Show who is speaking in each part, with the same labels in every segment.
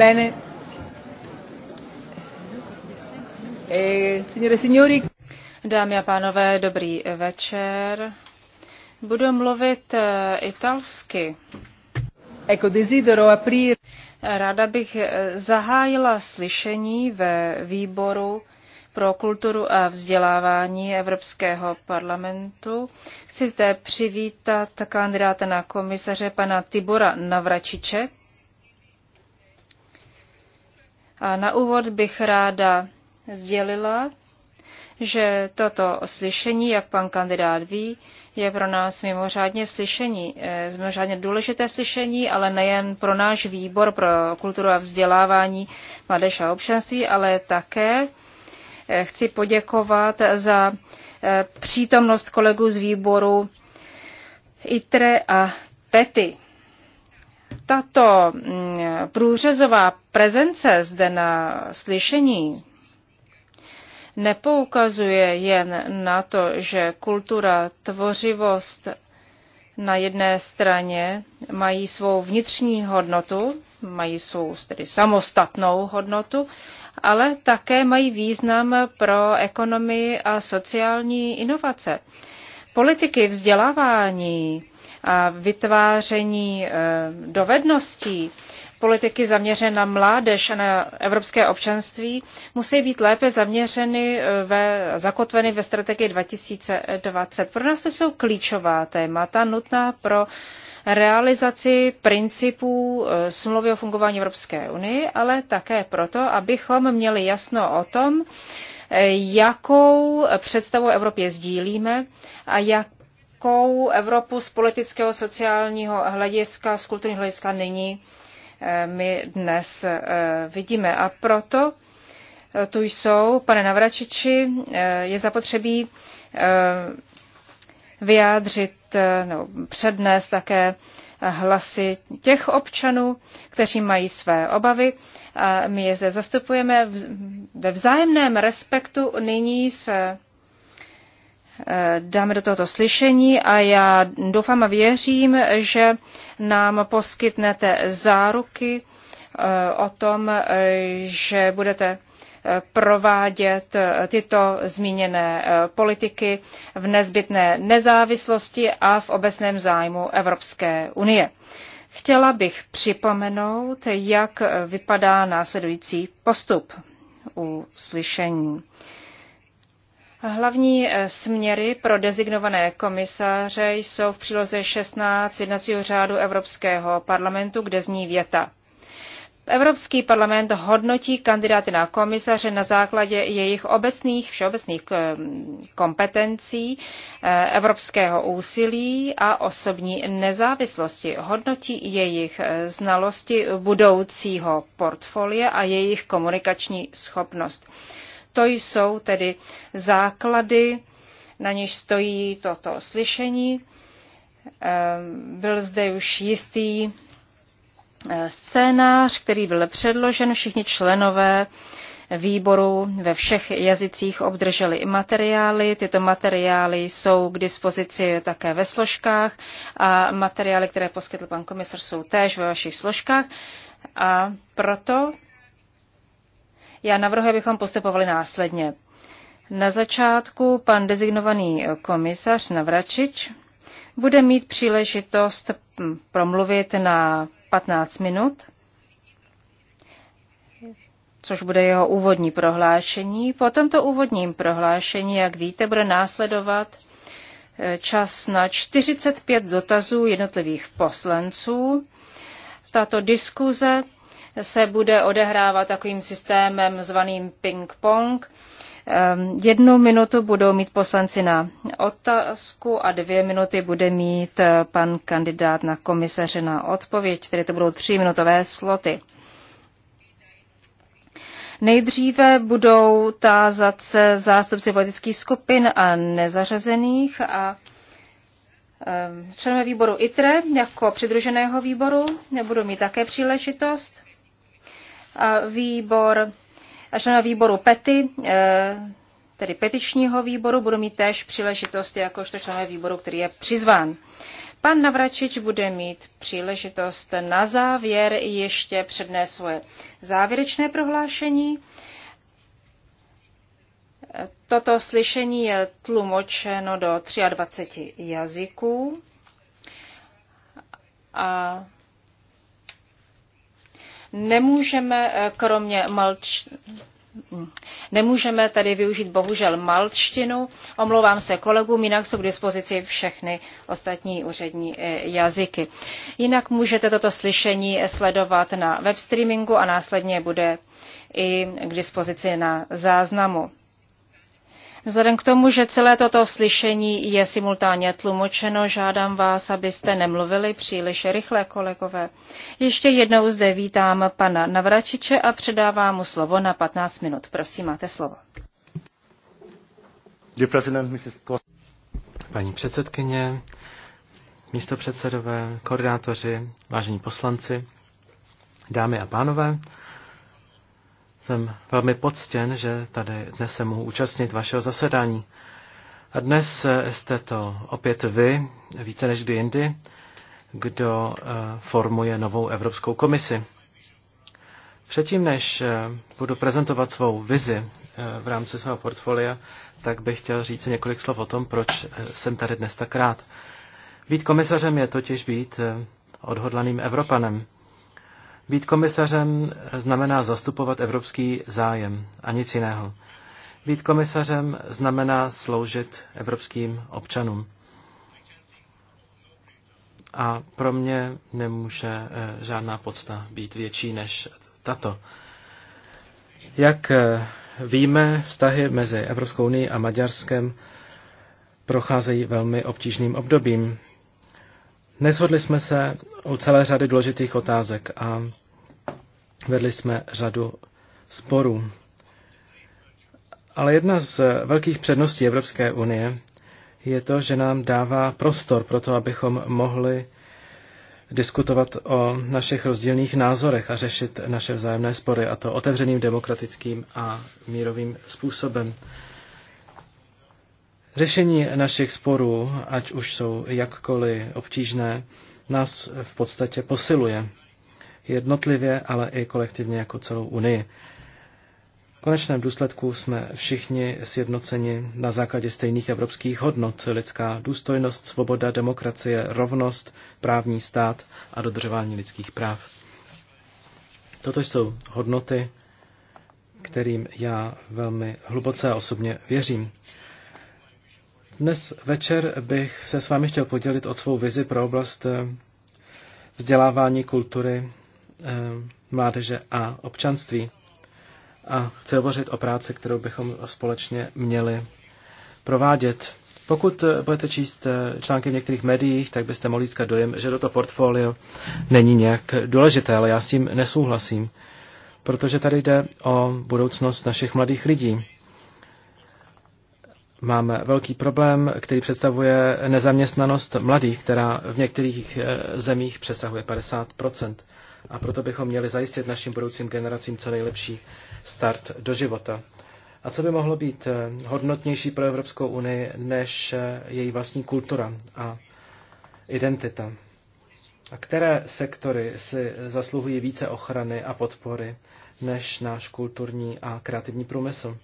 Speaker 1: Bene.
Speaker 2: Eh, e, signore, signori. Dámy a pánové, dobrý večer. Budu mluvit eh, italsky. Ecco, desidero aprire. Ráda bych eh, zahájila slyšení ve výboru pro kulturu a vzdělávání Evropského parlamentu. Chci zde přivítat kandidáta na komisaře pana Tibora Navračiče, a na úvod bych ráda sdělila, že toto slyšení, jak pan kandidát ví, je pro nás mimořádně slyšení, eh, mimořádně důležité slyšení, ale nejen pro náš výbor pro kulturu a vzdělávání mladež a občanství, ale také eh, chci poděkovat za eh, přítomnost kolegů z výboru ITRE a PETY tato mm, průřezová prezence zde na slyšení nepoukazuje jen na to, že kultura, tvořivost na jedné straně mají svou vnitřní hodnotu, mají svou tedy samostatnou hodnotu, ale také mají význam pro ekonomii a sociální inovace. Politiky vzdělávání a vytváření eh, dovedností politiky zaměřené na mládež a na evropské občanství musí být lépe zaměřeny, eh, ve, zakotveny ve strategii 2020. Pro nás to jsou klíčová témata nutná pro realizaci principů eh, smlouvy o fungování Evropské unie, ale také proto, abychom měli jasno o tom, jakou představu Evropě sdílíme a jak jakou Evropu z politického, sociálního hlediska, z kulturního hlediska nyní eh, my dnes eh, vidíme. A proto eh, tu jsou, pane Navračiči, je zapotřebí vyjádřit nebo přednést také hlasy těch občanů, kteří mají své obavy. A my je zde zastupujeme ve vzájemném respektu nyní se Eh, dáme do tohoto slyšení a já doufám a věřím, že nám poskytnete záruky eh, o tom, eh, že budete provádět tyto zmíněné politiky v nezbytné nezávislosti a v obecném zájmu Evropské unie. Chtěla bych připomenout, jak vypadá následující postup u slyšení. Hlavní eh, směry pro designované komisaře jsou v příloze 16 jednacího řádu Evropského parlamentu, kde zní věta. Evropský parlament hodnotí kandidáty na komisaře na základě jejich obecných, všeobecných eh, kompetencí, eh, evropského úsilí a osobní nezávislosti. Hodnotí jejich znalosti budoucího portfolia a jejich komunikační schopnost. To jsou tedy základy, na něž stojí toto slyšení. Ehm, byl zde už jistý e, scénář, který byl předložen. Všichni členové výboru ve všech jazycích obdrželi i materiály. Tyto materiály jsou k dispozici také ve složkách a materiály, které poskytl pan komisar, jsou též ve vašich složkách. A proto já navrhuji, abychom postupovali následně. Na začátku pan dezignovaný komisař Navračič bude mít příležitost promluvit na 15 minut, což bude jeho úvodní prohlášení. Po tomto úvodním prohlášení, jak víte, bude následovat eh, čas na 45 dotazů jednotlivých poslanců. Tato diskuze se bude odehrávat takovým systémem zvaným ping-pong. Ehm, jednu minutu budou mít poslanci na otázku a dvě minuty bude mít eh, pan kandidát na komisaře na odpověď, tedy to budou tři minutové sloty. Nejdříve budou tázat se zástupci politických skupin a nezařazených a ehm, členové výboru ITRE jako přidruženého výboru budou mít také příležitost a výbor a členové výboru PETY, eh, tedy petičního výboru, budu mít též příležitost jakožto členové výboru, který je přizván. Pan Navračič bude mít příležitost na závěr ještě přednést svoje závěrečné prohlášení. Toto slyšení je tlumočeno do 23 jazyků a Nemůžeme eh, kromě malč... Nemůžeme tady využít bohužel malčtinu. Omlouvám se kolegům, jinak jsou k dispozici všechny ostatní úřední eh, jazyky. Jinak můžete toto slyšení eh, sledovat na webstreamingu a následně bude i k dispozici na záznamu. Vzhledem k tomu, že celé toto slyšení je simultánně tlumočeno, žádám vás, abyste nemluvili příliš rychle, kolegové. Ještě jednou zde vítám pana Navračiče a předávám mu slovo na 15 minut. Prosím, máte slovo.
Speaker 3: Paní předsedkyně, místopředsedové, koordinátoři, vážení poslanci, dámy a pánové, jsem velmi poctěn, že tady dnes se mohu účastnit vašeho zasedání. A dnes eh, jste to opět vy, více než kdy jindy, kdo eh, formuje novou Evropskou komisi. Předtím, než eh, budu prezentovat svou vizi v rámci svého portfolia, tak bych chtěl říct několik slov o tom, proč jsem tady dnes tak rád. Být komisařem je totiž být odhodlaným Evropanem. Být komisařem znamená zastupovat evropský zájem a nic jiného. Být komisařem znamená sloužit evropským občanům. A pro mě nemůže eh, žádná podsta být větší než tato. Jak eh, víme, vztahy mezi Evropskou unii a Maďarskem procházejí velmi obtížným obdobím. Neshodli jsme se u celé řady důležitých otázek a Vedli jsme řadu sporů. Ale jedna z velkých předností Evropské unie je to, že nám dává prostor pro to, abychom mohli diskutovat o našich rozdílných názorech a řešit naše vzájemné spory, a to otevřeným, demokratickým a mírovým způsobem. Řešení našich sporů, ať už jsou jakkoliv obtížné, nás v podstatě posiluje jednotlivě, ale i kolektivně jako celou Unii. V konečném důsledku jsme všichni sjednoceni na základě stejných evropských hodnot. Lidská důstojnost, svoboda, demokracie, rovnost, právní stát a dodržování lidských práv. Toto jsou hodnoty, kterým já velmi hluboce a osobně věřím. Dnes večer bych se s vámi chtěl podělit o svou vizi pro oblast vzdělávání kultury Eh, mládeže a občanství. A chci hovořit o práci, kterou bychom společně měli provádět. Pokud eh, budete číst eh, články v některých médiích, tak byste mohli získat dojem, že do portfolio není nějak důležité, ale já s tím nesouhlasím, protože tady jde o budoucnost našich mladých lidí. Máme velký problém, který představuje nezaměstnanost mladých, která v některých zemích přesahuje 50 a proto bychom měli zajistit našim budoucím generacím co nejlepší start do života. A co by mohlo být eh, hodnotnější pro Evropskou unii než eh, její vlastní kultura a identita? A které sektory si zasluhují více ochrany a podpory než náš kulturní a kreativní průmysl?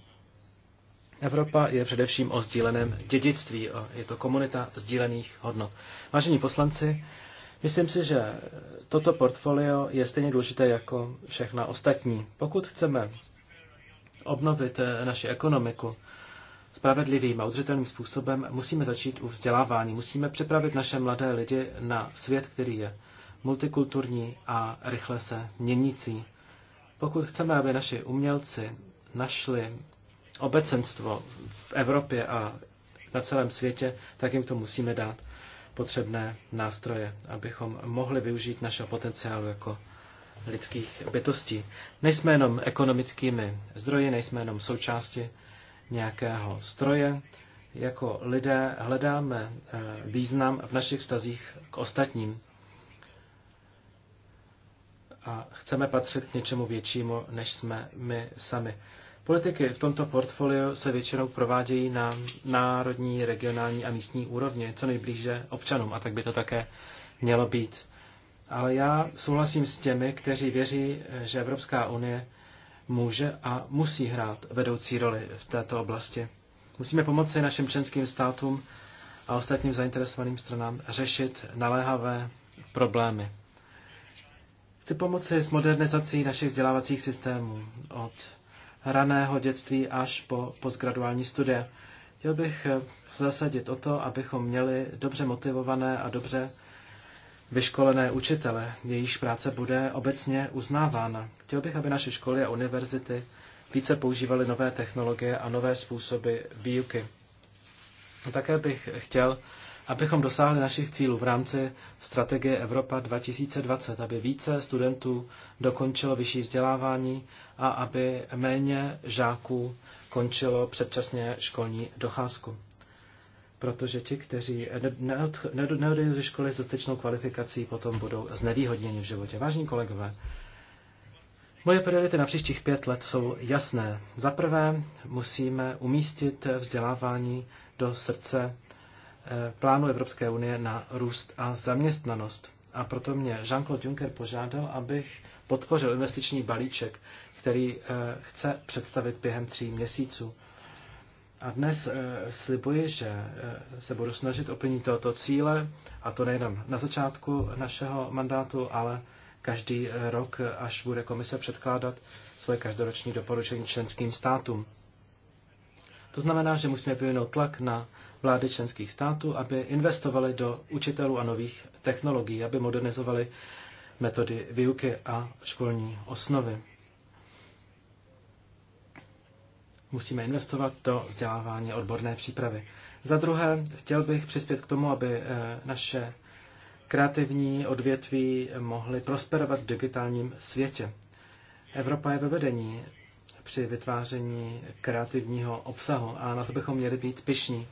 Speaker 3: Evropa je především o sdíleném dědictví, je to komunita sdílených hodnot. Vážení poslanci, Myslím si, že toto portfolio je stejně důležité jako všechna ostatní. Pokud chceme obnovit eh, naši ekonomiku spravedlivým a udržitelným způsobem, musíme začít u vzdělávání. Musíme připravit naše mladé lidi na svět, který je multikulturní a rychle se měnící. Pokud chceme, aby naši umělci našli obecenstvo v Evropě a na celém světě, tak jim to musíme dát potřebné nástroje, abychom mohli využít našeho potenciálu jako lidských bytostí. Nejsme jenom ekonomickými zdroji, nejsme jenom součásti nějakého stroje. Jako lidé hledáme eh, význam v našich vztazích k ostatním a chceme patřit k něčemu většímu, než jsme my sami. Politiky v tomto portfoliu se většinou provádějí na národní, regionální a místní úrovni, co nejblíže občanům, a tak by to také mělo být. Ale já souhlasím s těmi, kteří věří, že Evropská unie může a musí hrát vedoucí roli v této oblasti. Musíme pomoci našim členským státům a ostatním zainteresovaným stranám řešit naléhavé problémy. Chci pomoci s modernizací našich vzdělávacích systémů od raného dětství až po postgraduální studie. Chtěl bych zasadit o to, abychom měli dobře motivované a dobře vyškolené učitele, jejíž práce bude obecně uznávána. Chtěl bych, aby naše školy a univerzity více používaly nové technologie a nové způsoby výuky. Také bych chtěl, abychom dosáhli našich cílů v rámci strategie Evropa 2020, aby více studentů dokončilo vyšší vzdělávání a aby méně žáků končilo předčasně školní docházku. Protože ti, kteří neodejdou ze školy s dostatečnou kvalifikací, potom budou znevýhodněni v životě. Vážní kolegové, Moje priority na příštích pět let jsou jasné. Za prvé musíme umístit vzdělávání do srdce Eh, plánu Evropské unie na růst a zaměstnanost. A proto mě Jean-Claude Juncker požádal, abych podpořil investiční balíček, který eh, chce představit během tří měsíců. A dnes eh, slibuji, že se budu snažit oplnit tohoto cíle, a to nejenom na začátku našeho mandátu, ale každý rok, až bude komise předkládat svoje každoroční doporučení členským státům. To znamená, že musíme vyvinout tlak na vlády členských států, aby investovali do učitelů a nových technologií, aby modernizovali metody výuky a školní osnovy. Musíme investovat do vzdělávání odborné přípravy. Za druhé, chtěl bych přispět k tomu, aby eh, naše kreativní odvětví mohly prosperovat v digitálním světě. Evropa je ve vedení při vytváření kreativního obsahu a na to bychom měli být pišní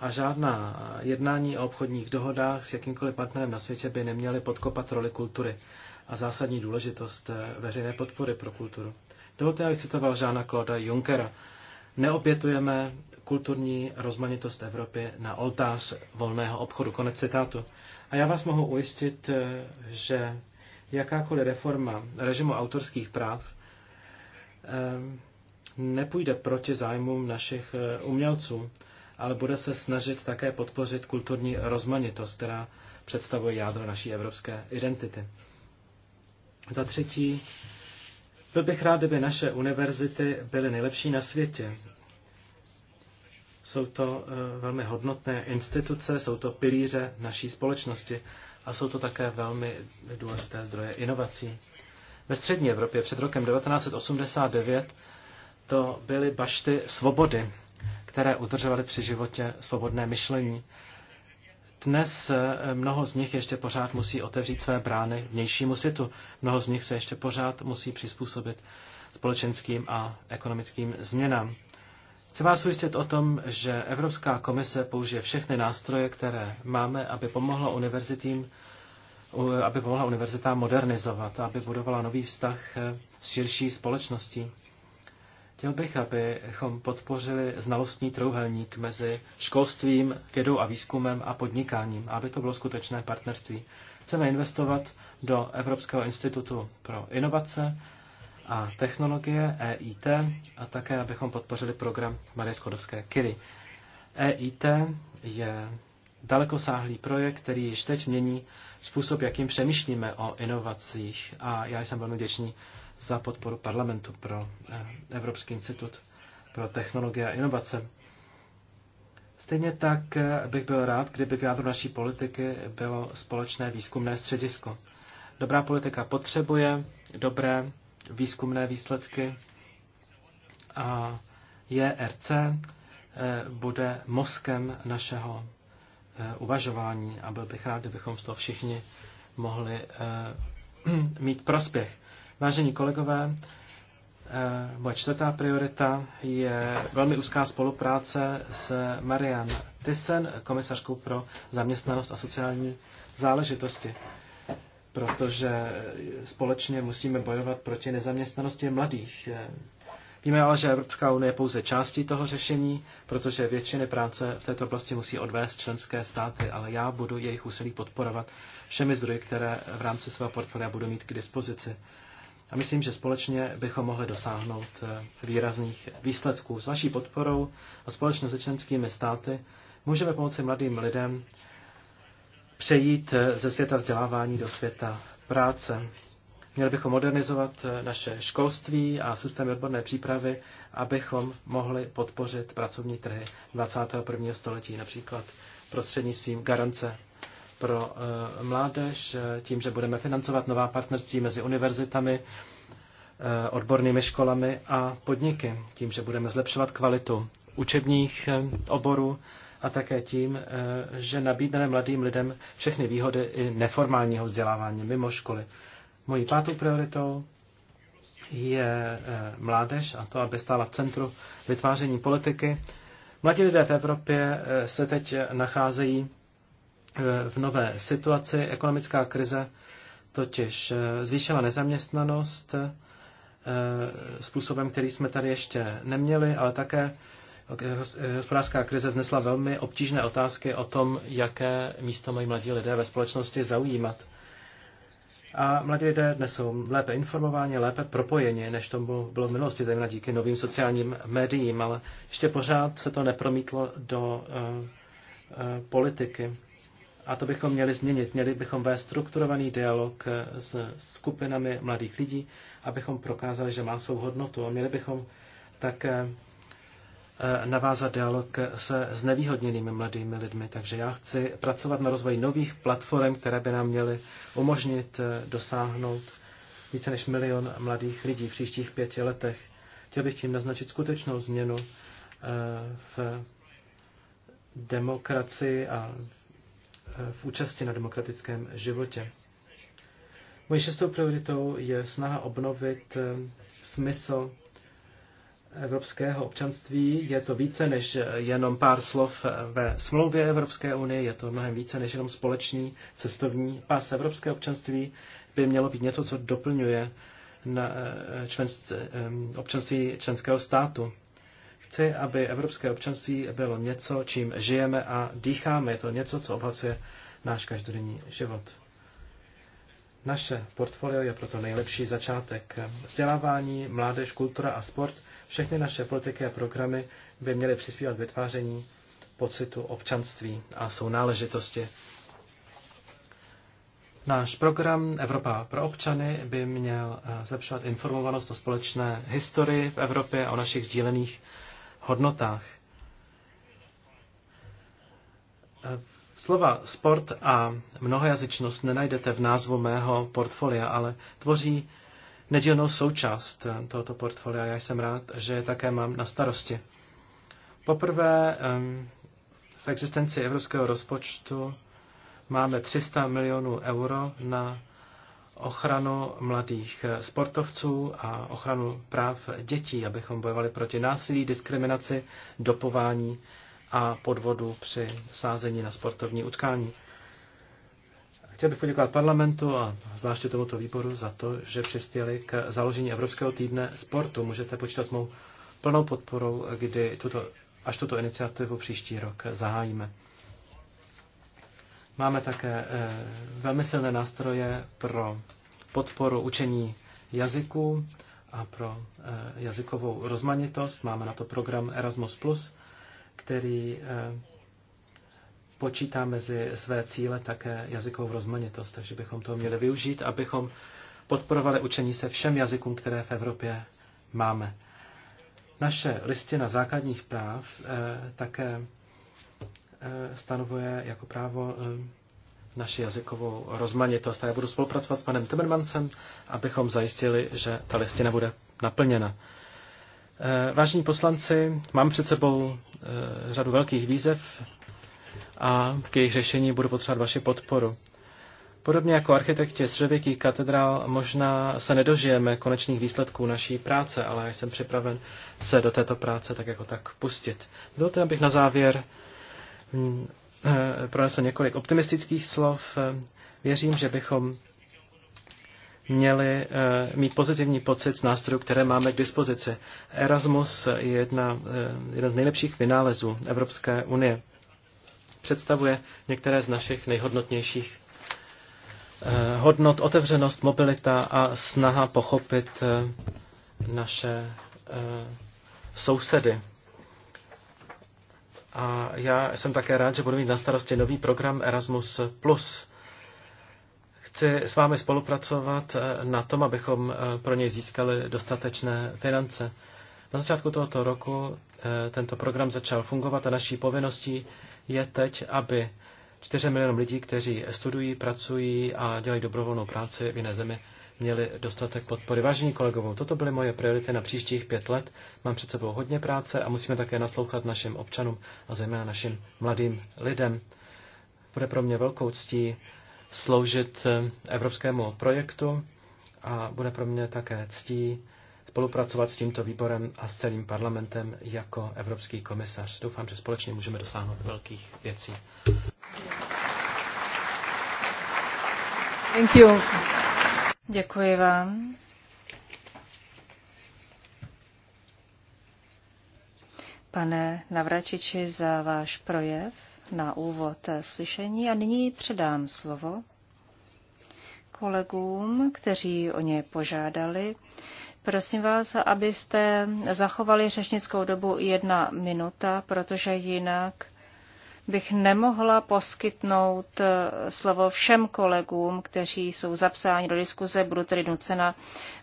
Speaker 3: a žádná jednání o obchodních dohodách s jakýmkoliv partnerem na světě by neměly podkopat roli kultury a zásadní důležitost eh, veřejné podpory pro kulturu. Dovolte, abych citoval Žána Kloda Junckera. Neopětujeme kulturní rozmanitost Evropy na oltář volného obchodu. Konec citátu. A já vás mohu ujistit, eh, že jakákoliv reforma režimu autorských práv eh, nepůjde proti zájmům našich umělců ale bude se snažit také podpořit kulturní rozmanitost, která představuje jádro naší evropské identity. Za třetí, byl bych rád, kdyby naše univerzity byly nejlepší na světě. Jsou to eh, velmi hodnotné instituce, jsou to pilíře naší společnosti a jsou to také velmi důležité zdroje inovací. Ve střední Evropě před rokem 1989 to byly bašty svobody které udržovaly při životě svobodné myšlení. Dnes eh, mnoho z nich ještě pořád musí otevřít své brány vnějšímu světu. Mnoho z nich se ještě pořád musí přizpůsobit společenským a ekonomickým změnám. Chci vás ujistit o tom, že Evropská komise použije všechny nástroje, které máme, aby pomohla univerzitím, aby pomohla univerzitám modernizovat, aby budovala nový vztah eh, s širší společností. Chtěl bych, abychom podpořili znalostní trouhelník mezi školstvím, vědou a výzkumem a podnikáním, aby to bylo skutečné partnerství. Chceme investovat do Evropského institutu pro inovace a technologie EIT a také, abychom podpořili program Marie Skodovské Kiry. EIT je dalekosáhlý projekt, který již teď mění způsob, jakým přemýšlíme o inovacích a já jsem velmi děčný za podporu parlamentu pro eh, Evropský institut pro technologie a inovace. Stejně tak eh, bych byl rád, kdyby v jádru naší politiky bylo společné výzkumné středisko. Dobrá politika potřebuje dobré výzkumné výsledky a JRC eh, bude mozkem našeho uvažování a byl bych rád, kdybychom z toho všichni mohli mít prospěch. Vážení kolegové, eh, moje čtvrtá priorita je velmi úzká spolupráce s Marian Tysen, komisařkou pro zaměstnanost a sociální záležitosti, protože společně musíme bojovat proti nezaměstnanosti mladých. Eh, víme ale, že Evropská unie je pouze částí toho řešení, protože většiny práce v této oblasti musí odvést členské státy, ale já budu jejich úsilí podporovat všemi zdroji, které v rámci svého portfolia budu mít k dispozici. A myslím, že společně bychom mohli dosáhnout eh, výrazných výsledků. S vaší podporou a společně se členskými státy můžeme pomoci mladým lidem přejít eh, ze světa vzdělávání do světa práce. Měli bychom modernizovat eh, naše školství a systém odborné přípravy, abychom mohli podpořit pracovní trhy 21. století, například prostřednictvím garance pro eh, mládež, eh, tím, že budeme financovat nová partnerství mezi univerzitami, eh, odbornými školami a podniky, tím, že budeme zlepšovat kvalitu učebních oborů a také tím, že nabídneme mladým lidem všechny výhody i neformálního vzdělávání mimo školy. Mojí pátou prioritou je mládež a to, aby stála v centru vytváření politiky. Mladí lidé v Evropě se teď nacházejí Eh, v nové situaci. Ekonomická krize totiž eh, zvýšila nezaměstnanost eh, způsobem, který jsme tady ještě neměli, ale také hospodářská krize vznesla velmi obtížné otázky o tom, jaké místo mají mladí lidé ve společnosti zaujímat. A mladí lidé dnes jsou lépe informováni, lépe propojeni, než tomu bylo v minulosti, zejména díky novým sociálním médiím, ale ještě pořád se to nepromítlo do uh, uh, politiky. A to bychom měli změnit. Měli bychom vést strukturovaný dialog eh, s skupinami mladých lidí, abychom prokázali, že má svou hodnotu. A měli bychom také eh, navázat dialog se znevýhodněnými mladými lidmi. Takže já chci pracovat na rozvoji nových platform, které by nám měly umožnit eh, dosáhnout více než milion mladých lidí v příštích pěti letech. Chtěl bych tím naznačit skutečnou změnu v demokracii a v účasti na demokratickém životě. Mojí šestou prioritou je snaha obnovit eh, smysl evropského občanství. Je to více než jenom pár slov eh, ve smlouvě Evropské unie, je to mnohem více než jenom společný cestovní pas. Evropské občanství by mělo být něco, co doplňuje na eh, členství, občanství členského státu. Chci, aby evropské občanství bylo něco, čím žijeme a dýcháme. Je to něco, co obhacuje náš každodenní život. Naše portfolio je proto nejlepší začátek. Vzdělávání, mládež, kultura a sport, všechny naše politiky a programy by měly přispívat k vytváření pocitu občanství a sounáležitosti. Náš program Evropa pro občany by měl eh, zlepšovat informovanost o společné historii v Evropě a o našich sdílených hodnotách. E, slova sport a mnohojazyčnost nenajdete v názvu mého portfolia, ale tvoří nedílnou součást e, tohoto portfolia. Já jsem rád, že je také mám na starosti. Poprvé e, v existenci evropského rozpočtu máme 300 milionů euro na ochranu mladých sportovců a ochranu práv dětí, abychom bojovali proti násilí, diskriminaci, dopování a podvodu při sázení na sportovní utkání. Chtěl bych poděkovat parlamentu a zvláště tomuto výboru za to, že přispěli k založení Evropského týdne sportu. Můžete počítat s mou plnou podporou, kdy tuto, až tuto iniciativu příští rok zahájíme. Máme také eh, velmi silné nástroje pro podporu učení jazyků a pro eh, jazykovou rozmanitost. Máme na to program Erasmus, který eh, počítá mezi své cíle také jazykovou rozmanitost, takže bychom to měli využít, abychom podporovali učení se všem jazykům, které v Evropě máme. Naše listina základních práv také Eh, stanovuje jako právo eh, naši jazykovou rozmanitost. A já budu spolupracovat s panem Timmermansem, abychom zajistili, že ta listina bude naplněna. Eh, vážení poslanci, mám před sebou řadu velkých výzev a k jejich řešení budu potřebovat vaši podporu. Podobně jako architekti střevěkých katedrál možná se nedožijeme konečných výsledků naší práce, ale jsem připraven se do této práce tak jako tak pustit. Dovolte, abych na závěr Eh, eh, pronesl několik optimistických slov. Eh, věřím, že bychom měli mít pozitivní pocit z nástrojů, které máme k dispozici. Erasmus je jedna, jeden z nejlepších vynálezů Evropské unie. Představuje některé z našich nejhodnotnějších hodnot, otevřenost, mobilita a snaha pochopit naše sousedy. A já jsem také rád, že budu mít na starosti nový program Erasmus+. Chci s vámi spolupracovat eh, na tom, abychom eh, pro něj získali dostatečné finance. Na začátku tohoto roku eh, tento program začal fungovat a naší povinností je teď, aby 4 milionům lidí, kteří studují, pracují a dělají dobrovolnou práci v jiné zemi, měli dostatek podpory. Vážení kolegovou, toto byly moje priority na příštích pět let. Mám před sebou hodně práce a musíme také naslouchat našim občanům a zejména našim mladým lidem. Bude pro mě velkou ctí sloužit eh, evropskému projektu a bude pro mě také ctí spolupracovat s tímto výborem a s celým parlamentem jako evropský komisař. Doufám, že společně můžeme dosáhnout velkých věcí.
Speaker 2: Thank you. Děkuji vám. Pane Navračiči, za váš projev na úvod slyšení a nyní předám slovo kolegům, kteří o ně požádali. Prosím vás, abyste zachovali řečnickou dobu jedna minuta, protože jinak bych nemohla poskytnout eh, slovo všem kolegům, kteří jsou zapsáni do diskuze, budu tedy nucena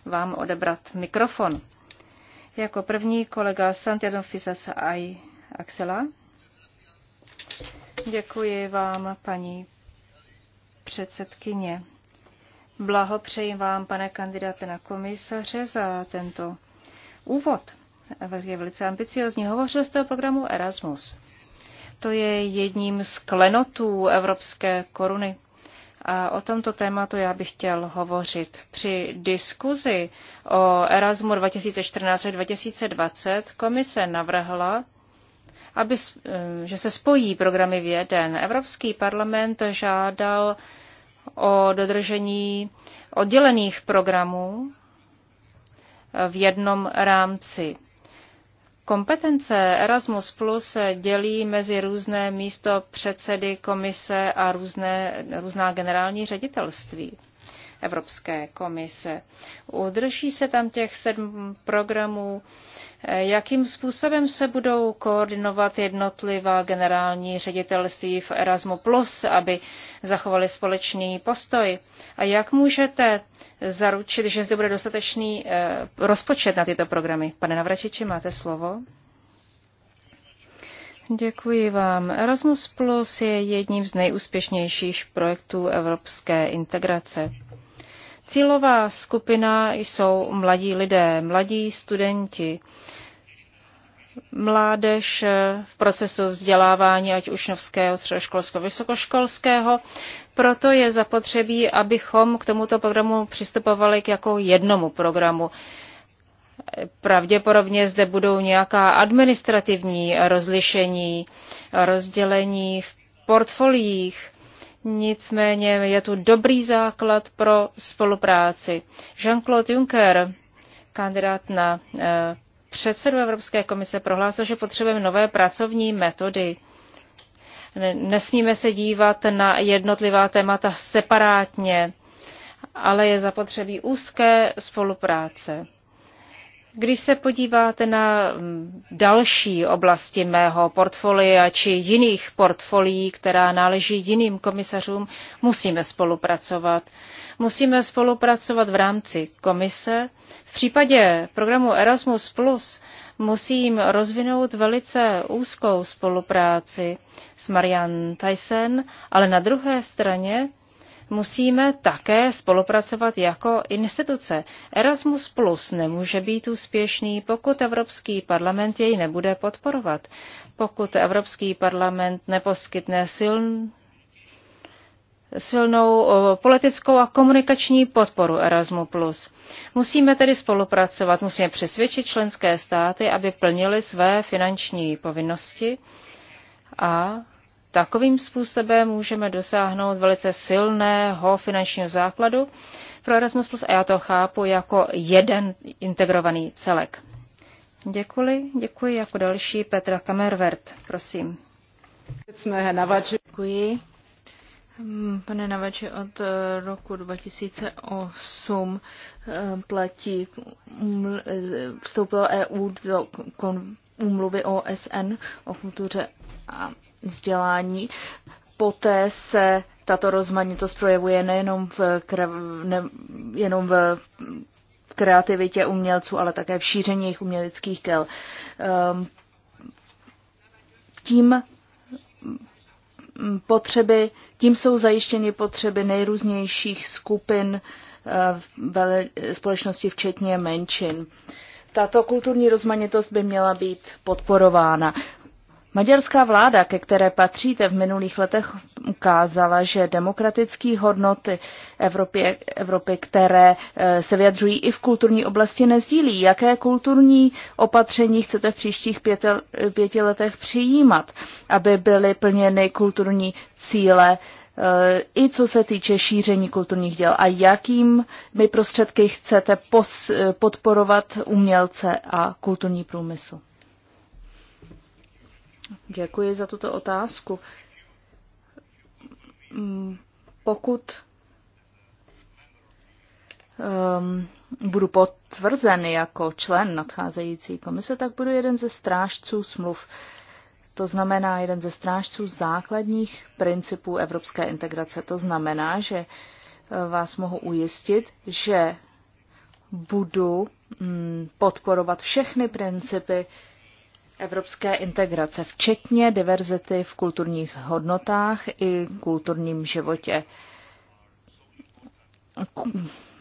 Speaker 2: vám odebrat mikrofon. Jako první kolega Santiago Fisas a Axela. Děkuji vám, paní předsedkyně. Blahopřeji vám, pane kandidáte na komisaře, za tento úvod. Je velice ambiciozní. Hovořil jste o programu Erasmus. To je jedním z klenotů evropské koruny. A o tomto tématu já bych chtěl hovořit. Při diskuzi o Erasmu 2014-2020 komise navrhla, aby, eh, že se spojí programy v jeden. Evropský parlament žádal o dodržení oddělených programů v jednom rámci. Kompetence Erasmus Plus dělí mezi různé místo předsedy komise a různé, různá generální ředitelství. Evropské komise. Udrží se tam těch sedm programů Jakým způsobem se budou koordinovat jednotlivá generální ředitelství v Erasmu+, aby zachovali společný postoj? A jak můžete zaručit, že zde bude dostatečný eh, rozpočet na tyto programy? Pane Navračiči, máte slovo. Děkuji vám. Erasmus Plus je jedním z nejúspěšnějších projektů evropské integrace. Cílová skupina jsou mladí lidé, mladí studenti, mládež v procesu vzdělávání, ať učňovského, středoškolského, vysokoškolského. Proto je zapotřebí, abychom k tomuto programu přistupovali k jako jednomu programu. Pravděpodobně zde budou nějaká administrativní rozlišení, rozdělení v portfoliích, Nicméně je tu dobrý základ pro spolupráci. Jean-Claude Juncker, kandidát na eh, předsedu Evropské komise, prohlásil, že potřebujeme nové pracovní metody. Nesmíme se dívat na jednotlivá témata separátně, ale je zapotřebí úzké spolupráce. Když se podíváte na mm, další oblasti mého portfolia či jiných portfolií, která náleží jiným komisařům, musíme spolupracovat. Musíme spolupracovat v rámci komise. V případě programu Erasmus Plus musím rozvinout velice úzkou spolupráci s Marian Tyson, ale na druhé straně musíme také spolupracovat jako instituce. Erasmus Plus nemůže být úspěšný, pokud Evropský parlament jej nebude podporovat. Pokud Evropský parlament neposkytne siln silnou politickou a komunikační podporu Erasmu+. Musíme tedy spolupracovat, musíme přesvědčit členské státy, aby plnili své finanční povinnosti a Takovým způsobem můžeme dosáhnout velice silného finančního základu pro Erasmus, a já to chápu jako jeden integrovaný celek. Děkuji, děkuji jako další Petra Kamervert, prosím. Děkuji.
Speaker 4: Hmm, pane Navače, od eh, roku
Speaker 2: 2008
Speaker 4: eh, platí, eh, vstoupilo EU do úmluvy OSN o kultuře a vzdělání. Poté se tato rozmanitost projevuje nejenom v, krev, ne, jenom v kreativitě umělců, ale také v šíření jejich uměleckých kel. Ehm, tím potřeby, tím jsou zajištěny potřeby nejrůznějších skupin eh, společnosti, včetně menšin. Tato kulturní rozmanitost by měla být podporována. Maďarská vláda, ke které patříte v minulých letech, ukázala, že demokratické hodnoty Evropy, Evropy, které eh, se vyjadřují i v kulturní oblasti, nezdílí. Jaké kulturní opatření chcete v příštích pěti, pěti letech přijímat, aby byly plněny kulturní cíle eh, i co se týče šíření kulturních děl a jakými prostředky chcete pos, eh, podporovat umělce a kulturní průmysl? Děkuji za tuto otázku. Mm, pokud um, budu potvrzen jako člen nadcházející komise, tak budu jeden ze strážců smluv. To znamená jeden ze strážců základních principů evropské integrace. To znamená, že eh, vás mohu ujistit, že budu mm, podporovat všechny principy, evropské integrace, včetně diverzity v kulturních hodnotách i kulturním životě.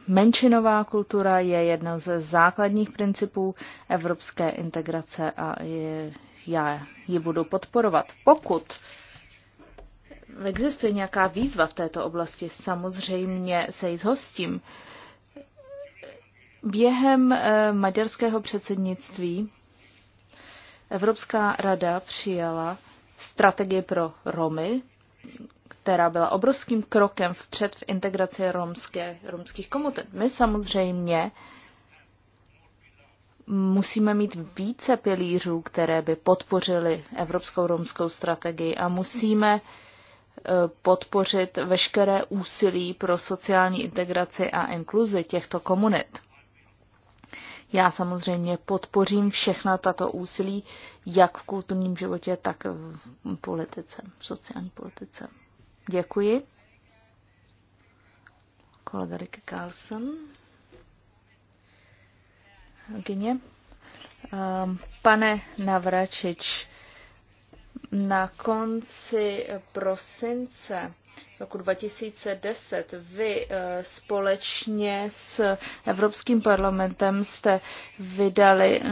Speaker 4: Menšinová kultura je jedno ze základních principů evropské integrace a je, já ji budu podporovat. Pokud existuje nějaká výzva v této oblasti, samozřejmě se jí zhostím. Během eh, maďarského předsednictví Evropská rada přijala strategii pro Romy, která byla obrovským krokem vpřed v integraci romské, romských komunit. My samozřejmě musíme mít více pilířů, které by podpořily evropskou romskou strategii a musíme e, podpořit veškeré úsilí pro sociální integraci a inkluzi těchto komunit. Já samozřejmě podpořím všechna tato úsilí, jak v kulturním životě, tak v politice, v sociální politice. Děkuji. Kolega Rick Carlson. Kyně. Ehm, pane Navračič, na konci prosince roku 2010 vy eh, společně s Evropským parlamentem jste vydali eh,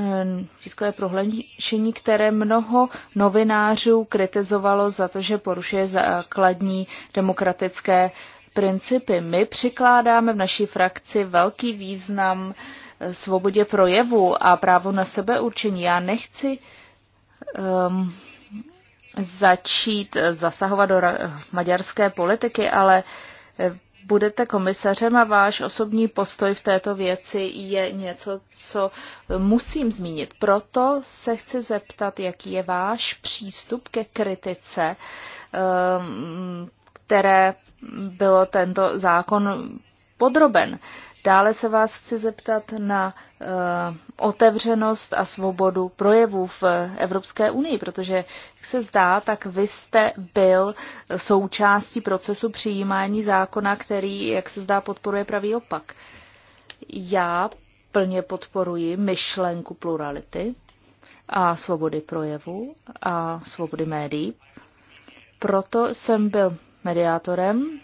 Speaker 4: tiskové prohlášení, které mnoho novinářů kritizovalo za to, že porušuje základní demokratické principy. My přikládáme v naší frakci velký význam eh, svobodě projevu a právo na sebeurčení. Já nechci um, začít eh, zasahovat do maďarské politiky, ale eh, budete komisařem a váš osobní postoj v této věci je něco, co musím zmínit. Proto se chci zeptat, jaký je váš přístup ke kritice, ehm, které bylo tento zákon podroben. Dále se vás chci zeptat na e, otevřenost a svobodu projevů v Evropské unii, protože, jak se zdá, tak vy jste byl součástí procesu přijímání zákona, který, jak se zdá, podporuje pravý opak. Já plně podporuji myšlenku plurality a svobody projevu a svobody médií. Proto jsem byl mediátorem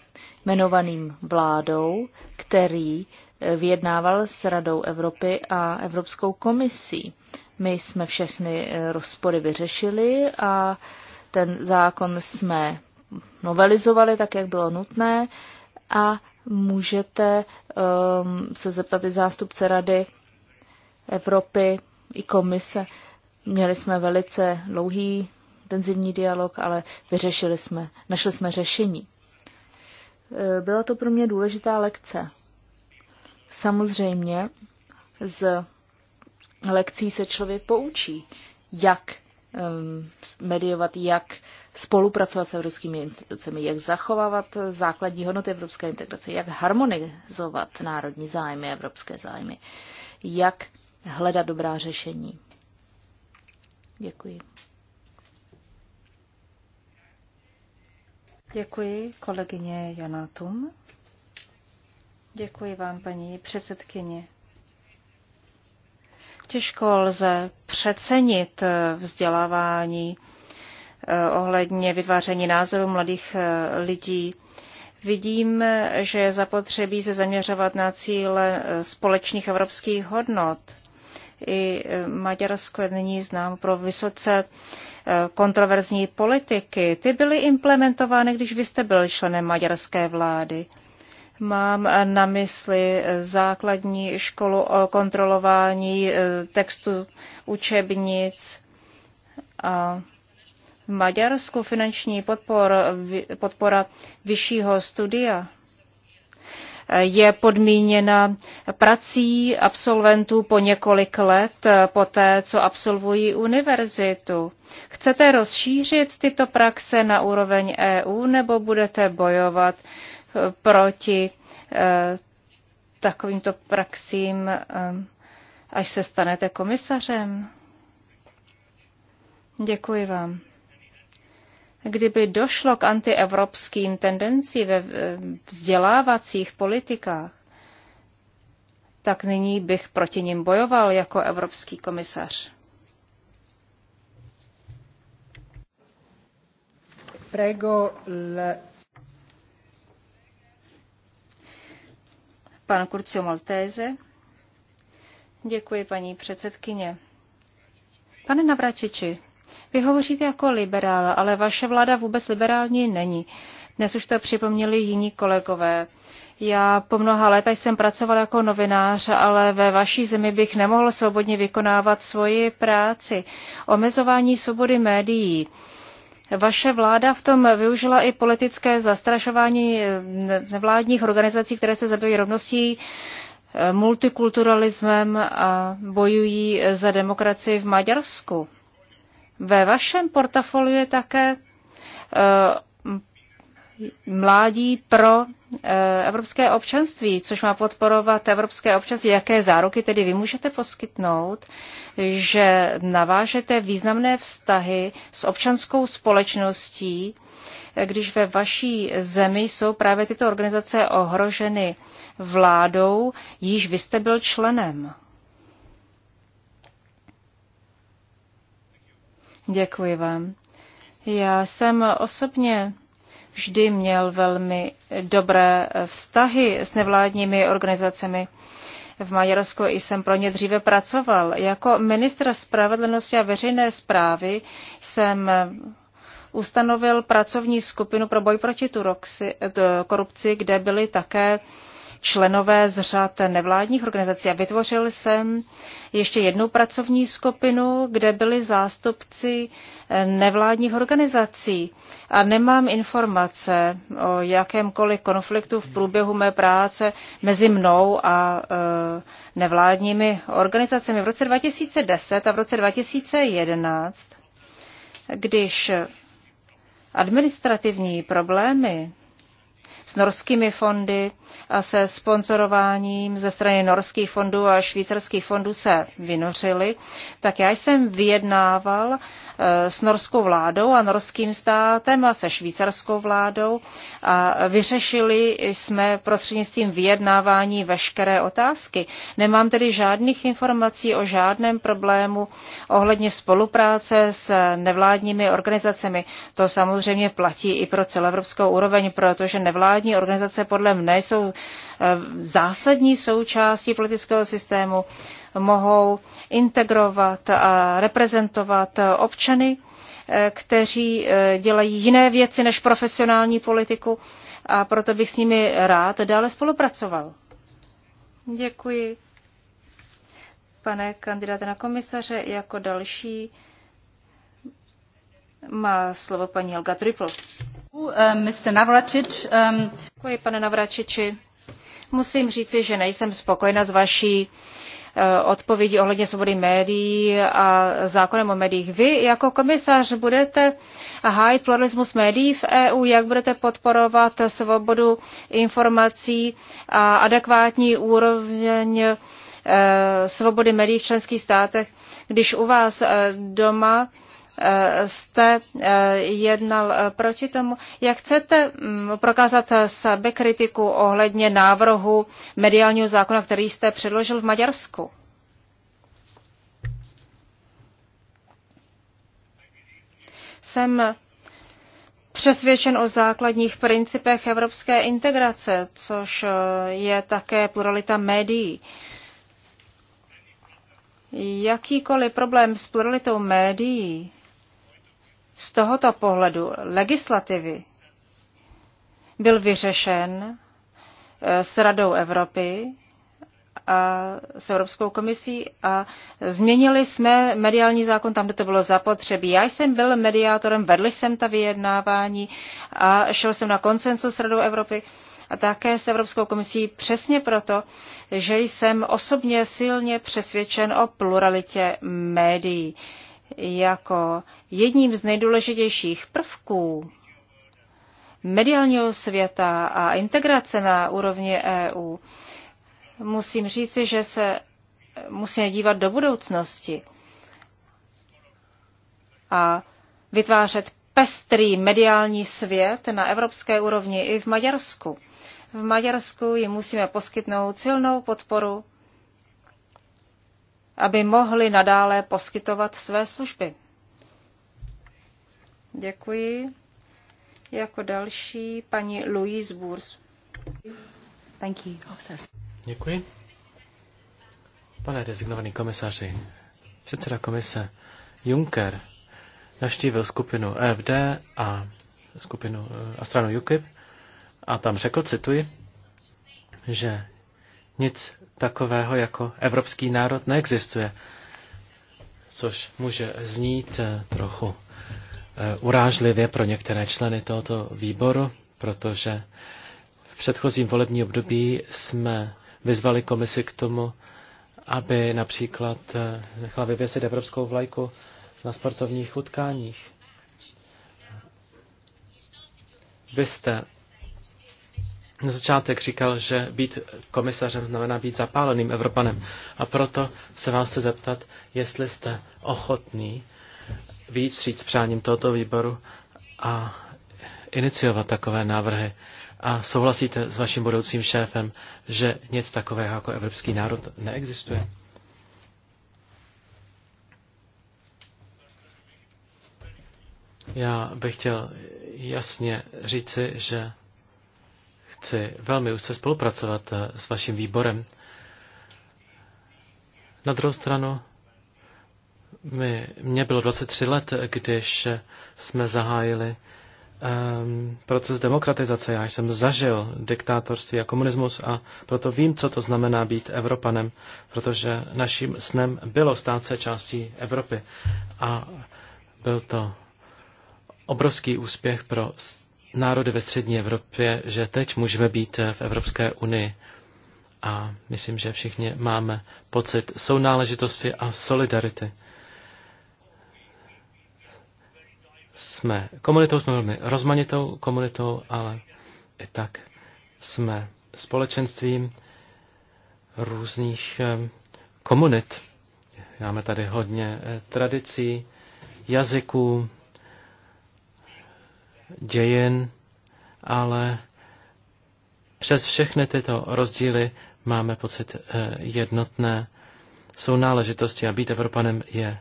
Speaker 4: jmenovaným vládou, který vyjednával s Radou Evropy a Evropskou komisí. My jsme všechny eh, rozpory vyřešili a ten zákon jsme novelizovali tak, jak bylo nutné a můžete um, se zeptat i zástupce Rady Evropy i komise. Měli jsme velice dlouhý intenzivní dialog, ale vyřešili jsme, našli jsme řešení. Eh, byla to pro mě důležitá lekce. Samozřejmě z lekcí se člověk poučí, jak mediovat, jak spolupracovat s evropskými institucemi, jak zachovávat základní hodnoty evropské integrace, jak harmonizovat národní zájmy, evropské zájmy, jak hledat dobrá řešení.
Speaker 2: Děkuji. Děkuji kolegyně Jana Tum. Děkuji vám, paní předsedkyně. Těžko lze přecenit eh, vzdělávání eh, ohledně vytváření názorů mladých eh, lidí. Vidím, že je zapotřebí se zaměřovat na cíle společných evropských hodnot. I Maďarsko je nyní znám pro vysoce kontroverzní politiky. Ty byly implementovány, když vy jste byl členem maďarské vlády. Mám na mysli základní školu o kontrolování eh, textu učebnic. A v Maďarsku finanční podpor, podpora vyššího studia eh, je podmíněna prací absolventů po několik let eh, poté, co absolvují univerzitu. Chcete rozšířit tyto praxe na úroveň EU nebo budete bojovat proti eh, takovýmto praxím, eh, až se stanete komisařem? Děkuji vám. Kdyby došlo k antievropským tendenci ve eh, vzdělávacích politikách, tak nyní bych proti nim bojoval jako evropský komisař. Prego Pan Curcio Maltese. Děkuji, paní předsedkyně. Pane Navračiči, vy hovoříte jako liberál, ale vaše vláda vůbec liberální není. Dnes už to připomněli jiní kolegové. Já po mnoha léta jsem pracoval jako novinář, ale ve vaší zemi bych nemohl svobodně vykonávat svoji práci. Omezování svobody médií vaše vláda v tom využila i politické zastrašování nevládních organizací, které se zabývají rovností, eh, multikulturalismem a bojují za demokracii v Maďarsku. Ve vašem portfoliu je také eh, mládí pro eh, evropské občanství, což má podporovat evropské občanství. Jaké záruky tedy vy můžete poskytnout, že navážete významné vztahy s občanskou společností, eh, když ve vaší zemi jsou právě tyto organizace ohroženy vládou, již vy jste byl členem? Děkuji vám. Já jsem osobně vždy měl velmi dobré vztahy s nevládními organizacemi v Maďarsku I jsem pro ně dříve pracoval. Jako ministr spravedlnosti a veřejné zprávy jsem ustanovil pracovní skupinu pro boj proti korupci, kde byli také členové z řad nevládních organizací. A vytvořil jsem ještě jednu pracovní skupinu, kde byli zástupci eh, nevládních organizací. A nemám informace o jakémkoliv konfliktu v průběhu mé práce mezi mnou a eh, nevládními organizacemi. V roce 2010 a v roce 2011, když administrativní problémy s norskými fondy a se sponzorováním ze strany norských fondů a švýcarských fondů se vynořili, tak já jsem vyjednával s norskou vládou a norským státem a se švýcarskou vládou a vyřešili jsme prostřednictvím vyjednávání veškeré otázky. Nemám tedy žádných informací o žádném problému ohledně spolupráce s nevládními organizacemi. To samozřejmě platí i pro celoevropskou úroveň, protože nevládní organizace podle mne jsou eh, zásadní součástí politického systému mohou integrovat a reprezentovat občany, eh, kteří eh, dělají jiné věci než profesionální politiku a proto bych s nimi rád dále spolupracoval. Děkuji. Pane kandidáte na komisaře, jako další má slovo paní Helga Tripl. Eh, Děkuji, pane Navračiči. Musím říci, že nejsem spokojena s vaší Eh, odpovědi ohledně svobody médií a zákonem o médiích. Vy jako komisař budete hájit pluralismus médií v EU, jak budete podporovat svobodu informací a adekvátní úroveň eh, svobody médií v členských státech, když u vás eh, doma jste eh, jednal eh, proti tomu. Jak chcete mm, prokázat sebekritiku ohledně návrhu mediálního zákona, který jste předložil v Maďarsku? Jsem přesvědčen o základních principech evropské integrace, což eh, je také pluralita médií. Jakýkoliv problém s pluralitou médií z tohoto pohledu legislativy byl vyřešen eh, s Radou Evropy a s Evropskou komisí a změnili jsme mediální zákon tam, kde to bylo zapotřebí. Já jsem byl mediátorem, vedl jsem ta vyjednávání a šel jsem na koncensus s Radou Evropy a také s Evropskou komisí přesně proto, že jsem osobně silně přesvědčen o pluralitě médií jako jedním z nejdůležitějších prvků mediálního světa a integrace na úrovni EU, musím říci, že se musíme dívat do budoucnosti a vytvářet pestrý mediální svět na evropské úrovni i v Maďarsku. V Maďarsku jim musíme poskytnout silnou podporu, aby mohli nadále poskytovat své služby. Děkuji. Jako další paní Louise Burs.
Speaker 3: Thank you. officer. Oh, Děkuji. Pane designovaný komisaři, předseda komise Juncker naštívil skupinu EFD a skupinu eh, a stranu UKIP a tam řekl, cituji, že nic takového jako evropský národ neexistuje, což může znít eh, trochu Eh, urážlivě pro některé členy tohoto výboru, protože v předchozím volební období jsme vyzvali komisi k tomu, aby například eh, nechala vyvěsit evropskou vlajku na sportovních utkáních. Vy jste na začátek říkal, že být komisařem znamená být zapáleným Evropanem. A proto se vás chci zeptat, jestli jste ochotný víc říct přáním tohoto výboru a iniciovat takové návrhy. A souhlasíte s vaším budoucím šéfem, že nic takového jako evropský národ neexistuje? Já bych chtěl jasně říci, že chci velmi úzce spolupracovat eh, s vaším výborem. Na druhou stranu mně mě bylo 23 let, když jsme zahájili um, proces demokratizace. Já jsem zažil diktátorství a komunismus a proto vím, co to znamená být Evropanem, protože naším snem bylo stát se částí Evropy. A byl to obrovský úspěch pro národy ve střední Evropě, že teď můžeme být v Evropské unii. A myslím, že všichni máme pocit sounáležitosti a solidarity. jsme komunitou, jsme velmi rozmanitou komunitou, ale i tak jsme společenstvím různých eh, komunit. Máme tady hodně eh, tradicí, jazyků, dějin, ale přes všechny tyto rozdíly máme pocit eh, jednotné sounáležitosti a být Evropanem je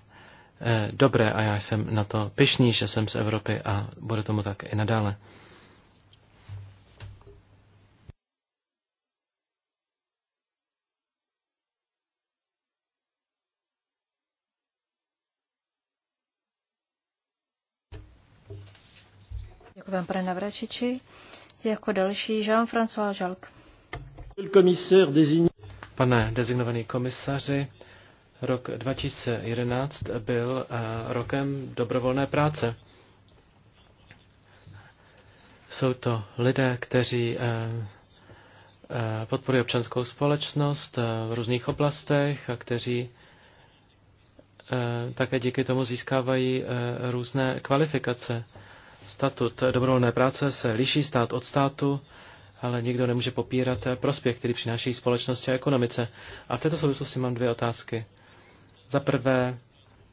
Speaker 3: Eh, dobré a já jsem na to pyšný, že jsem z Evropy a bude tomu tak i nadále.
Speaker 5: Děkuji vám,
Speaker 2: pane Navračiči. Jako další Jean-François Žalk.
Speaker 3: Pane designovaný komisaři, Rok 2011 byl eh, rokem dobrovolné práce. Jsou to lidé, kteří eh, eh, podporují občanskou společnost v různých oblastech a kteří také díky tomu získávají různé kvalifikace. Statut dobrovolné práce se liší stát od státu, ale nikdo nemůže popírat prospěch, který přináší společnosti a ekonomice. A v této souvislosti mám dvě otázky. Za prvé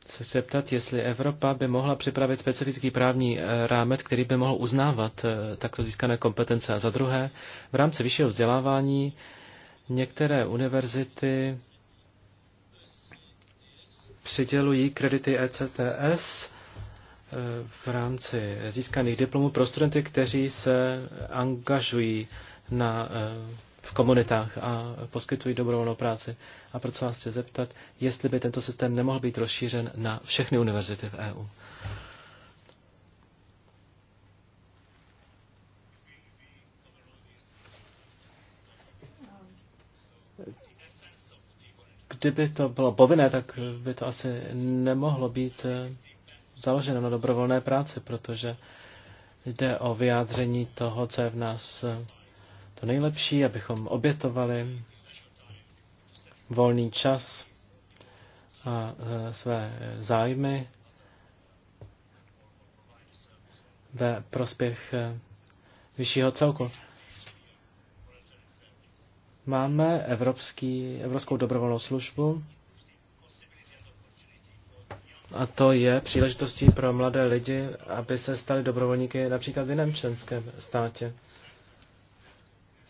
Speaker 3: se chci ptat, jestli Evropa by mohla připravit specifický právní eh, rámec, který by mohl uznávat eh, takto získané kompetence. A za druhé, v rámci vyššího vzdělávání některé univerzity přidělují kredity ECTS eh, v rámci získaných diplomů pro studenty, kteří se angažují na v komunitách a poskytují dobrovolnou práci. A proto vás chci zeptat, jestli by tento systém nemohl být rozšířen na všechny univerzity v EU. Kdyby to bylo povinné, tak by to asi nemohlo být eh, založeno na dobrovolné práci, protože jde o vyjádření toho, co je v nás eh, to nejlepší, abychom obětovali volný čas a e, své zájmy ve prospěch e, vyššího celku. Máme evropský, Evropskou dobrovolnou službu a to je příležitostí pro mladé lidi, aby se stali dobrovolníky například v jiném členském státě.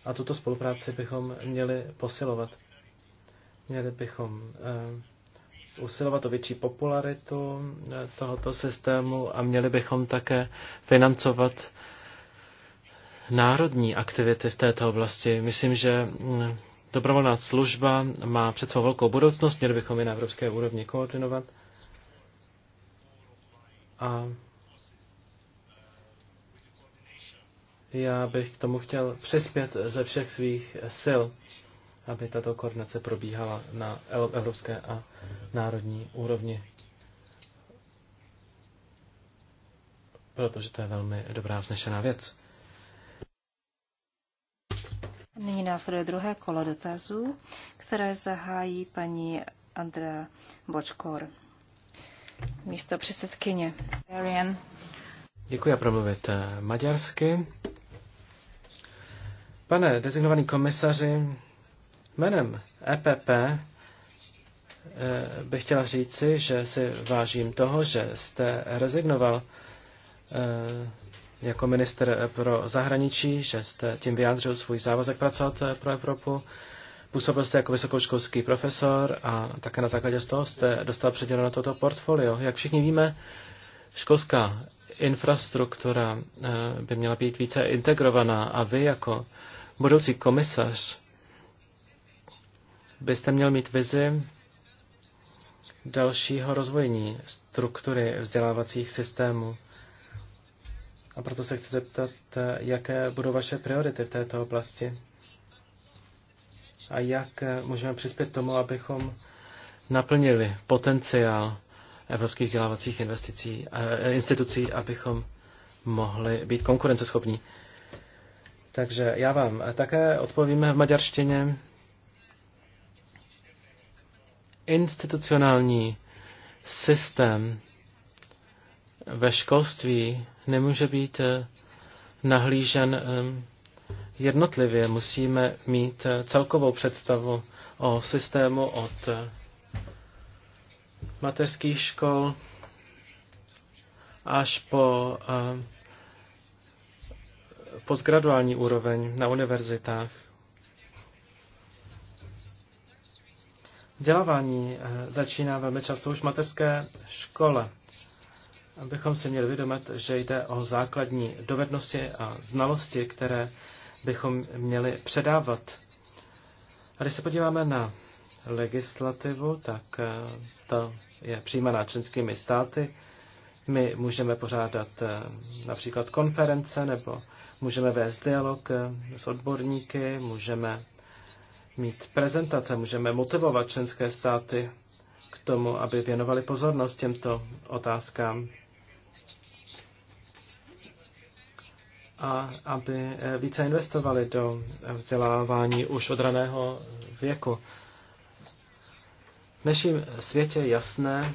Speaker 3: A tuto spolupráci bychom měli posilovat. Měli bychom eh, usilovat o větší popularitu eh, tohoto systému a měli bychom také financovat národní aktivity v této oblasti. Myslím, že mm, dobrovolná služba má před svou velkou budoucnost, měli bychom ji na evropské úrovni koordinovat. A Já bych k tomu chtěl přispět ze všech svých sil, aby tato koordinace probíhala na evropské a národní úrovni. Protože to je velmi dobrá vznešená věc.
Speaker 2: Nyní následuje druhé kolo dotazů, které zahájí paní Andrea Bočkor, místo předsedkyně.
Speaker 3: Děkuji a promluvit eh, maďarsky. Pane designovaný komisaři, jménem EPP eh, bych chtěl říci, že si vážím toho, že jste rezignoval eh, jako minister pro zahraničí, že jste tím vyjádřil svůj závazek pracovat eh, pro Evropu. Působil jste jako vysokoškolský profesor a také na základě z toho jste dostal předěleno toto portfolio. Jak všichni víme, školská infrastruktura eh, by měla být více integrovaná a vy jako budoucí komisař byste měl mít vizi dalšího rozvojení struktury vzdělávacích systémů. A proto se chci zeptat, eh, jaké budou vaše priority v této oblasti a jak eh, můžeme přispět tomu, abychom naplnili potenciál evropských vzdělávacích investicí, eh, institucí, abychom mohli být konkurenceschopní. Takže já vám také odpovíme v maďarštině. Institucionální systém ve školství nemůže být eh, nahlížen eh, jednotlivě. Musíme mít celkovou představu o systému od mateřských škol až po eh, postgraduální úroveň na univerzitách. Vzdělávání eh, začíná velmi často už v mateřské škole. Abychom si měli vědomit, že jde o základní dovednosti a znalosti, které bychom měli předávat. A když se podíváme na legislativu, tak eh, je přijímaná členskými státy. My můžeme pořádat eh, například konference nebo můžeme vést dialog eh, s odborníky, můžeme mít prezentace, můžeme motivovat členské státy k tomu, aby věnovali pozornost těmto otázkám a aby eh, více investovali do vzdělávání už od raného věku dnešním světě je jasné,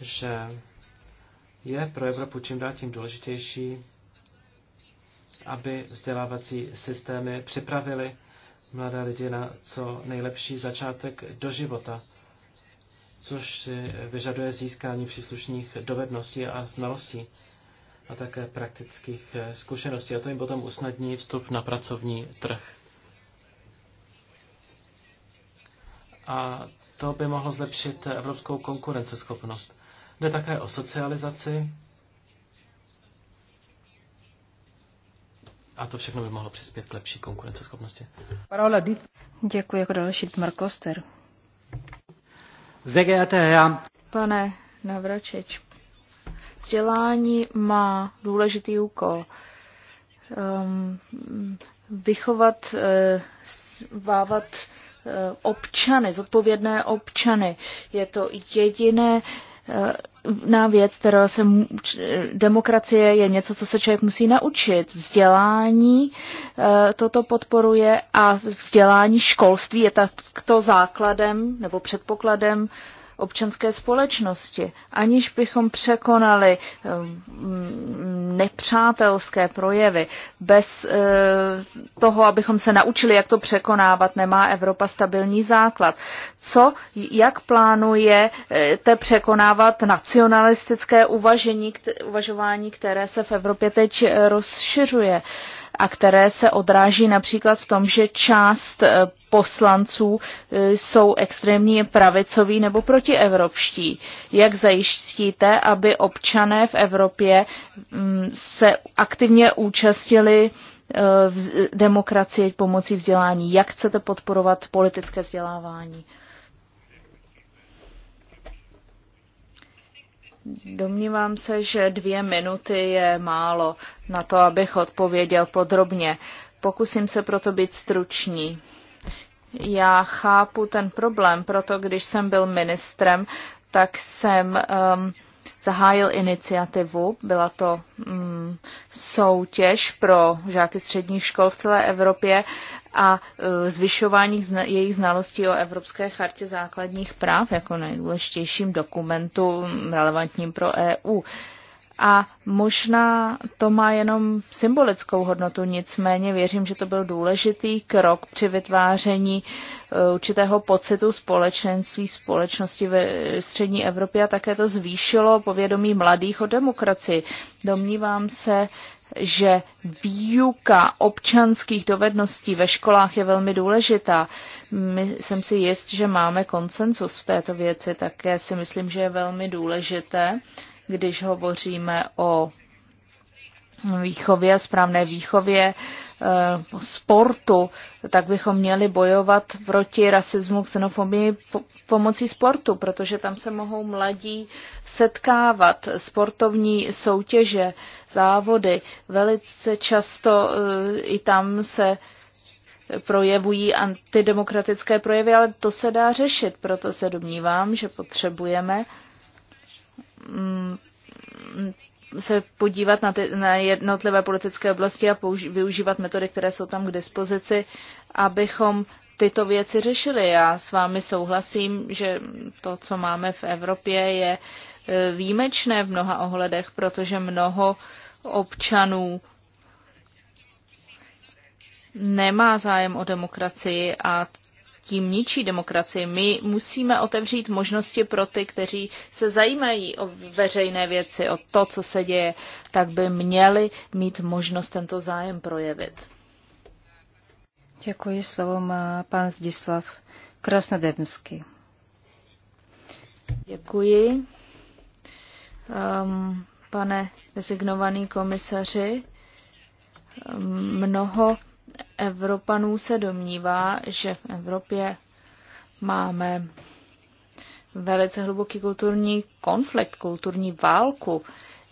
Speaker 3: že je pro Evropu čím dál tím důležitější, aby vzdělávací systémy připravili mladé lidi na co nejlepší začátek do života, což vyžaduje získání příslušných dovedností a znalostí a také praktických zkušeností. A to jim potom usnadní vstup na pracovní trh. a to by mohlo zlepšit evropskou konkurenceschopnost. Jde také o socializaci a to všechno by mohlo přispět k lepší konkurenceschopnosti.
Speaker 2: Děkuji jako další Tmar Koster. Pane Navračeč,
Speaker 4: vzdělání má důležitý úkol. Um, vychovat, eh, vávat Eh, občany, zodpovědné občany. Je to jediné eh, na věc, která se demokracie je něco, co se člověk musí naučit. Vzdělání eh, toto podporuje a vzdělání školství je takto základem nebo předpokladem občanské společnosti, aniž bychom překonali eh, nepřátelské projevy. Bez eh, toho, abychom se naučili, jak to překonávat, nemá Evropa stabilní základ. Co, jak plánuje eh, te překonávat nacionalistické uvažení, uvažování, které se v Evropě teď rozšiřuje? a které se odráží například v tom, že část eh, poslanců eh, jsou extrémně pravicoví nebo protievropští. Jak zajistíte, aby občané v Evropě mm, se aktivně účastnili eh, v demokracii pomocí vzdělání? Jak chcete podporovat politické vzdělávání? Domnívám se, že dvě minuty je málo na to, abych odpověděl podrobně. Pokusím se proto být stručný. Já chápu ten problém, proto když jsem byl ministrem, tak jsem um, zahájil iniciativu, byla to mm, soutěž pro žáky středních škol v celé Evropě a e, zvyšování zna- jejich znalostí o Evropské chartě základních práv jako nejdůležitějším dokumentu mm, relevantním pro EU. E, a možná to má jenom symbolickou hodnotu, nicméně věřím, že to byl důležitý krok při vytváření e, určitého pocitu společenství, společnosti ve střední Evropě a také to zvýšilo povědomí mladých o demokracii. Domnívám se, že výuka občanských dovedností ve školách je velmi důležitá. My, jsem si jist, že máme konsensus v této věci, také si myslím, že je velmi důležité, když hovoříme o výchově, správné výchově, eh, sportu, tak bychom měli bojovat proti rasismu, xenofobii pomocí sportu, protože tam se mohou mladí setkávat, sportovní soutěže, závody. Velice často eh, i tam se projevují antidemokratické projevy, ale to se dá řešit, proto se domnívám, že potřebujeme Mm, se podívat na, ty, na jednotlivé politické oblasti a použi- využívat metody, které jsou tam k dispozici, abychom tyto věci řešili. Já s vámi souhlasím, že to, co máme v Evropě, je e, výjimečné v mnoha ohledech, protože mnoho občanů nemá zájem o demokracii a tím ničí demokracii. My musíme otevřít možnosti pro ty, kteří se zajímají o veřejné věci, o to, co se děje, tak by měli mít možnost tento zájem projevit.
Speaker 2: Děkuji, slovo má pan Zdislav Krasnodemský. Děkuji. Um,
Speaker 4: pane designovaný komisaři, um, mnoho Evropanů se domnívá, že v Evropě máme velice hluboký kulturní konflikt, kulturní válku,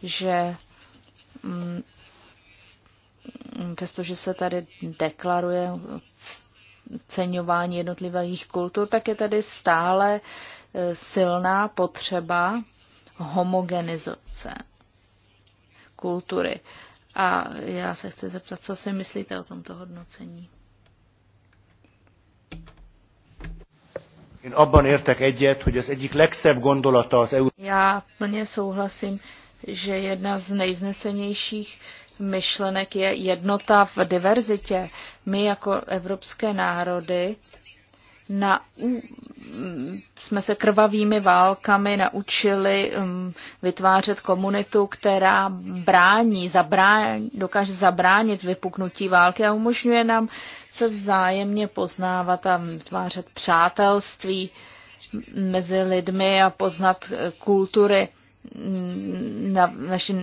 Speaker 4: že mm, přestože se tady deklaruje ceňování jednotlivých kultur, tak je tady stále e, silná potřeba homogenizace kultury. A já se chci zeptat, co si myslíte o tomto hodnocení. Já plně souhlasím, že jedna z nejznesenějších myšlenek je jednota v diverzitě. My jako evropské národy na, jsme se krvavými válkami naučili um, vytvářet komunitu, která brání, zabrání, dokáže zabránit vypuknutí války a umožňuje nám se vzájemně poznávat a vytvářet přátelství mezi lidmi a poznat eh, kultury, mm, na, naši,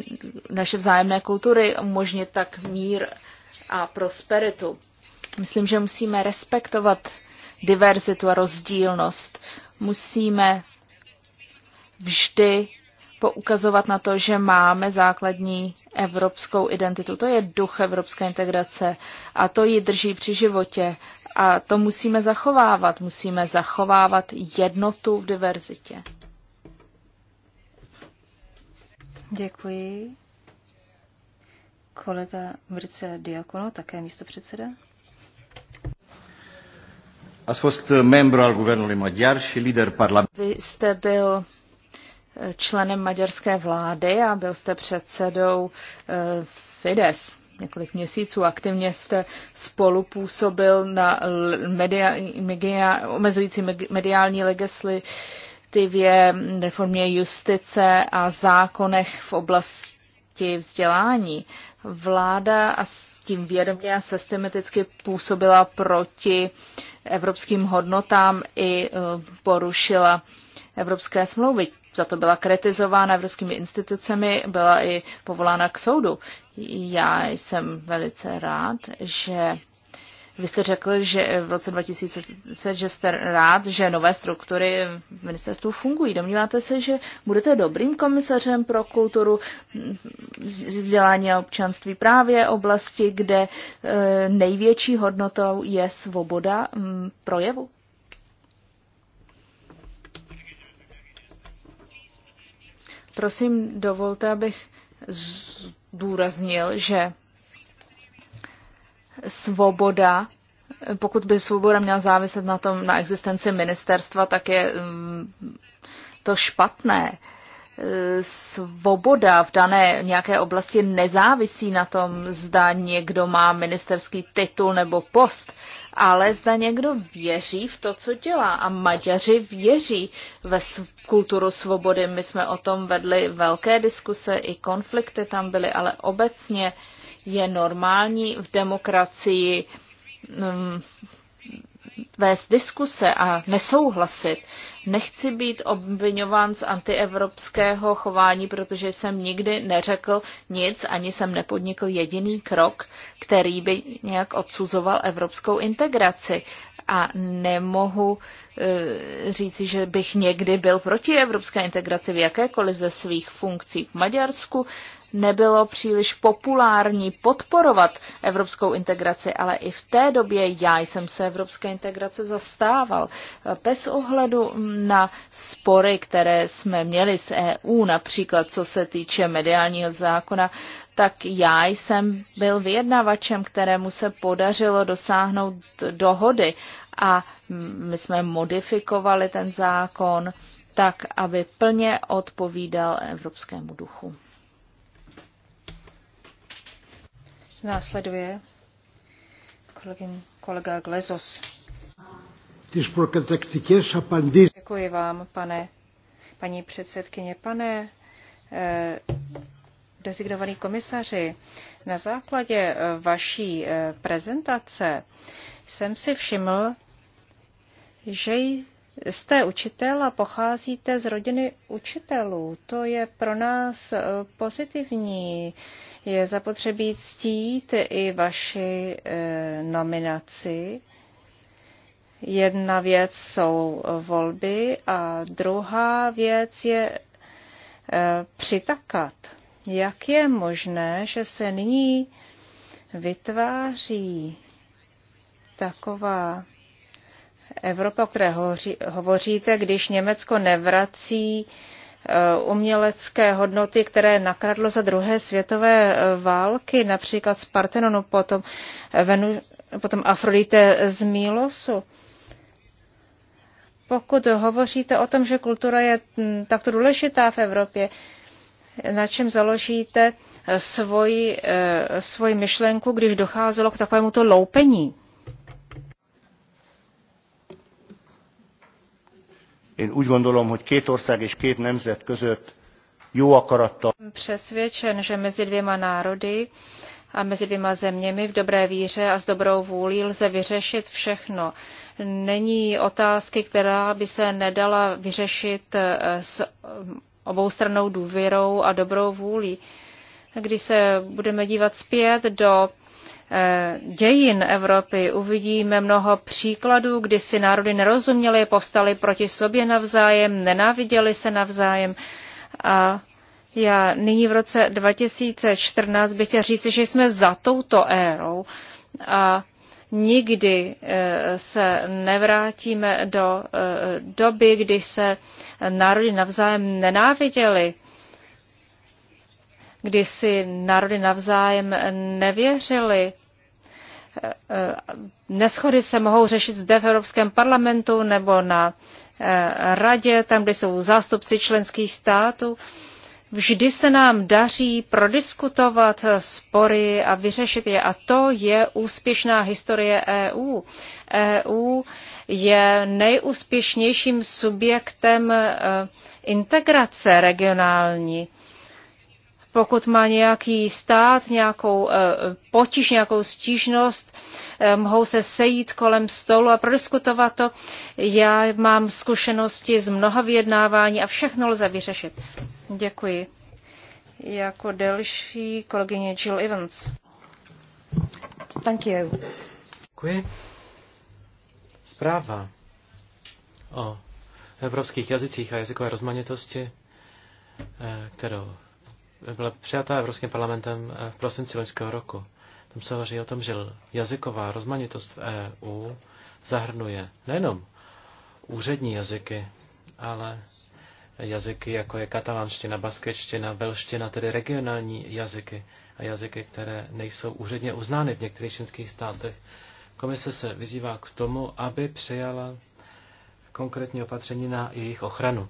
Speaker 4: naše vzájemné kultury, umožnit tak mír a prosperitu. Myslím, že musíme respektovat diverzitu a rozdílnost. Musíme vždy poukazovat na to, že máme základní evropskou identitu. To je duch evropské integrace a to ji drží při životě. A to musíme zachovávat. Musíme zachovávat jednotu v diverzitě.
Speaker 5: Děkuji. Kolega Vrce Diakono, také místo předseda.
Speaker 4: Vy jste byl eh, členem maďarské vlády a byl jste předsedou eh, Fides několik měsíců. Aktivně jste spolupůsobil na media, media, omezující mediální legislativě, reformě justice a zákonech v oblasti vzdělání. Vláda a s tím vědomě a systematicky působila proti evropským hodnotám i e, porušila evropské smlouvy. Za to byla kritizována evropskými institucemi, byla i povolána k soudu. Já jsem velice rád, že vy jste řekl, že v roce 2010, že jste rád, že nové struktury v ministerstvu fungují. Domníváte se, že budete dobrým komisařem pro kulturu, vzdělání a občanství právě oblasti, kde e, největší hodnotou je svoboda projevu? Prosím, dovolte, abych zdůraznil, že svoboda, pokud by svoboda měla záviset na tom, na existenci ministerstva, tak je mm, to špatné. E, svoboda v dané nějaké oblasti nezávisí na tom, zda někdo má ministerský titul nebo post, ale zda někdo věří v to, co dělá. A Maďaři věří ve kulturu svobody. My jsme o tom vedli velké diskuse, i konflikty tam byly, ale obecně uh, je normální v demokracii mm, vést diskuse a nesouhlasit. Nechci být obvinován z antievropského chování, protože jsem nikdy neřekl nic, ani jsem nepodnikl jediný krok, který by nějak odsuzoval evropskou integraci. A nemohu e, říci, že bych někdy byl proti evropské integraci v jakékoliv ze svých funkcí v Maďarsku nebylo příliš populární podporovat evropskou integraci, ale i v té době já jsem se evropské integrace zastával. Bez ohledu na spory, které jsme měli s EU, například co se týče mediálního zákona, tak já jsem byl vyjednavačem, kterému se podařilo dosáhnout dohody a my jsme modifikovali ten zákon tak, aby plně odpovídal evropskému duchu.
Speaker 2: Následuje kolegin, kolega Glezos. Děkuji vám, pane, paní předsedkyně. Pane eh, designovaný komisaři, na základě eh, vaší eh, prezentace jsem si všiml, že jste učitel a pocházíte z rodiny učitelů. To je pro nás eh, pozitivní. Eh, je zapotřebí ctít i vaši eh, nominaci. Jedna věc jsou volby a druhá věc je eh, přitakat. Jak je možné, že se nyní vytváří taková Evropa, o které hovoříte, když Německo nevrací Eh, umělecké hodnoty, které nakradlo za druhé světové eh, války, například z Partenonu, potom, eh, Venu, potom Afrodite z Mílosu. Pokud hovoříte o tom, že kultura je hm, takto důležitá v Evropě, na čem založíte svoji, svoji myšlenku, když docházelo k to loupení?
Speaker 1: Én úgy gondolom, hogy két ország és két nemzet között jó akarattal.
Speaker 2: Přesvědčen, že mezi dvěma národy a mezi dvěma zeměmi v dobré víře a s dobrou vůlí lze vyřešit všechno. Není otázky, která by se nedala vyřešit eh, s eh, oboustrannou důvěrou a dobrou vůlí. Když se budeme dívat zpět do Eh, dějin Evropy uvidíme mnoho příkladů, kdy si národy nerozuměly, povstaly proti sobě navzájem, nenáviděli se navzájem. A já nyní v roce 2014 bych chtěl říct, že jsme za touto érou a nikdy eh, se nevrátíme do eh, doby, kdy se národy navzájem nenáviděli kdy si národy navzájem nevěřili neschody se mohou řešit zde v Evropském parlamentu nebo na eh, radě, tam, kde jsou zástupci členských států. Vždy se nám daří prodiskutovat eh, spory a vyřešit je. A to je úspěšná historie EU. EU je nejúspěšnějším subjektem eh, integrace regionální pokud má nějaký stát nějakou eh, potíž, nějakou stížnost, eh, mohou se sejít kolem stolu a prodiskutovat to. Já mám zkušenosti z mnoha vyjednávání a všechno lze vyřešit. Děkuji. Jako další kolegyně Jill Evans. Thank you.
Speaker 3: Děkuji. Zpráva o evropských jazycích a jazykové rozmanitosti, eh, kterou byla přijatá Evropským parlamentem eh, v prosinci loňského roku. Tam se hovoří o tom, že jazyková rozmanitost v EU zahrnuje nejenom úřední jazyky, ale jazyky, jako je katalánština, baskečtina, velština, tedy regionální jazyky a jazyky, které nejsou úředně uznány v některých členských státech. Komise se vyzývá k tomu, aby přijala konkrétní opatření na jejich ochranu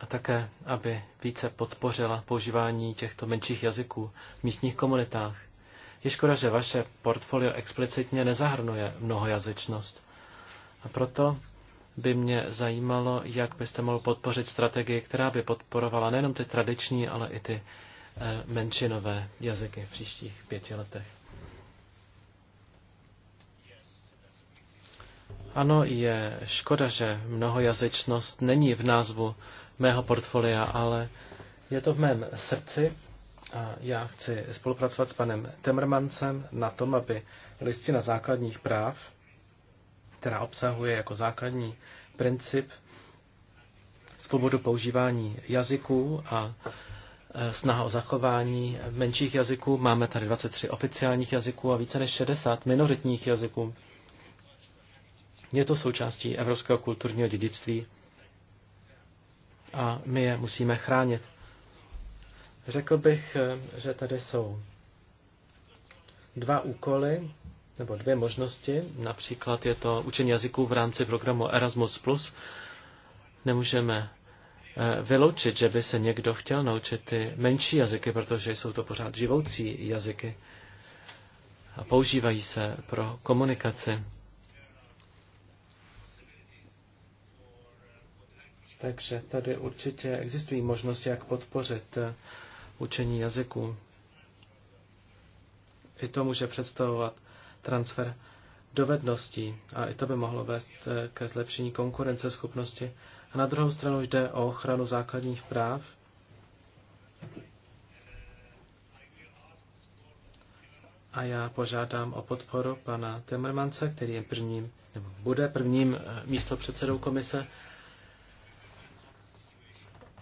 Speaker 3: a také, aby více podpořila používání těchto menších jazyků v místních komunitách. Je škoda, že vaše portfolio explicitně nezahrnuje mnohojazyčnost. A proto by mě zajímalo, jak byste mohl podpořit strategii, která by podporovala nejenom ty tradiční, ale i ty eh, menšinové jazyky v příštích pěti letech. Ano, je škoda, že mnohojazyčnost není v názvu mého portfolia, ale je to v mém srdci a já chci spolupracovat s panem Temrmancem na tom, aby listina základních práv, která obsahuje jako základní princip svobodu používání jazyků a e, snaha o zachování menších jazyků. Máme tady 23 oficiálních jazyků a více než 60 minoritních jazyků. Je to součástí evropského kulturního dědictví a my je musíme chránit. Řekl bych, eh, že tady jsou dva úkoly nebo dvě možnosti. Například je to učení jazyků v rámci programu Erasmus+. Nemůžeme eh, vyloučit, že by se někdo chtěl naučit ty menší jazyky, protože jsou to pořád živoucí jazyky a používají se pro komunikaci. Takže tady určitě existují možnosti, jak podpořit eh, učení jazyků. I to může představovat transfer dovedností a i to by mohlo vést eh, ke zlepšení konkurenceschopnosti. A na druhou stranu jde o ochranu základních práv. A já požádám o podporu pana Temermance, který je prvním, nebo bude prvním eh, místopředsedou komise,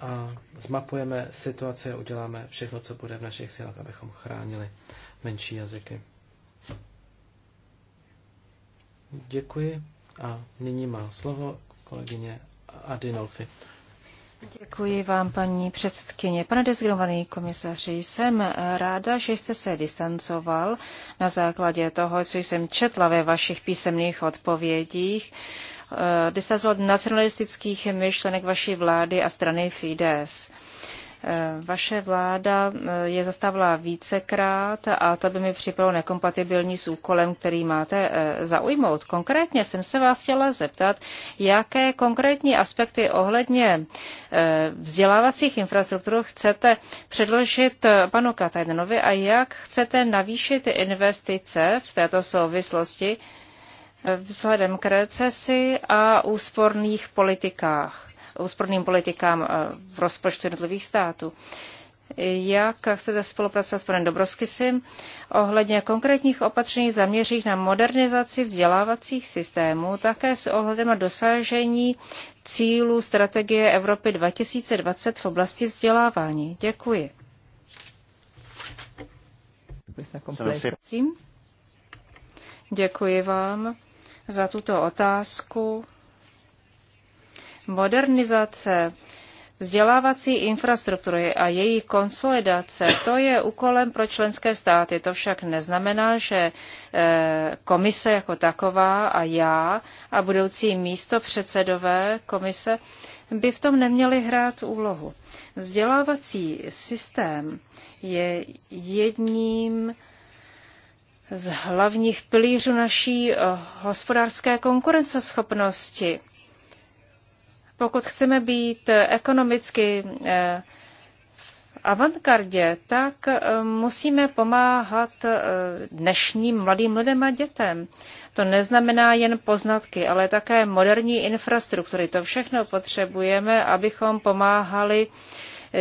Speaker 3: a zmapujeme situaci a uděláme všechno, co bude v našich silách, abychom chránili menší jazyky. Děkuji a nyní má slovo kolegyně Adinolfi.
Speaker 2: Děkuji vám, paní předsedkyně. Pane designovaný komisaři, jsem ráda, že jste se distancoval na základě toho, co jsem četla ve vašich písemných odpovědích Eh, distancoval nacionalistických myšlenek vaší vlády a strany Fides. Eh, vaše vláda eh, je zastavila vícekrát a to by mi připadlo nekompatibilní s úkolem, který máte zaujmout. Konkrétně jsem se vás chtěla zeptat, jaké konkrétní aspekty ohledně vzdělávacích infrastruktur chcete předložit panu Katajnenovi a jak chcete navýšit investice v této souvislosti vzhledem k recesi a úsporných politikách, úsporným politikám eh, v rozpočtu jednotlivých států. Jak chcete spolupracovat s panem Dobroskysem ohledně konkrétních opatření zaměřených na modernizaci vzdělávacích systémů, také s ohledem na dosažení cílů strategie Evropy 2020 v oblasti vzdělávání? Děkuji. Děkuji vám za tuto otázku. Modernizace vzdělávací infrastruktury a její konsolidace, to je úkolem pro členské státy. To však neznamená, že eh, komise jako taková a já a budoucí místo předsedové komise by v tom neměli hrát úlohu. Vzdělávací systém je jedním z hlavních pilířů naší eh, hospodářské konkurenceschopnosti. Pokud chceme být eh, ekonomicky v eh, avantgardě, tak musíme pomáhat dnešním mladým lidem a dětem. To neznamená jen poznatky, ale také moderní infrastruktury. To všechno potřebujeme, abychom pomáhali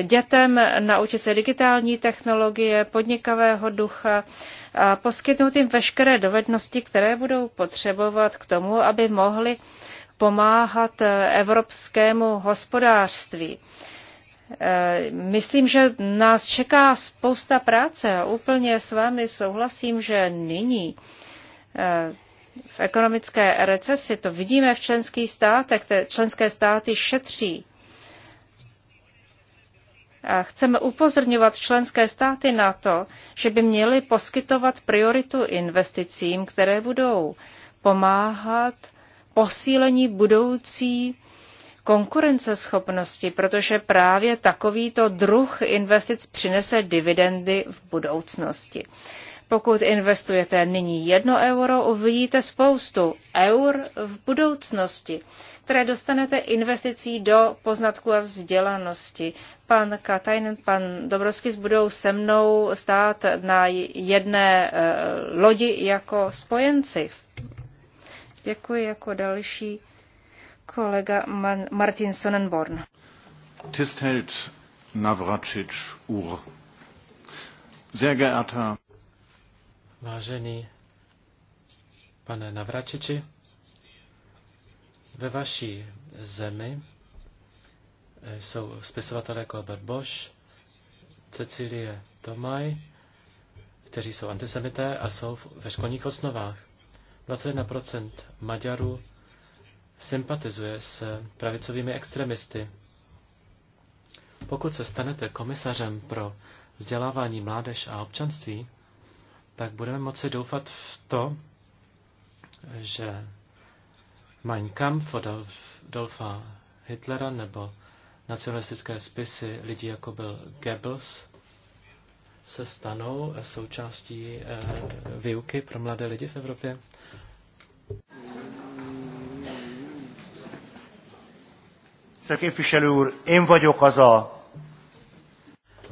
Speaker 2: dětem naučit se digitální technologie, podnikavého ducha, a poskytnout jim veškeré dovednosti, které budou potřebovat k tomu, aby mohli pomáhat e, evropskému hospodářství. E, myslím, že nás čeká spousta práce a úplně s vámi souhlasím, že nyní e, v ekonomické recesi to vidíme v členských státech, členské státy šetří chceme upozorňovat členské státy na to, že by měly poskytovat prioritu investicím, které budou pomáhat posílení budoucí konkurenceschopnosti, protože právě takovýto druh investic přinese dividendy v budoucnosti. Pokud investujete nyní jedno euro, uvidíte spoustu eur v budoucnosti, které dostanete investicí do poznatku a vzdělanosti. Pan Katajn, pan Dobrovskis budou se mnou stát na jedné e, lodi jako spojenci. Děkuji jako další kolega Martin Sonnenborn.
Speaker 1: Tistelt Navracic Ur. Sehr geehrter
Speaker 3: Vážený pane Navračiči, ve vaší zemi eh, jsou spisovatelé jako Albert Bosch, Cecilie Tomaj, kteří jsou antisemité a jsou ve školních osnovách. 21% Maďarů sympatizuje s pravicovými extremisty. Pokud se stanete komisařem pro vzdělávání mládež a občanství, tak budeme moci doufat v to, že Mein Kampf od Dolfa Hitlera nebo nacionalistické spisy lidí, jako byl Goebbels, se stanou součástí eh, výuky pro mladé lidi v Evropě?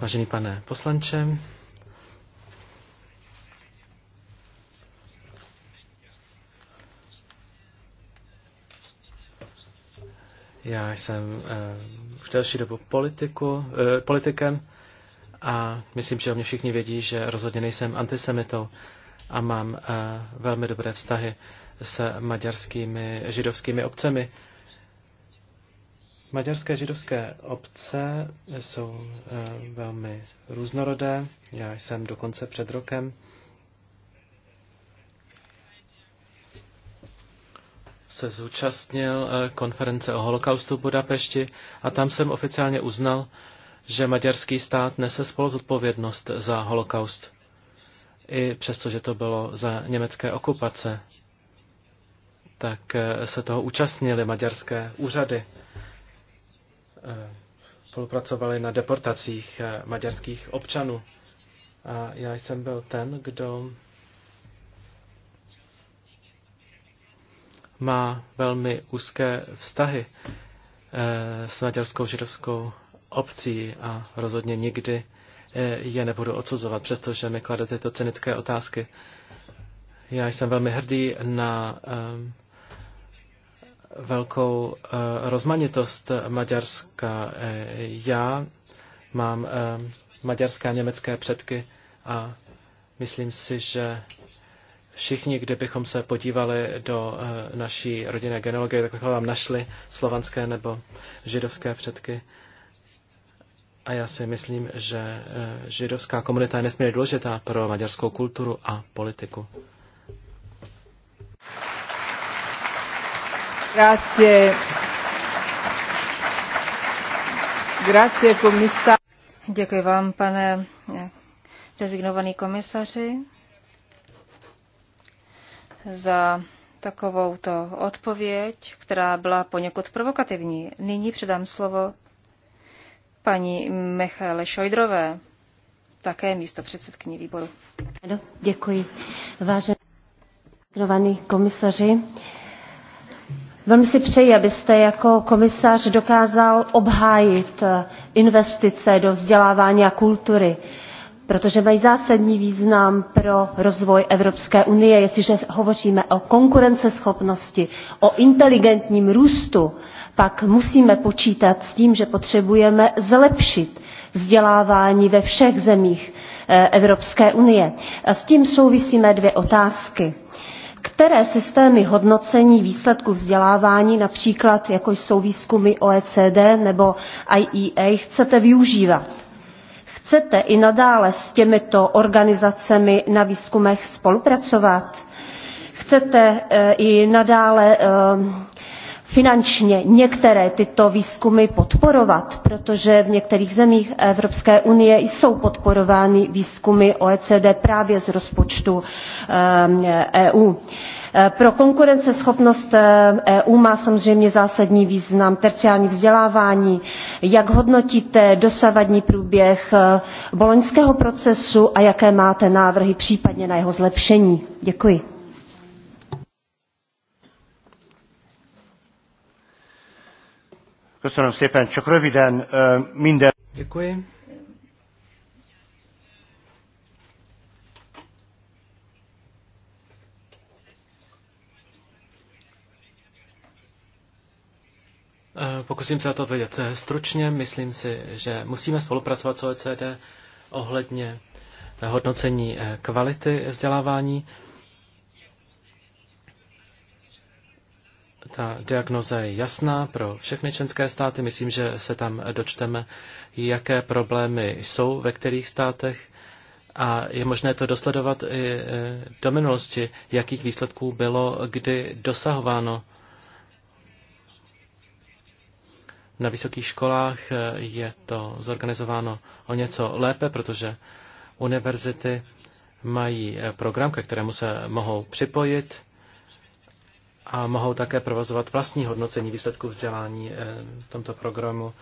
Speaker 3: Vážený pane poslanče, Já jsem uh, eh, v delší dobu politiku, uh, politikem a myslím, že o mě všichni vědí, že rozhodně nejsem antisemitou a mám uh, velmi dobré vztahy s maďarskými židovskými obcemi. Maďarské židovské obce jsou uh, velmi různorodé. Já jsem dokonce před rokem uh, se zúčastnil eh, konference o holokaustu v Budapešti a tam jsem oficiálně uznal, že maďarský stát nese zodpovědnost za holokaust, i přesto, že to bylo za německé okupace tak eh, se toho účastnili maďarské úřady. Eh, spolupracovali na deportacích maďarských občanů. A já jsem byl ten, kdo má velmi úzké vztahy eh, s maďarskou židovskou obcí a rozhodně nikdy eh, je nebudu odsuzovat, přestože mi klade tyto cynické otázky. Já jsem velmi hrdý na eh, velkou rozmanitost Maďarska. Já mám maďarské a německé předky a myslím si, že Všichni, kdybychom se podívali do eh, naší rodinné genealogie, tak bychom vám našli slovanské nebo židovské předky. A já si myslím, že eh, židovská komunita je nesmírně důležitá pro maďarskou kulturu a politiku.
Speaker 2: Grazie. Grazie, komisar. Děkuji vám, pane eh, rezignovaný komisaři za takovouto odpověď, která byla poněkud provokativní. Nyní předám slovo paní Michale Šojdrové, také místo předsedkyní výboru.
Speaker 5: Děkuji. vážení komisaři, Velmi si přeji, abyste jako komisař dokázal obhájit investice do vzdělávání a kultury protože mají zásadní význam pro rozvoj evropské unie. jestliže hovoříme o konkurenceschopnosti o inteligentním růstu pak musíme počítat s tím že potřebujeme zlepšit vzdělávání ve všech zemích eh, evropské unie. A s tím souvisí mé dvě otázky které systémy hodnocení výsledků vzdělávání například jako jsou výzkumy oecd nebo iea chcete využívat? chcete i nadále s těmito organizacemi na výzkumech spolupracovat? Chcete eh, i nadále eh, finančně některé tyto výzkumy podporovat, protože v některých zemích Evropské unie jsou podporovány výzkumy OECD právě z rozpočtu EU. Eh, e Eh, pro konkurenceschopnost eu eh, e má samozřejmě zásadní význam terciární vzdělávání jak hodnotíte dosavadní průběh eh, boloňského procesu a jaké máte návrhy případně na jeho zlepšení? děkuji.
Speaker 1: Děkuji.
Speaker 3: Eh, pokusím se na to vědět eh, stručně. Myslím si, že musíme spolupracovat s OECD ohledně eh, hodnocení kvality vzdělávání. Ta diagnoza je jasná pro všechny členské státy. Myslím, že se tam dočteme, jaké problémy jsou ve kterých státech a je možné to dosledovat i do minulosti, jakých výsledků bylo kdy dosahováno Na vysokých školách eh, je to zorganizováno o něco lépe, protože univerzity mají eh, program, ke kterému se mohou připojit a mohou také provozovat vlastní hodnocení výsledků vzdělání eh, v tomto programu.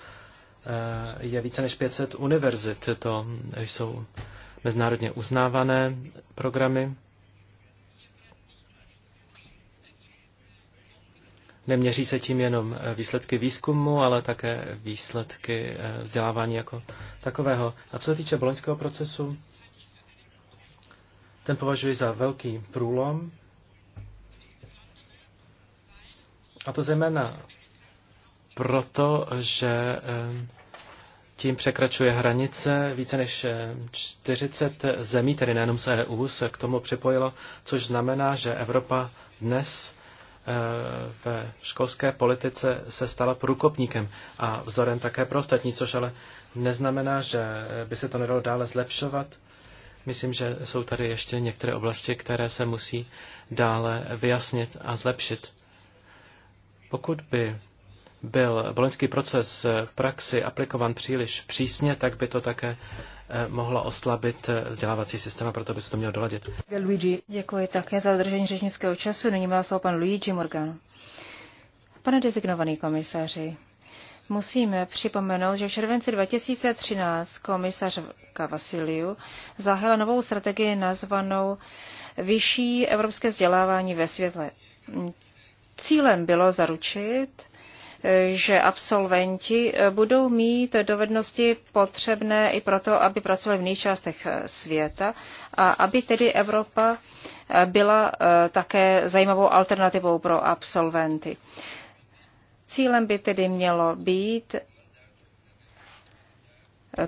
Speaker 3: Je více než 500 univerzit, to jsou mezinárodně uznávané programy. Neměří se tím jenom eh, výsledky výzkumu, ale také výsledky eh, vzdělávání jako takového. A co se týče boloňského procesu, ten považuji za velký průlom. A to zejména proto, že eh, tím překračuje hranice. Více než 40 zemí, tedy nejenom z EU, se k tomu připojilo, což znamená, že Evropa dnes ve školské politice se stala průkopníkem a vzorem také pro ostatní, což ale neznamená, že by se to nedalo dále zlepšovat. Myslím, že jsou tady ještě některé oblasti, které se musí dále vyjasnit a zlepšit. Pokud by byl boloňský proces v praxi aplikovan příliš přísně, tak by to také Eh, mohla oslabit eh, vzdělávací systém a proto by se to mělo doladit.
Speaker 2: Luigi. Děkuji také za dodržení řečnického času. Nyní má slovo pan Luigi Morgan. Pane designovaný komisaři, Musíme připomenout, že v červenci 2013 komisař Vasiliu zahájila novou strategii nazvanou Vyšší evropské vzdělávání ve světle. Cílem bylo zaručit, že absolventi eh, budou mít dovednosti potřebné i proto, aby pracovali v jiných částech eh, světa a aby tedy Evropa eh, byla také zajímavou alternativou pro absolventy. Cílem by tedy mělo být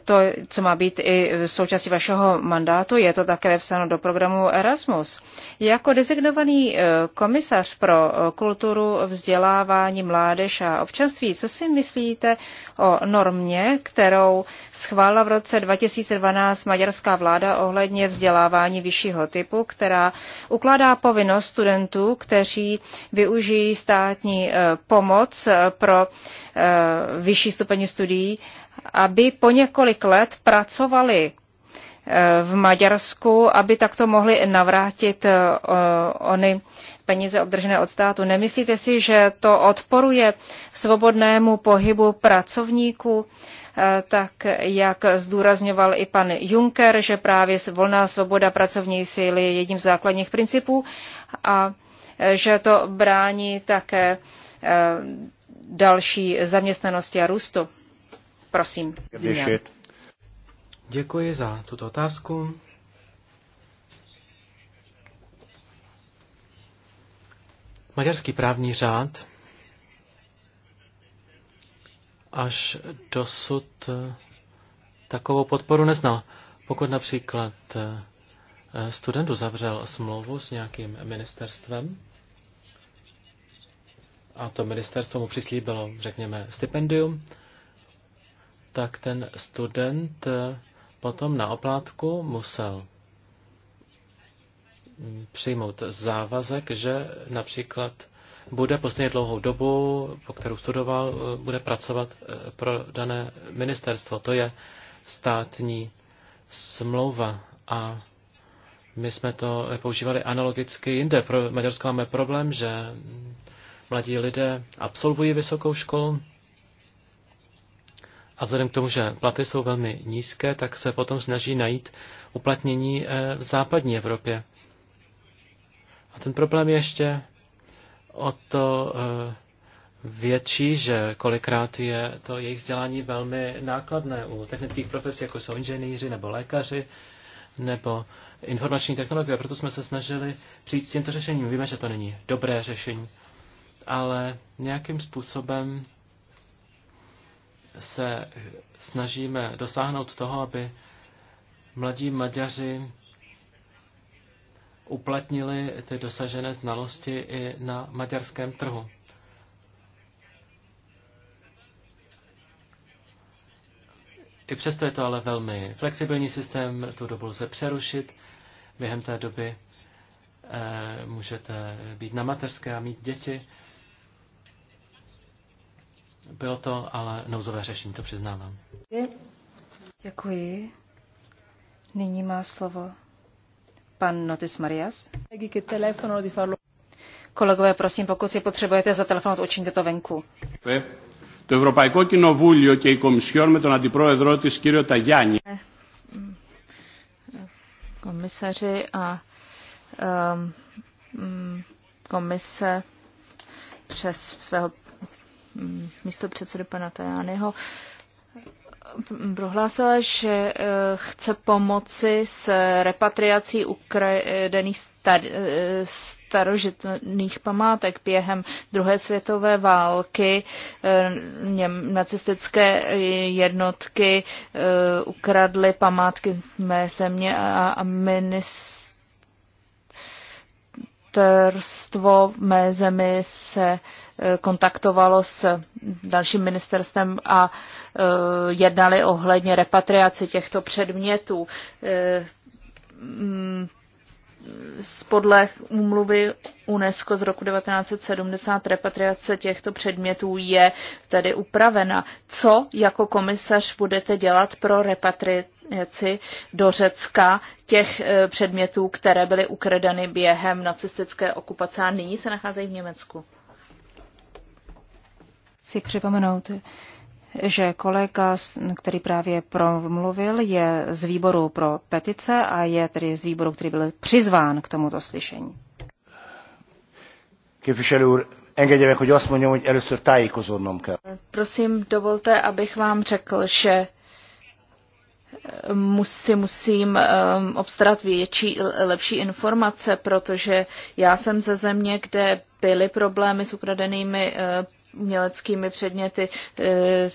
Speaker 2: to, co má být i součástí vašeho mandátu, je to také vepsáno do programu Erasmus. Jako designovaný eh, komisař pro eh, kulturu, vzdělávání, mládež a občanství, co si myslíte o normě, kterou schválila v roce 2012 maďarská vláda ohledně vzdělávání vyššího typu, která ukládá povinnost studentů, kteří využijí státní eh, pomoc pro vyšší stupeň studií, aby po několik let pracovali eh, v Maďarsku, aby takto mohli navrátit eh, ony peníze obdržené od státu. Nemyslíte si, že to odporuje svobodnému pohybu pracovníků, eh, tak jak zdůrazňoval i pan Juncker, že právě volná svoboda pracovní síly je jedním z základních principů a že to brání také další zaměstnanosti a růstu. Prosím.
Speaker 3: Děkuji za tuto otázku. Maďarský právní řád až dosud takovou podporu neznal. Pokud například eh, student uzavřel smlouvu s nějakým ministerstvem a to ministerstvo mu přislíbilo, řekněme, stipendium tak ten student eh, potom na oplátku musel mm, přijmout závazek, že například bude po dlouhou dobu, po kterou studoval, eh, bude pracovat eh, pro dané ministerstvo. To je státní smlouva a my jsme to používali analogicky jinde. Pro Maďarsko máme problém, že mm, mladí lidé absolvují vysokou školu, a vzhledem k tomu, že platy jsou velmi nízké, tak se potom snaží najít uplatnění eh, v západní Evropě. A ten problém je ještě o to eh, větší, že kolikrát je to jejich vzdělání velmi nákladné u technických profesí, jako jsou inženýři nebo lékaři nebo informační technologie. Proto jsme se snažili přijít s tímto řešením. Víme, že to není dobré řešení, ale nějakým způsobem se snažíme dosáhnout toho, aby mladí Maďaři uplatnili ty dosažené znalosti i na maďarském trhu. I přesto je to ale velmi flexibilní systém, tu dobu lze přerušit. Během té doby eh, můžete být na mateřské a mít děti. Bylo to ale nouzové řešení, to přiznávám.
Speaker 2: Děkuji. Nyní má slovo pan Notis Marias. Kolegové, prosím, pokud si potřebujete zatelefonovat, učiňte to venku.
Speaker 1: Το Ευρωπαϊκό Κοινοβούλιο και η Κομισιόν με τον Αντιπρόεδρό της κύριο Ταγιάννη.
Speaker 4: Komisaři a um, komise přes svého Mm, místo předsedy pana Tajányho mm, prohlásila, že eh, chce pomoci s repatriací ukradených star, eh, starožitných památek během druhé světové války. Eh, nacistické jednotky ukradly památky mé země a ministr ministerstvo v mé zemi se e, kontaktovalo s dalším ministerstvem a e, jednali ohledně repatriace těchto předmětů. E, podle úmluvy UNESCO z roku 1970 repatriace těchto předmětů je tedy upravena. Co jako komisař budete dělat pro repatriaci do Řecka těch e, předmětů, které byly ukradeny během nacistické okupace a nyní se nacházejí v Německu?
Speaker 2: Chci připomenout, že kolega, který právě promluvil, je z výboru pro petice a je tedy z výboru, který byl přizván k tomuto slyšení.
Speaker 4: Prosím, dovolte, abych vám řekl, že eh, si musím um, obstarat větší, lepší informace, protože já jsem ze země, kde byly problémy s ukradenými uh, uměleckými předměty. Eh,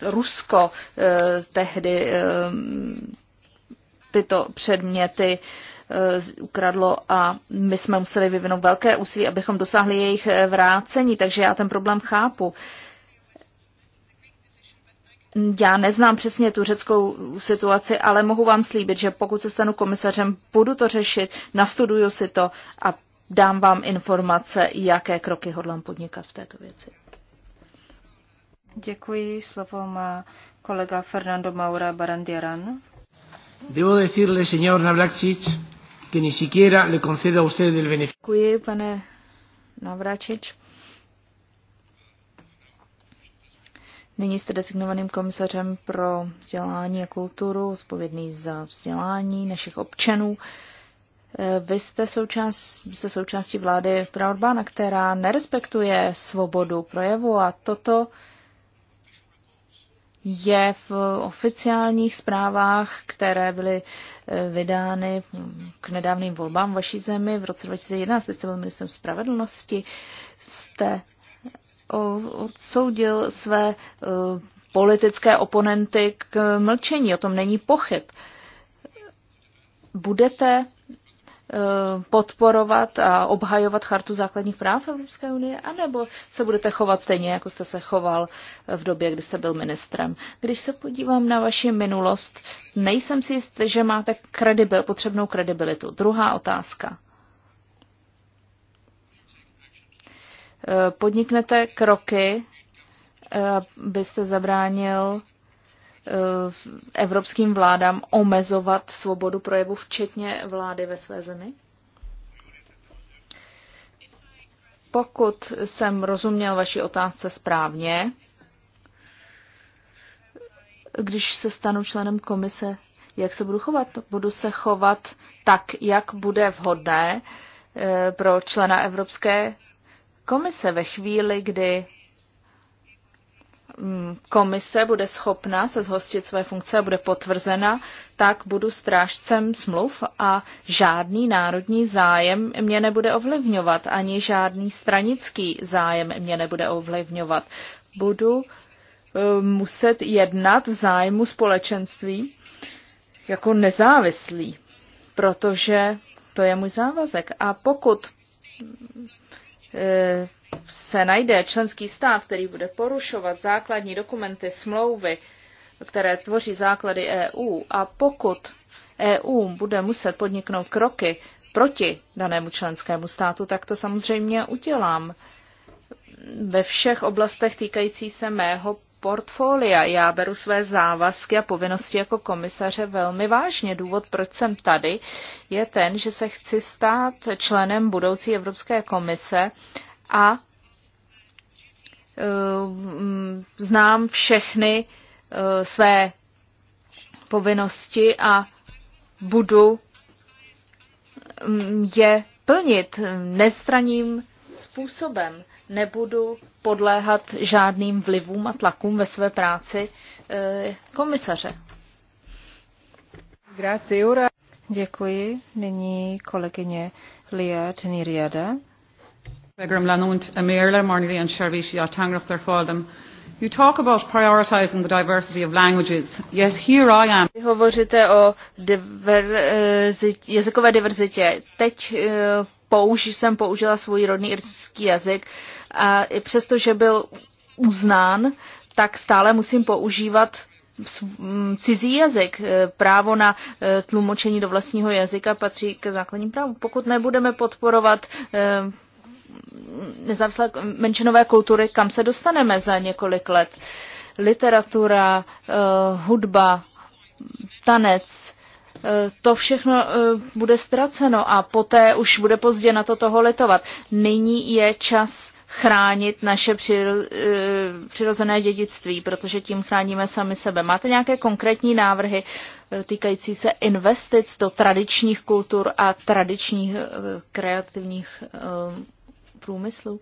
Speaker 4: Rusko eh, tehdy eh, tyto předměty ukradlo a my jsme museli vyvinout velké úsilí, abychom dosáhli jejich vrácení, takže já ten problém chápu. Já neznám přesně tu řeckou situaci, ale mohu vám slíbit, že pokud se stanu komisařem, budu to řešit, nastuduju si to a dám vám informace, jaké kroky hodlám podnikat v této věci.
Speaker 2: Děkuji. Slovo má kolega Fernando Maura Barandiaran.
Speaker 3: Debo decirle, señor Navracic, que ni siquiera le conceda a usted el beneficio.
Speaker 4: Děkuji, pane Navracic. Nyní jste designovaným komisařem pro vzdělání a kulturu, zpovědný za vzdělání našich občanů. Uh, vy jste, součást, jste součástí vlády Viktora Orbána, která nerespektuje svobodu projevu a toto je v oficiálních zprávách, které byly eh, vydány k nedávným volbám vaší zemi v roce 2011, jste byl ministrem spravedlnosti, jste eh, odsoudil své eh, politické oponenty k mlčení, o tom není pochyb. Budete Eh, podporovat a obhajovat chartu základních práv Evropské unie, anebo se budete chovat stejně, jako jste se choval v době, kdy jste byl ministrem. Když se podívám na vaši minulost, nejsem si jist, že máte kredibil, potřebnou kredibilitu. Druhá otázka. Eh, podniknete kroky, eh, abyste zabránil Eh, evropským vládám omezovat svobodu projevu, včetně vlády ve své zemi? Pokud jsem rozuměl vaší otázce správně, když se stanu členem komise, jak se budu chovat? Budu se chovat tak, jak bude vhodné eh, pro člena Evropské komise ve chvíli, kdy Mm, komise bude schopna se zhostit své funkce a bude potvrzena, tak budu strážcem smluv a žádný národní zájem mě nebude ovlivňovat, ani žádný stranický zájem mě nebude ovlivňovat. Budu eh, muset jednat v zájmu společenství jako nezávislý, protože to je můj závazek. A pokud eh, se najde členský stát, který bude porušovat základní dokumenty, smlouvy, které tvoří základy EU, a pokud EU bude muset podniknout kroky proti danému členskému státu, tak to samozřejmě udělám ve všech oblastech týkající se mého portfolia. Já beru své závazky a povinnosti jako komisaře velmi vážně. Důvod, proč jsem tady, je ten, že se chci stát členem budoucí Evropské komise a Eh, mm, znám všechny eh, své povinnosti a budu mm, je plnit nestraním způsobem. Nebudu podléhat žádným vlivům a tlakům ve své práci eh, komisaře.
Speaker 2: Děkuji. Nyní kolegyně Lia Teniriada. Begram Lanúnt a méle marnaí an seirbhísí a tangracht ar fádam. You talk about prioritizing the diversity of languages, yet here I am. Vy
Speaker 4: hovoříte o diverzitě, jazykové diverzitě. Teď eh, použ, jsem použila svůj rodný irský jazyk a i přesto, že byl uznán, tak stále musím používat mm, cizí jazyk. Eh, právo na eh, tlumočení do vlastního jazyka patří k základním právům. Pokud nebudeme podporovat nezávislé menšinové kultury, kam se dostaneme za několik let. Literatura, eh, hudba, tanec, eh, to všechno eh, bude ztraceno a poté už bude pozdě na to toho letovat. Nyní je čas chránit naše přirozené dědictví, protože tím chráníme sami sebe. Máte nějaké konkrétní návrhy týkající se investic do tradičních kultur a tradičních kreativních průmyslu.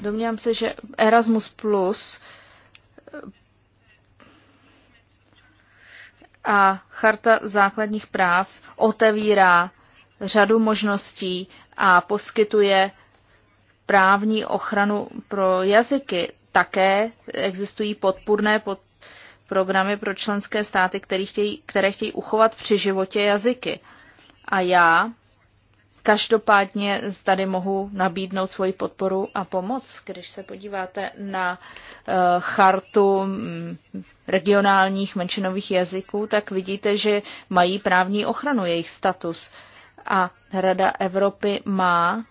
Speaker 4: Domnívám se, že Erasmus Plus a Charta základních práv otevírá řadu možností a poskytuje právní ochranu pro jazyky. Také existují podpůrné pod programy pro členské státy, které chtějí, které chtějí uchovat při životě jazyky. A já každopádně tady mohu nabídnout svoji podporu a pomoc. Když se podíváte na eh, chartu mm, regionálních menšinových jazyků, tak vidíte, že mají právní ochranu jejich status. A Rada Evropy má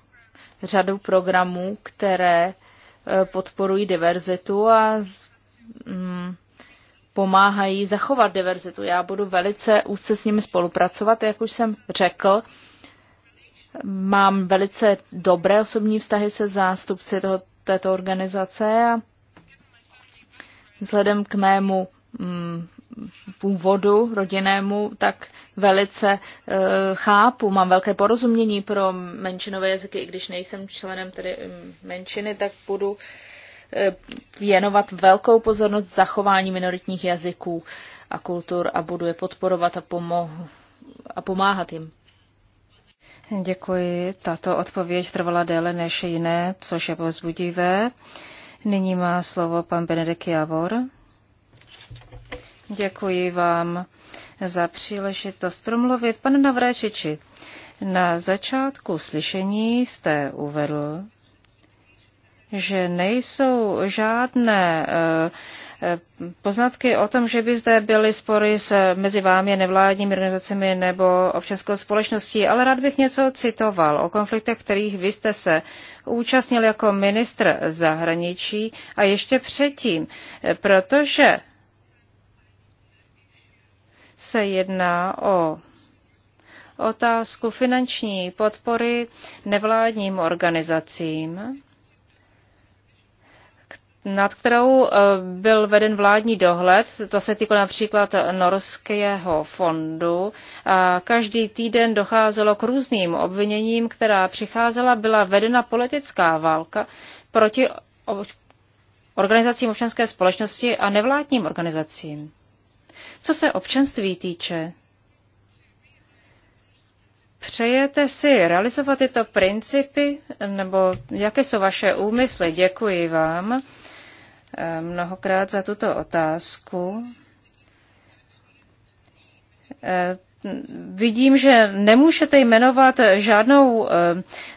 Speaker 4: řadu programů, které eh, podporují diverzitu a mm, pomáhají zachovat diverzitu. Já budu velice úzce s nimi spolupracovat, jak už jsem řekl. Mám velice dobré osobní vztahy se zástupci toho, této organizace a vzhledem k mému mm, původu rodinnému, tak velice e, chápu, mám velké porozumění pro menšinové jazyky, i když nejsem členem tedy mm, menšiny, tak budu e, Eh, věnovat velkou pozornost zachování minoritních jazyků a
Speaker 2: kultur a budu je podporovat a, pomohu, a pomáhat jim. Děkuji. Tato odpověď trvala déle než jiné, což je pozbudivé. Nyní má slovo pan Benedek Javor. Děkuji vám za příležitost promluvit. Pane Navráčiči, na začátku slyšení jste uvedl, že nejsou žádné eh, eh, poznatky o tom, že by zde byly spory s, eh, mezi vámi, nevládními organizacemi nebo občanskou společností, ale rád bych něco citoval o konfliktech, kterých vy jste se účastnil jako ministr zahraničí a ještě předtím, protože se jedná o otázku finanční podpory nevládním organizacím nad kterou eh, byl veden vládní dohled. To se týkalo například Norského fondu. A každý týden docházelo k různým obviněním, která přicházela, byla vedena politická válka proti organizacím občanské společnosti a nevládním organizacím. Co se občanství týče, Přejete si realizovat tyto principy, nebo jaké jsou vaše úmysly? Děkuji vám. Eh, mnohokrát za tuto otázku. Eh, vidím, že nemůžete jmenovat žádnou eh,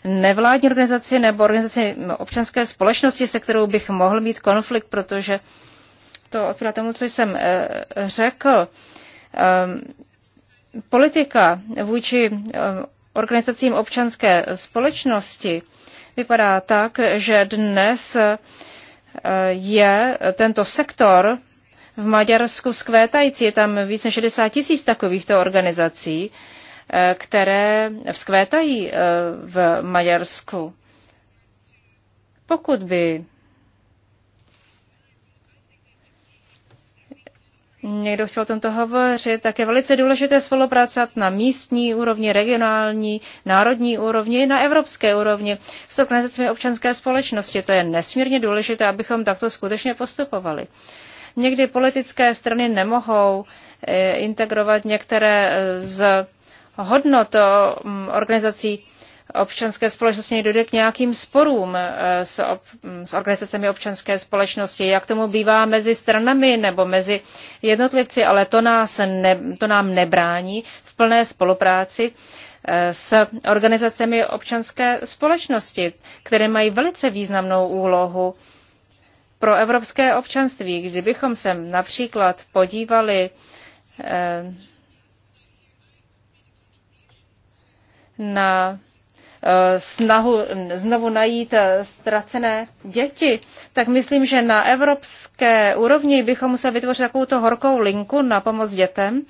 Speaker 2: nevládní organizaci nebo organizaci občanské společnosti, se kterou bych mohl mít konflikt, protože to odpovídá tomu, co jsem řekl. Politika vůči organizacím občanské společnosti vypadá tak, že dnes je tento sektor v Maďarsku vzkvétající. Je tam více než 60 tisíc takovýchto organizací, eh, které vzkvétají eh, v Maďarsku. Pokud by někdo chtěl o tomto hovořit, tak je velice důležité spolupracovat na místní úrovni, regionální, národní úrovni na evropské úrovni s organizacemi občanské společnosti. To je nesmírně důležité, abychom takto skutečně postupovali. Někdy politické strany nemohou eh, integrovat některé eh, z hodnot eh, organizací občanské společnosti dojde k nějakým sporům eh, s, ob, s organizacemi občanské společnosti, jak tomu bývá mezi stranami nebo mezi jednotlivci, ale to, nás ne, to nám nebrání v plné spolupráci eh, s organizacemi občanské společnosti, které mají velice významnou úlohu pro evropské občanství. Kdybychom se například podívali eh, na Eh, snahu znovu najít eh, ztracené děti, tak myslím, že na evropské úrovni bychom museli vytvořit takovouto horkou linku na pomoc dětem.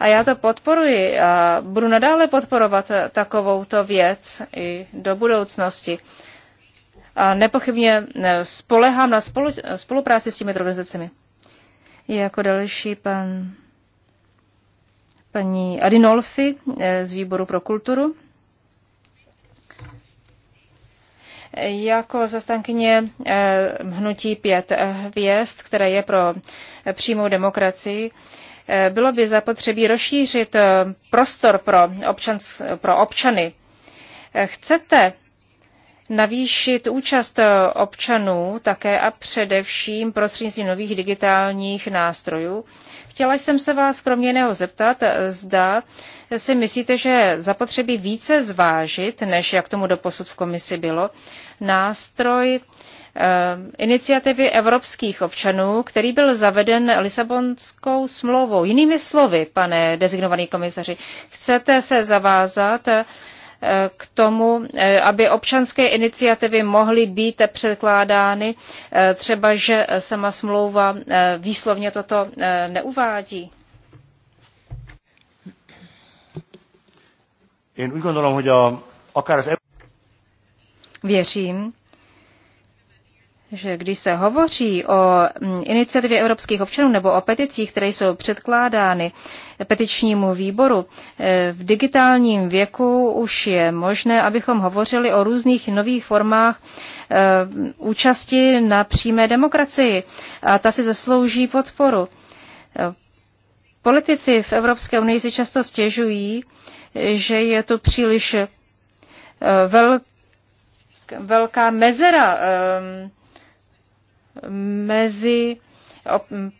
Speaker 2: A já to podporuji a budu nadále podporovat eh, takovouto věc i do budoucnosti. A nepochybně spolehám na spolu, spolupráci s těmi organizacemi. Jako další pan, paní Adinolfi z Výboru pro kulturu. Jako zastankyně eh, hnutí pět hvězd, které je pro přímou demokracii, eh, bylo by zapotřebí rozšířit eh, prostor pro, občans, pro občany. Chcete navýšit účast občanů také a především prostřednictvím nových digitálních nástrojů, Chtěla jsem se vás kromě jiného zeptat, eh, zda si myslíte, že zapotřebí více zvážit, než jak tomu doposud v komisi bylo, nástroj eh, iniciativy evropských občanů, který byl zaveden Lisabonskou smlouvou. Jinými slovy, pane designovaný komisaři, chcete se zavázat eh, k tomu, eh, aby občanské iniciativy mohly být předkládány, eh, třeba že sama smlouva eh, výslovně toto neuvádí? Věřím, že když se hovoří o mm, iniciativě evropských občanů nebo o peticích, které jsou předkládány petičnímu výboru, eh, v digitálním věku už je možné, abychom hovořili o různých nových formách eh, účasti na přímé demokracii. A ta si zaslouží podporu. Eh, politici v Evropské unii si často stěžují, že je to příliš velká mezera mezi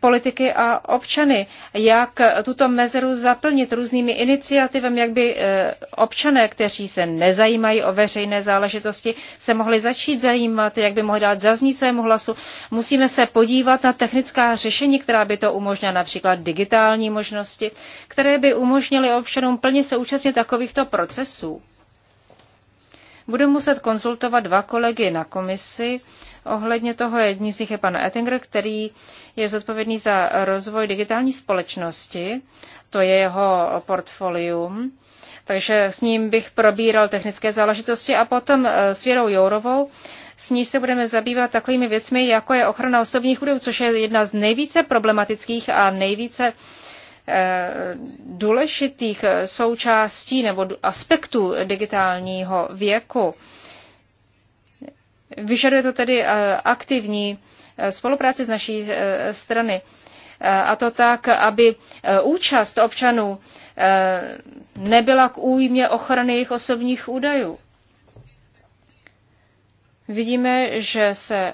Speaker 2: politiky a občany, jak tuto mezeru zaplnit různými iniciativami, jak by eh, občané, kteří se nezajímají o veřejné záležitosti, se mohli začít zajímat, jak by mohli dát zaznít svému hlasu. Musíme se podívat na technická řešení, která by to umožnila, například digitální možnosti, které by umožnily občanům plně se účastnit takovýchto procesů. Budu muset konzultovat dva kolegy na komisi. Ohledně toho jedním z nich je pan Ettinger, který je zodpovědný za rozvoj digitální společnosti. To je jeho portfolium. Takže s ním bych probíral technické záležitosti a potom eh, s Věrou Jourovou, s ní se budeme zabývat takovými věcmi, jako je ochrana osobních údajů, což je jedna z nejvíce problematických a nejvíce Eh, důležitých eh, součástí nebo aspektů digitálního věku. Vyžaduje to tedy eh, aktivní spolupráci z naší strany. A to tak, aby účast občanů nebyla k újmě ochrany jejich osobních údajů. Vidíme, že se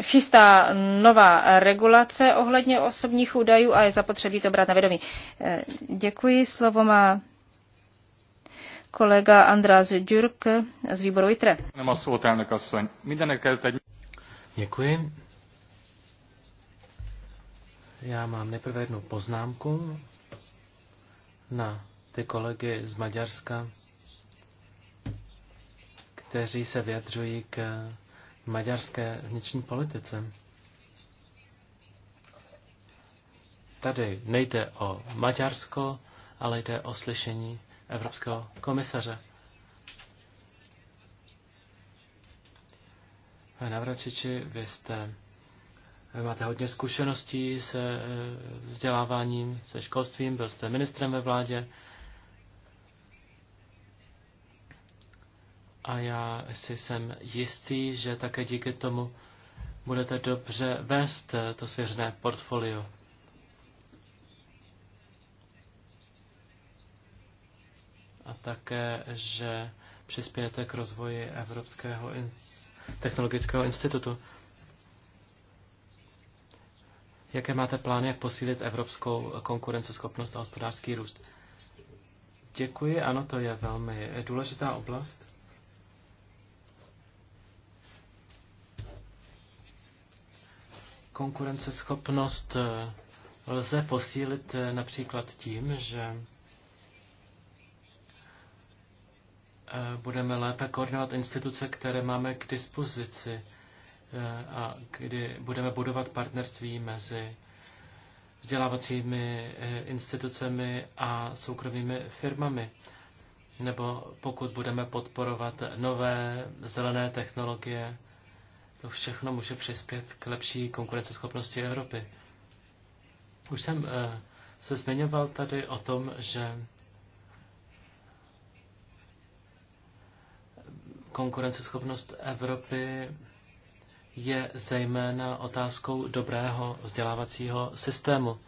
Speaker 2: chystá nová regulace ohledně osobních údajů a je zapotřebí to brát na vědomí. Eh, děkuji. Slovo má kolega András Gyurk z výboru ITRE.
Speaker 1: Děkuji.
Speaker 3: Já mám nejprve jednu poznámku na ty kolegy z Maďarska, kteří se vyjadřují k maďarské vnitřní politice. Tady nejde o Maďarsko, ale jde o slyšení Evropského komisaře. Navračiči, vy jste vy máte hodně zkušeností se eh, vzděláváním, se školstvím, byl jste ministrem ve vládě, a já si jsem jistý, že také díky tomu budete dobře vést eh, to svěřené portfolio. A také, že přispějete k rozvoji Evropského technologického institutu. Jaké máte plány, jak posílit evropskou konkurenceschopnost a hospodářský růst? Děkuji, ano, to je velmi důležitá oblast. Konkurenceschopnost eh, lze posílit eh, například tím, že eh, budeme lépe koordinovat instituce, které máme k dispozici a kdy budeme budovat partnerství mezi vzdělávacími institucemi a soukromými firmami. Nebo pokud budeme podporovat nové zelené technologie, to všechno může přispět k lepší konkurenceschopnosti Evropy. Už jsem eh, se zmiňoval tady o tom, že konkurenceschopnost Evropy je zejména otázkou dobrého vzdělávacího systému.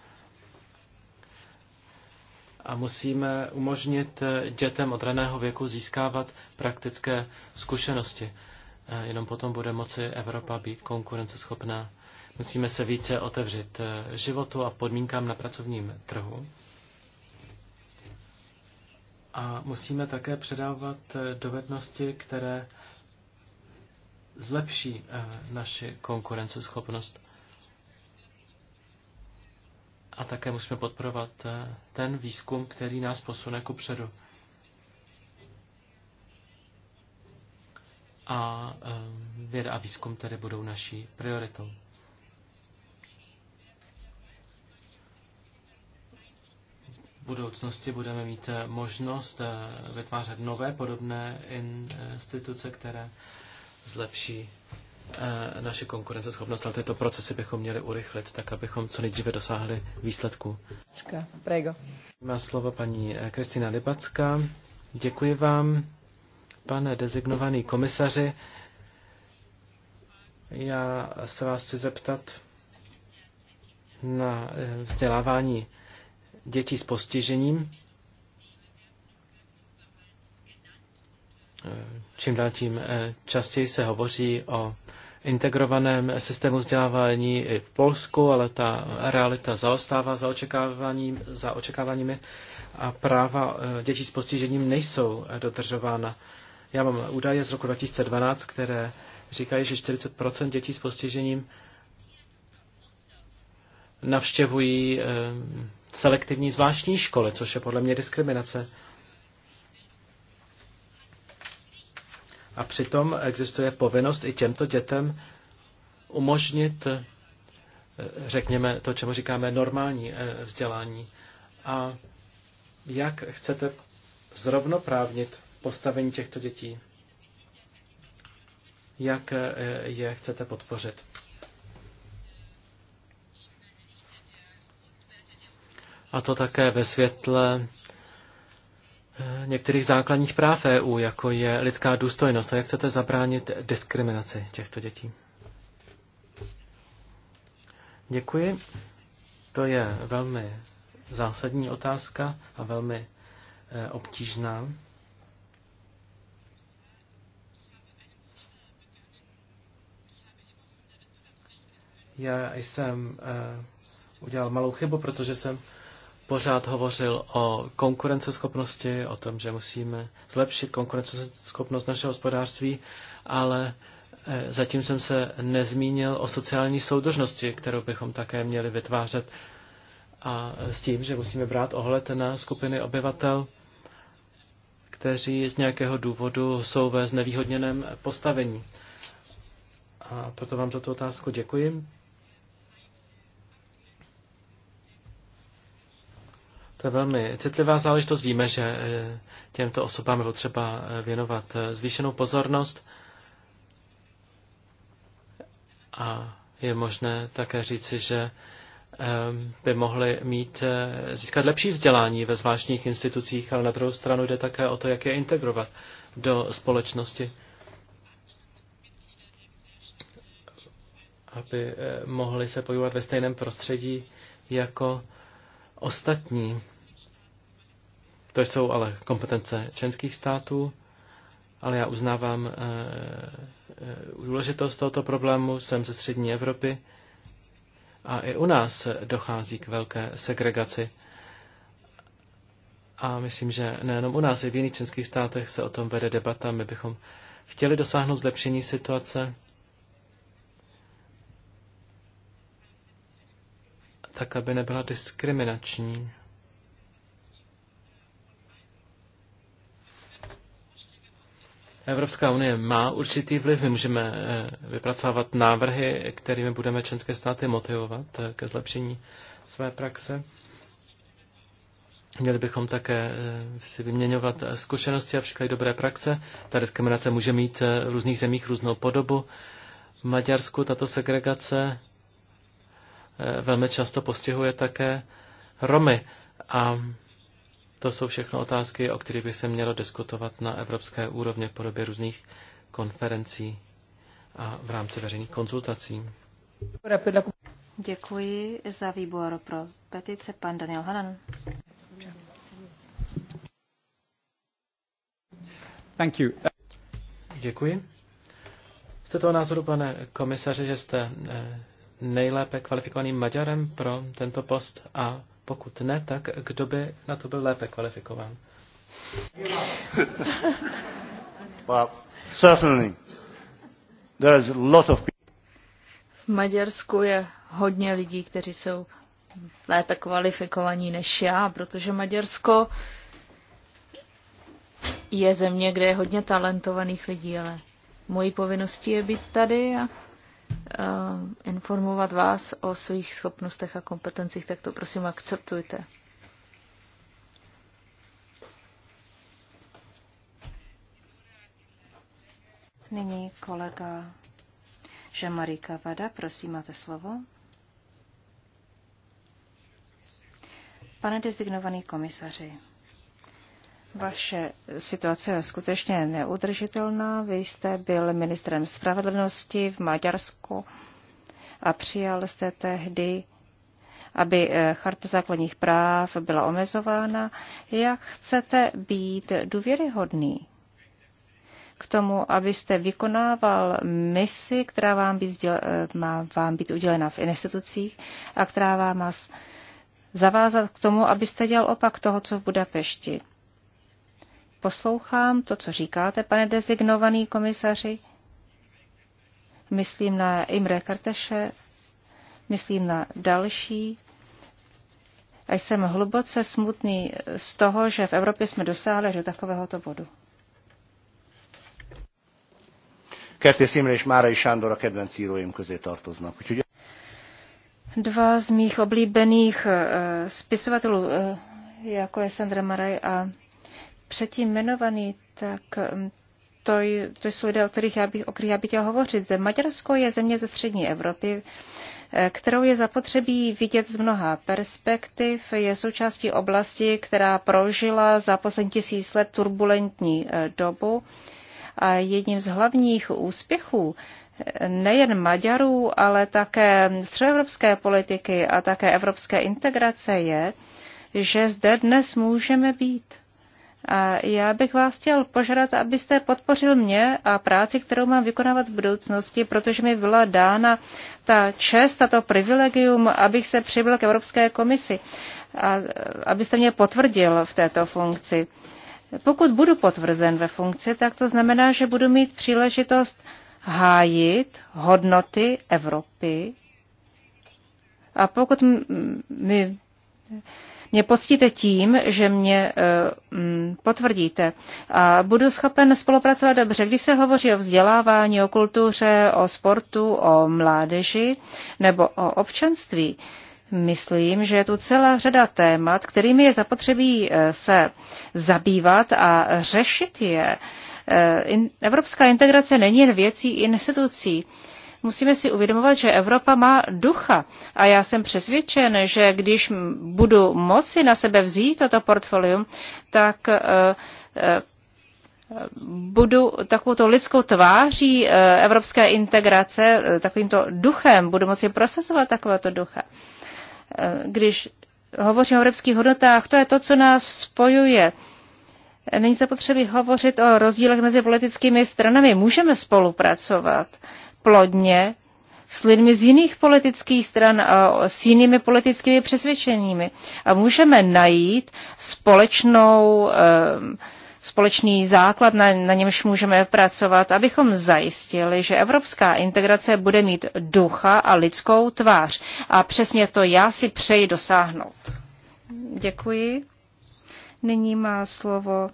Speaker 3: A musíme umožnit eh, dětem od raného věku získávat praktické zkušenosti. Jenom potom bude moci Evropa být konkurenceschopná. Musíme se více otevřít eh, životu a podmínkám na pracovním trhu. A musíme také předávat eh, dovednosti, které zlepší eh, naši konkurenceschopnost. A také musíme podporovat ten výzkum, který nás posune ku předu. a eh, věda a výzkum tedy budou naší prioritou. V budoucnosti budeme mít eh, možnost eh, vytvářet nové podobné instituce, které zlepší naše konkurenceschopnost, ale tyto procesy bychom měli urychlit, tak abychom co nejdříve dosáhli výsledku. Má slovo paní Kristina Libacka. Děkuji vám. Pane dezignovaný komisaři, já se vás chci zeptat na eh, vzdělávání dětí s postižením. Eh, čím dál tím eh, častěji se hovoří o integrovaném systému vzdělávání i v Polsku, ale ta realita zaostává za, očekávání, za očekáváními a práva dětí s postižením nejsou dodržována. Já mám údaje z roku 2012, které říkají, že 40% dětí s postižením navštěvují eh, selektivní zvláštní školy, což je podle mě diskriminace. A přitom existuje povinnost i těmto dětem umožnit, eh, řekněme, to, čemu říkáme normální eh, vzdělání. A jak chcete zrovnoprávnit postavení těchto dětí? Jak eh, je chcete podpořit? A to také ve světle eh, některých základních práv EU, jako je lidská důstojnost. A jak chcete zabránit diskriminaci těchto dětí? Děkuji. To je velmi zásadní otázka a velmi eh, obtížná. Já jsem eh, udělal malou chybu, protože jsem pořád hovořil o konkurenceschopnosti, o tom, že musíme zlepšit konkurenceschopnost našeho hospodářství, ale eh, zatím jsem se nezmínil o sociální soudržnosti, kterou bychom také měli vytvářet a s tím, že musíme brát ohled na skupiny obyvatel, kteří z nějakého důvodu jsou ve znevýhodněném postavení. A proto vám za tu otázku děkuji. To je velmi citlivá záležitost. Víme, že eh, těmto osobám je potřeba eh, věnovat eh, zvýšenou pozornost a je možné také říci, že ehm, by mohli mít, získat lepší vzdělání ve zvláštních institucích, ale na druhou stranu jde také o to, jak je integrovat do společnosti, aby mohli se pohybovat ve stejném prostředí jako ostatní. To jsou ale kompetence členských států, ale já uznávám eh, eh, důležitost tohoto problému, jsem ze střední Evropy a i u nás dochází k velké segregaci. A myslím, že nejenom u nás, i v jiných členských státech se o tom vede debata. My bychom chtěli dosáhnout zlepšení situace, tak aby nebyla diskriminační. Evropská unie má určitý vliv, my můžeme eh, vypracovat návrhy, kterými budeme členské státy motivovat eh, ke zlepšení své praxe. Měli bychom také eh, si vyměňovat zkušenosti a příklady dobré praxe. Ta diskriminace může mít v různých zemích různou podobu. V Maďarsku tato segregace velmi často postihuje také Romy. A to jsou všechno otázky, o kterých by se mělo diskutovat na evropské úrovně v podobě různých konferencí a v rámci veřejných konzultací.
Speaker 2: Děkuji za výbor pro petice, pan Daniel Hanan.
Speaker 3: Thank you. Děkuji. Jste toho názoru, pane komisaři, že jste eh, nejlépe kvalifikovaným Maďarem pro tento post a pokud ne, tak kdo by na to byl lépe kvalifikován?
Speaker 1: certainly. There is a lot of
Speaker 5: v
Speaker 4: Maďarsku je hodně lidí, kteří jsou lépe kvalifikovaní než já, protože Maďarsko je země, kde je hodně talentovaných lidí, ale mojí povinností je být tady a Eh, informovat vás o svých schopnostech a kompetencích, tak to prosím akceptujte.
Speaker 2: Nyní kolega Žemarika Vada, prosím, máte slovo. Pane designovaný komisaři, vaše situace je skutečně neudržitelná. Vy jste byl ministrem spravedlnosti v Maďarsku a přijal jste tehdy, aby eh, charta základních práv byla omezována. Jak chcete být důvěryhodný k tomu, abyste vykonával misi, která vám být, eh, má vám být udělena v institucích a která vám má zavázat k tomu, abyste dělal opak toho, co v Budapešti? poslouchám to, co říkáte, pane designovaný komisaři. Myslím na Imre Karteše, myslím na další. A jsem hluboce smutný z toho, že v Evropě jsme dosáhli do takovéhoto bodu. a Dva z mých oblíbených uh, spisovatelů, uh, jako je Sandra Maraj a předtím jmenovaný, tak mm, to, to jsou lidé, o kterých já bych, o kterých já bych chtěl hovořit. Maďarsko je země ze střední Evropy, eh, kterou je zapotřebí vidět z mnoha perspektiv. Je součástí oblasti, která prožila za poslední tisíc let turbulentní eh, dobu. A jedním z hlavních úspěchů eh, nejen Maďarů, ale také středoevropské politiky a také evropské integrace je, že zde dnes můžeme být. A já bych vás chtěl požádat, abyste podpořil mě a práci, kterou mám vykonávat v budoucnosti, protože mi byla dána ta čest a to privilegium, abych se přibyl k Evropské komisi a abyste mě potvrdil v této funkci. Pokud budu potvrzen ve funkci, tak to znamená, že budu mít příležitost hájit hodnoty Evropy. A pokud mi mě postíte tím, že mě eh, mm, potvrdíte. A budu schopen spolupracovat dobře. Když se hovoří o vzdělávání, o kultuře, o sportu, o mládeži nebo o občanství, Myslím, že je tu celá řada témat, kterými je zapotřebí eh, se zabývat a řešit je. Eh, evropská integrace není jen věcí institucí. Musíme si uvědomovat, že Evropa má ducha a já jsem přesvědčen, že když budu moci na sebe vzít toto portfolium, tak eh, eh, budu takovou lidskou tváří eh, evropské integrace, takovýmto duchem, budu moci prosazovat takovéto ducha. Když hovořím o evropských hodnotách, to je to, co nás spojuje. Není zapotřebí hovořit o rozdílech mezi politickými stranami. Můžeme spolupracovat plodně s lidmi z jiných politických stran a s jinými politickými přesvědčeními. A můžeme najít společnou, ehm, společný základ, na, na němž můžeme pracovat, abychom zajistili, že evropská integrace bude mít ducha a lidskou tvář. A přesně to já si přeji dosáhnout. Děkuji. Nyní má slovo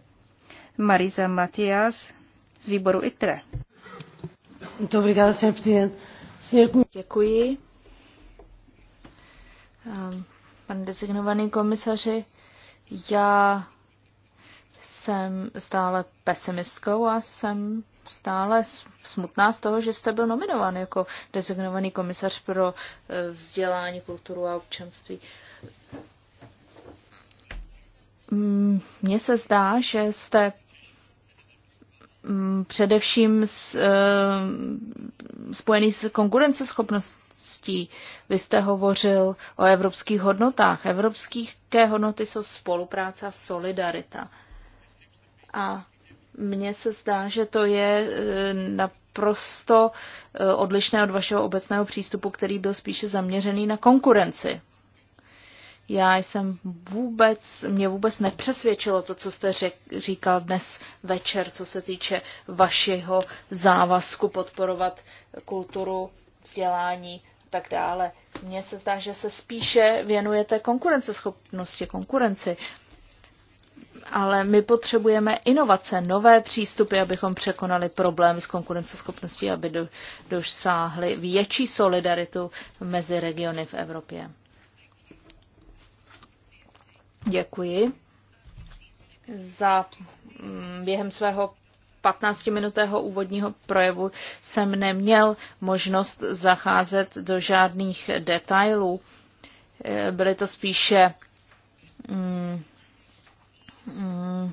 Speaker 2: Mariza Matias z výboru ITRE. Děkuji.
Speaker 4: Ehm, pane designovaný komisaři, já jsem stále pesimistkou a jsem stále smutná z toho, že jste byl nominován jako designovaný komisař pro eh, vzdělání, kulturu a občanství. Mm, mně se zdá, že jste Mm, především s, e, spojený s konkurenceschopností. Vy jste hovořil o evropských hodnotách. Evropské hodnoty jsou spolupráce a solidarita. A mně se zdá, že to je eh, naprosto eh, odlišné od vašeho obecného přístupu, který byl spíše zaměřený na konkurenci. Já jsem vůbec, mě vůbec nepřesvědčilo to, co jste řek, říkal dnes večer, co se týče vašeho závazku podporovat kulturu, vzdělání a tak dále. Mně se zdá, že se spíše věnujete konkurenceschopnosti, konkurenci. Ale my potřebujeme inovace, nové přístupy, abychom překonali problém s konkurenceschopností, aby dosáhli větší solidaritu mezi regiony v Evropě. Děkuji za mm, během svého 15-minutého úvodního projevu jsem neměl možnost zacházet do žádných detailů. Eh, byly to spíše mm, mm,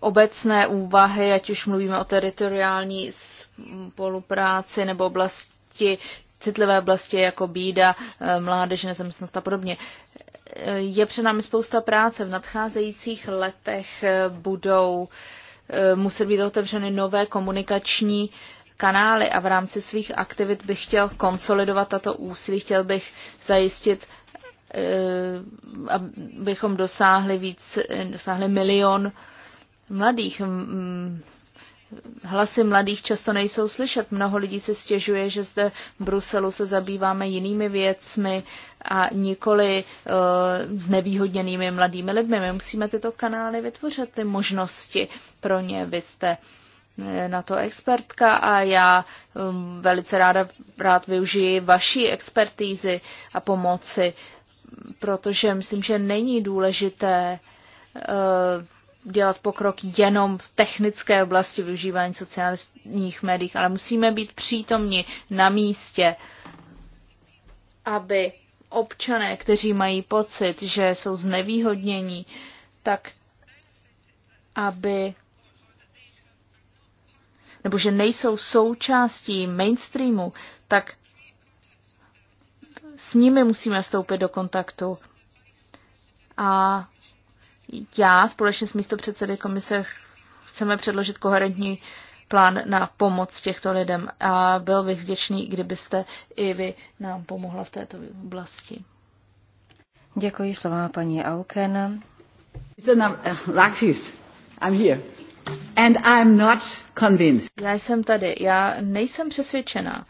Speaker 4: obecné úvahy, ať už mluvíme o teritoriální spolupráci nebo oblasti, citlivé oblasti jako bída, eh, mládež, nezaměstnanost a podobně je před námi spousta práce. V nadcházejících letech eh, budou eh, muset být otevřeny nové komunikační kanály a v rámci svých aktivit bych chtěl konsolidovat tato úsilí, chtěl bych zajistit, eh, abychom dosáhli víc, dosáhli milion mladých. Hlasy mladých často nejsou slyšet. Mnoho lidí se stěžuje, že zde v Bruselu se zabýváme jinými věcmi a nikoli uh, eh, nevýhodněnými mladými lidmi. My musíme tyto kanály vytvořit, ty možnosti pro ně. Vy jste eh, na to expertka a já um, velice ráda rád využiji vaší expertízy a pomoci, protože myslím, že není důležité uh, dělat pokrok jenom v technické oblasti využívání sociálních médií, ale musíme být přítomni na místě, aby občané, kteří mají pocit, že jsou znevýhodnění, tak aby nebo že nejsou součástí mainstreamu, tak s nimi musíme vstoupit do kontaktu. A já společně s místopředsedy komise chceme předložit koherentní plán na pomoc těchto lidem a byl bych vděčný, kdybyste i vy nám pomohla v této oblasti.
Speaker 2: Děkuji slova paní Auken. Eh, I'm here. And I'm not
Speaker 3: convinced.
Speaker 4: Já jsem tady, já nejsem přesvědčená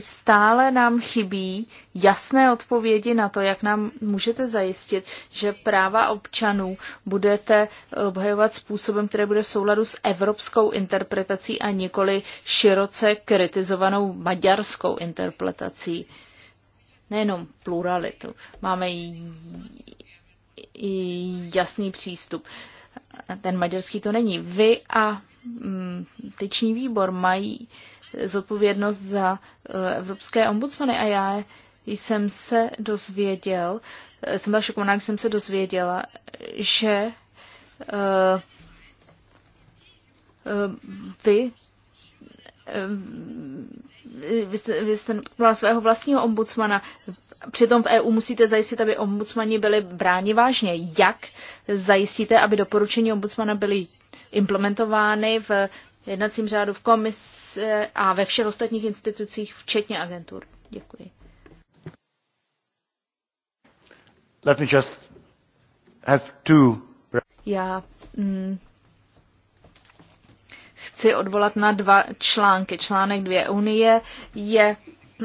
Speaker 4: stále nám chybí jasné odpovědi na to, jak nám můžete zajistit, že práva občanů budete obhajovat způsobem, který bude v souladu s evropskou interpretací a nikoli široce kritizovanou maďarskou interpretací. Nejenom pluralitu. Máme i jasný přístup. Ten maďarský to není. Vy a mm, tyční výbor mají uh, zodpovědnost za eh, evropské ombudsmany a já jsem se dozvěděl, eh, jsem byla šokovaná, jsem se dozvěděla, že eh, vy vy jste, vy jste svého vlastního ombudsmana. Přitom v EU musíte zajistit, aby ombudsmani byli bráni vážně. Jak zajistíte, aby doporučení ombudsmana byly implementovány v jednacím řádu v komise a ve všech ostatních institucích, včetně agentur. Děkuji.
Speaker 1: Let me just have two...
Speaker 4: Já mm, chci odvolat na dva články. Článek dvě Unie je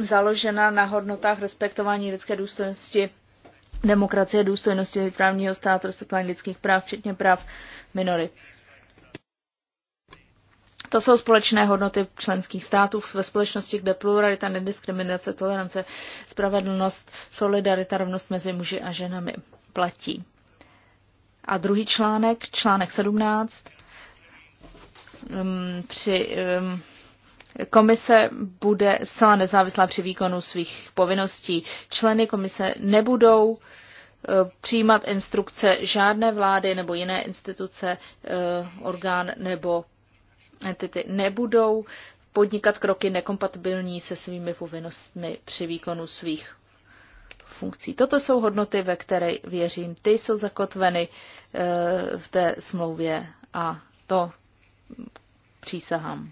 Speaker 4: založena na hodnotách respektování lidské důstojnosti, demokracie, důstojnosti právního státu, respektování lidských práv, včetně práv minorit. To jsou společné hodnoty členských států ve společnosti, kde pluralita, nediskriminace, tolerance, spravedlnost, solidarita, rovnost mezi muži a ženami platí. A druhý článek, článek 17, um, při um, Komise bude zcela nezávislá při výkonu svých povinností. Členy komise nebudou uh, přijímat instrukce žádné vlády nebo jiné instituce, uh, orgán nebo entity nebudou podnikat kroky nekompatibilní se svými povinnostmi při výkonu svých funkcí. Toto jsou hodnoty, ve které věřím. Ty jsou zakotveny eh, v té smlouvě a to přísahám.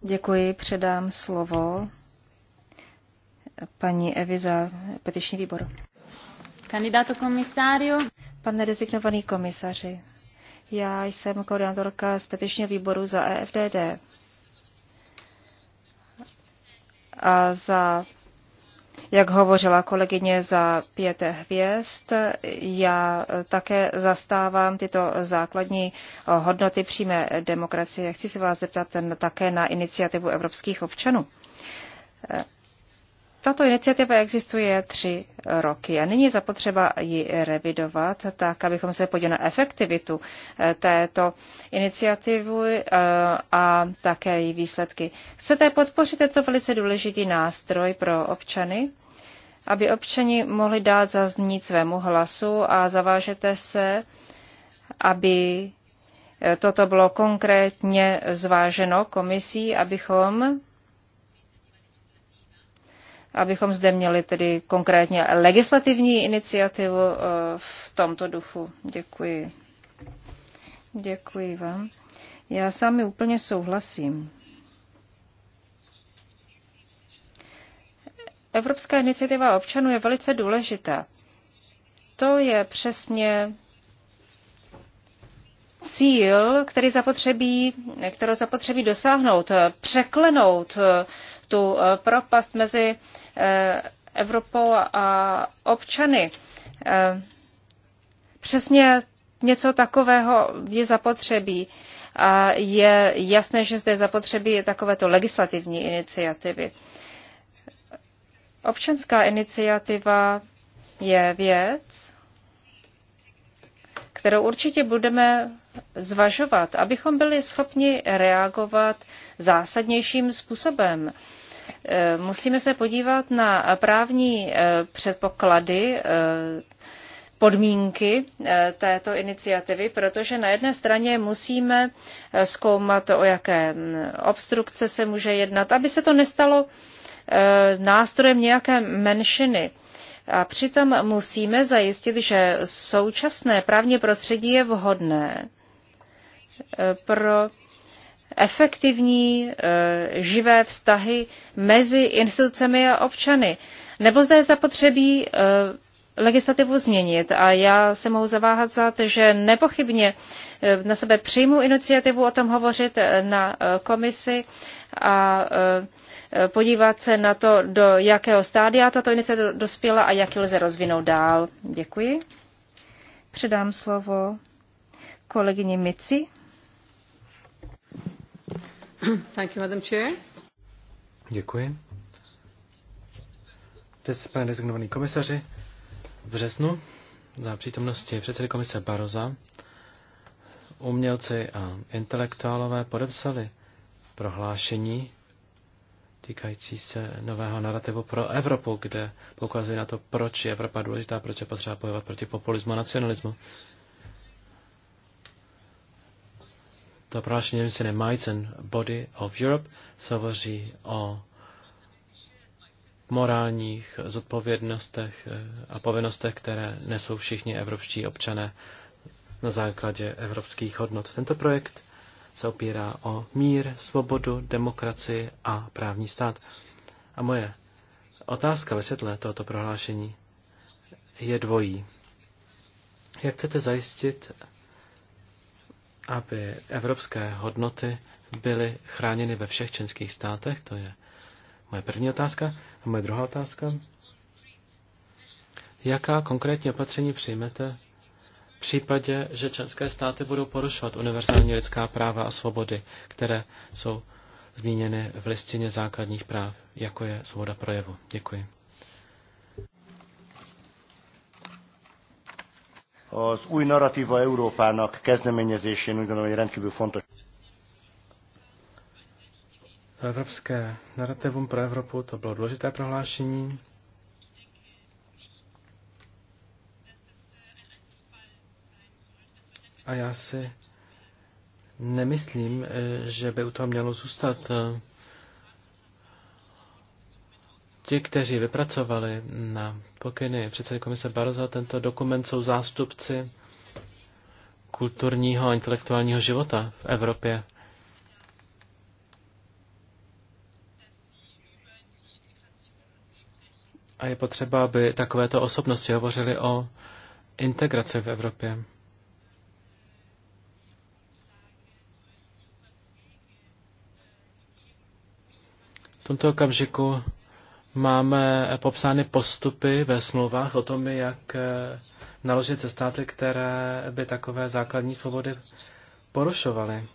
Speaker 2: Děkuji, předám slovo paní eviza petiční výbor. Kandidáto komisáriu. Pane rezignovaný komisaři, já jsem koordinátorka z petičního výboru za EFDD a za jak hovořila kolegyně za pět hvězd, já také zastávám tyto základní hodnoty přímé demokracie. Chci se vás zeptat také na iniciativu evropských občanů. Tato iniciativa existuje tři roky a nyní je zapotřeba ji revidovat, tak abychom se podívali na efektivitu eh, této iniciativy eh, a také její výsledky. Chcete podpořit tento velice důležitý nástroj pro občany? aby občani mohli dát zaznít svému hlasu a zavážete se, aby eh, toto bylo konkrétně zváženo komisí, abychom abychom zde měli tedy konkrétně legislativní iniciativu eh, v tomto duchu. Děkuji. Děkuji vám. Já s vámi úplně souhlasím. Evropská iniciativa občanů je velice důležitá. To je přesně cíl, který zapotřebí, kterého zapotřebí dosáhnout, překlenout tu eh, propast mezi eh, Evropou a občany. Eh, přesně něco takového je zapotřebí a je jasné, že zde zapotřebí takovéto legislativní iniciativy. Občanská iniciativa je věc, kterou určitě budeme zvažovat, abychom byli schopni reagovat zásadnějším způsobem. E, musíme se podívat na právní e, předpoklady, e, podmínky této iniciativy, protože na jedné straně musíme zkoumat, o jaké obstrukce se může jednat, aby se to nestalo nástrojem nějaké menšiny a přitom musíme zajistit, že současné právní prostředí je vhodné e, pro efektivní e, živé vztahy mezi institucemi a občany. Nebo zde je zapotřebí e, legislativu změnit a já se mohu zaváhat že nepochybně eh, na sebe přijmu iniciativu o tom hovořit eh, na eh, komisi a podívat se na to, do jakého stádia tato iniciativa dospěla a jak ji lze rozvinout dál. Děkuji. Předám slovo kolegyni Mici. Thank you, Madam Chair.
Speaker 3: Děkuji. Teď, pane designovaný komisaři, v březnu za přítomnosti předsedy komise Baroza umělci a intelektuálové podepsali prohlášení týkající se nového narrativu pro Evropu, kde poukazují na to, proč je Evropa důležitá, proč je potřeba bojovat proti populismu a nacionalismu. To prohlášení si Mites and Body of Europe se hovoří o morálních zodpovědnostech eh, a povinnostech, které nesou všichni evropští občané na základě evropských hodnot. Tento projekt se opírá o mír, svobodu, demokracii a právní stát. A moje otázka ve světle tohoto prohlášení je dvojí. Jak chcete zajistit, aby evropské hodnoty byly chráněny ve všech členských státech? To je moje první otázka. A moje druhá otázka. Jaká konkrétní opatření přijmete v případě, že členské státy budou porušovat univerzální lidská práva a svobody, které jsou zmíněny v listině základních práv, jako je svoboda projevu? Děkuji.
Speaker 1: Az új narratíva Európának kezdeményezésén úgy gondolom, hogy rendkívül fontos
Speaker 3: evropské narrativum pro Evropu, to bylo důležité prohlášení. A já si nemyslím, eh, že by u toho mělo zůstat. Eh, ti, kteří vypracovali na pokyny předsedy komise Baroza tento dokument, jsou zástupci kulturního a intelektuálního života v Evropě. A je potřeba, aby takovéto osobnosti hovořily o integraci v Evropě. V tomto okamžiku máme popsány postupy ve smlouvách o tom, jak eh, naložit se státy, které by takové základní svobody porušovaly.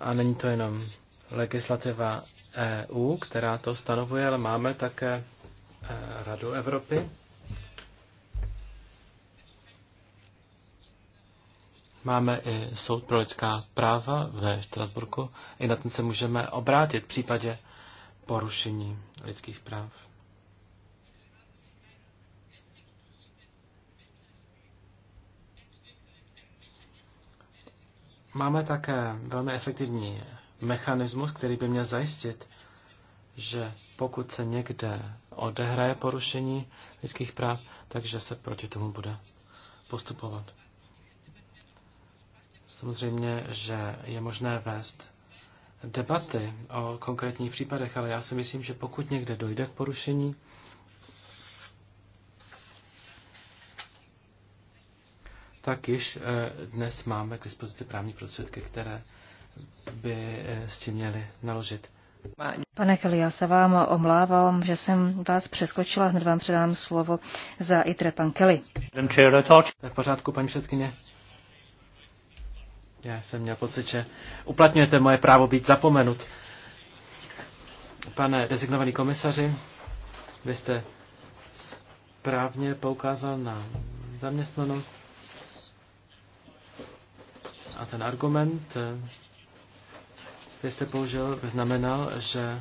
Speaker 3: A není to jenom legislativa EU, která to stanovuje, ale máme také Radu Evropy. Máme i soud pro lidská práva ve Štrasburku. I na ten se můžeme obrátit v případě porušení lidských práv. Máme také velmi efektivní mechanismus, který by měl zajistit, že pokud se někde odehraje porušení lidských práv, takže se proti tomu bude postupovat. Samozřejmě, že je možné vést debaty o konkrétních případech, ale já si myslím, že pokud někde dojde k porušení, tak již eh, dnes máme k dispozici právní prostředky, které by eh, s tím měly naložit.
Speaker 2: Pane Kelly, já se vám omlávám, že jsem vás přeskočila, hned vám předám slovo za ITRE, pan Kelly.
Speaker 3: Tak pořádku, paní předkyně. Já jsem měl pocit, že uplatňujete moje právo být zapomenut. Pane designovaný komisaři, vy jste správně poukázal na zaměstnanost a ten argument eh, vy jste použil, znamenal, že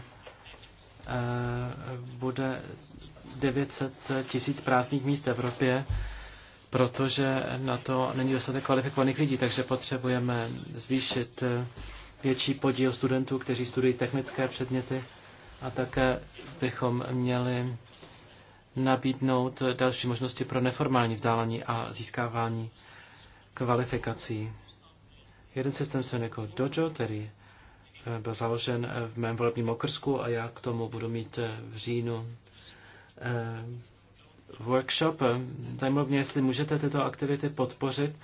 Speaker 3: eh, bude 900 tisíc prázdných míst v Evropě, protože na to není dostatek kvalifikovaných lidí, takže potřebujeme zvýšit eh, větší podíl studentů, kteří studují technické předměty a také bychom měli nabídnout další možnosti pro neformální vzdálení a získávání kvalifikací. Jeden systém se jako Dojo, který byl založen v mém volebním okrsku a já k tomu budu mít eh, v říjnu eh, workshop. Zajímalo mě, jestli můžete tyto aktivity podpořit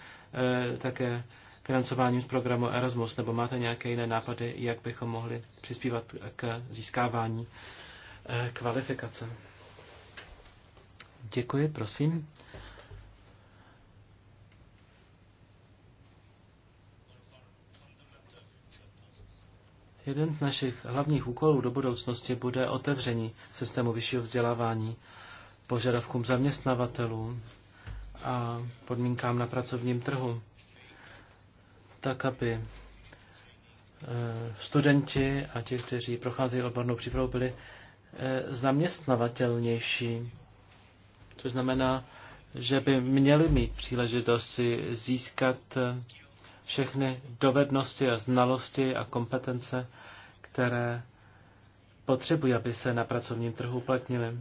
Speaker 3: eh, také financováním z programu Erasmus, nebo máte nějaké jiné nápady, jak bychom mohli přispívat k získávání kvalifikace. Děkuji, prosím. Jeden z našich hlavních úkolů do budoucnosti bude otevření systému vyššího vzdělávání požadavkům zaměstnavatelů a podmínkám na pracovním trhu, tak aby e, studenti a ti, kteří procházejí odbornou přípravu, byli e, zaměstnavatelnější. Což znamená, že by měli mít příležitost si získat e, všechny dovednosti a znalosti a kompetence, které potřebují, aby se na pracovním trhu uplatnili.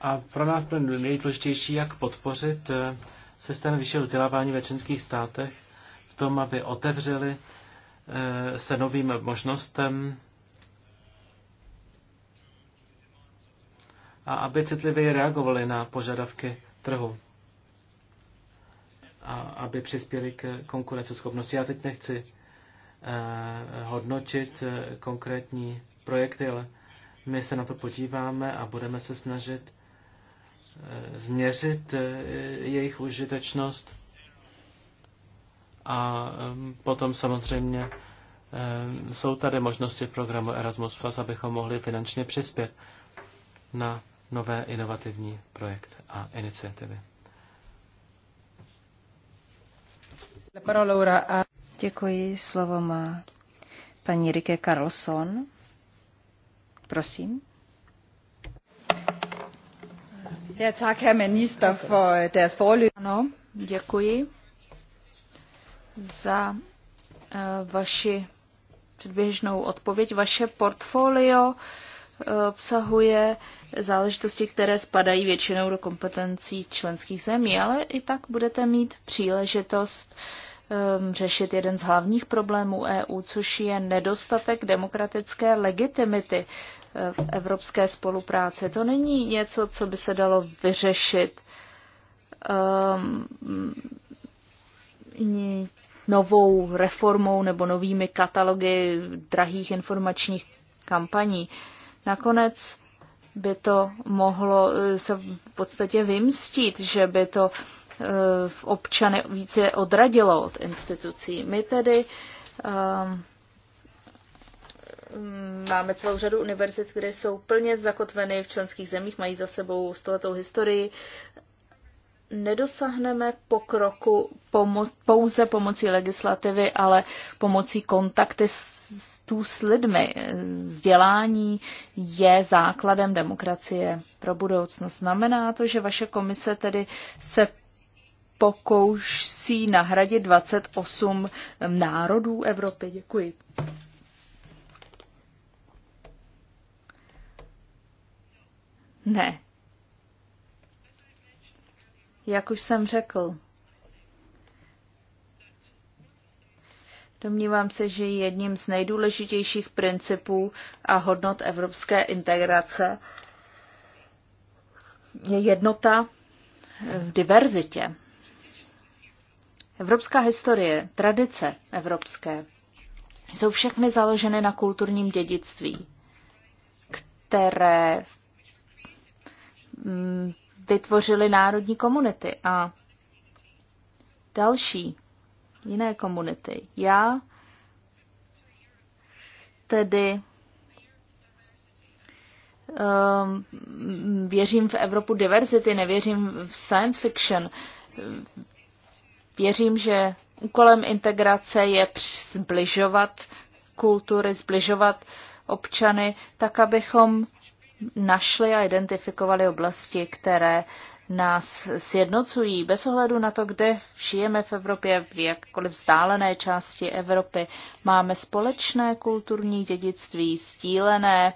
Speaker 3: A pro nás bylo nejdůležitější, jak podpořit eh, systém vyššího vzdělávání ve členských státech v tom, aby otevřeli eh, se novým možnostem a aby citlivěji reagovali na požadavky trhu a aby přispěli k konkurenceschopnosti. Já teď nechci eh, hodnotit eh, konkrétní projekty, ale my se na to podíváme a budeme se snažit eh, změřit jejich užitečnost a ehm, potom samozřejmě ehm, jsou tady možnosti programu Erasmus+, abychom mohli finančně přispět na nové inovativní projekt a iniciativy.
Speaker 2: Děkuji, slovo má paní Rike Carlson. Prosím.
Speaker 4: Ja, tak, herr minister, for øh, deres Ano, děkuji za eh, vaši předběžnou odpověď. Vaše portfolio obsahuje záležitosti, které spadají většinou do kompetencí členských zemí, ale i tak budete mít příležitost um, řešit jeden z hlavních problémů EU, což je nedostatek demokratické legitimity uh, v evropské spolupráci. To není něco, co by se dalo vyřešit um, novou reformou nebo novými katalogy drahých informačních kampaní. Uh, Nakonec by to mohlo eh, se v podstatě vymstit, že by to eh, v občany více odradilo od institucí. My tedy um, máme celou řadu univerzit, které jsou plně zakotveny v členských zemích, mají za sebou stoletou historii. Nedosáhneme pokroku pomo- pouze pomocí legislativy, ale pomocí kontakty s kontaktů s lidmi. Vzdělání je základem demokracie pro budoucnost. Znamená to, že vaše komise tedy se pokouší nahradit 28 národů Evropy. Děkuji. Ne. Jak už jsem řekl, Domnívám se, že je jedním z nejdůležitějších principů a hodnot evropské integrace je jednota v diverzitě. Evropská historie, tradice evropské jsou všechny založeny na kulturním dědictví, které mm, vytvořily národní komunity a další jiné komunity. Já tedy um, věřím v Evropu diverzity, nevěřím v science fiction. Věřím, že úkolem integrace je zbližovat kultury, zbližovat občany, tak abychom našli a identifikovali oblasti, které nás sjednocují bez ohledu na to, kde žijeme v Evropě, v jakkoliv vzdálené části Evropy. Máme společné kulturní dědictví, stílené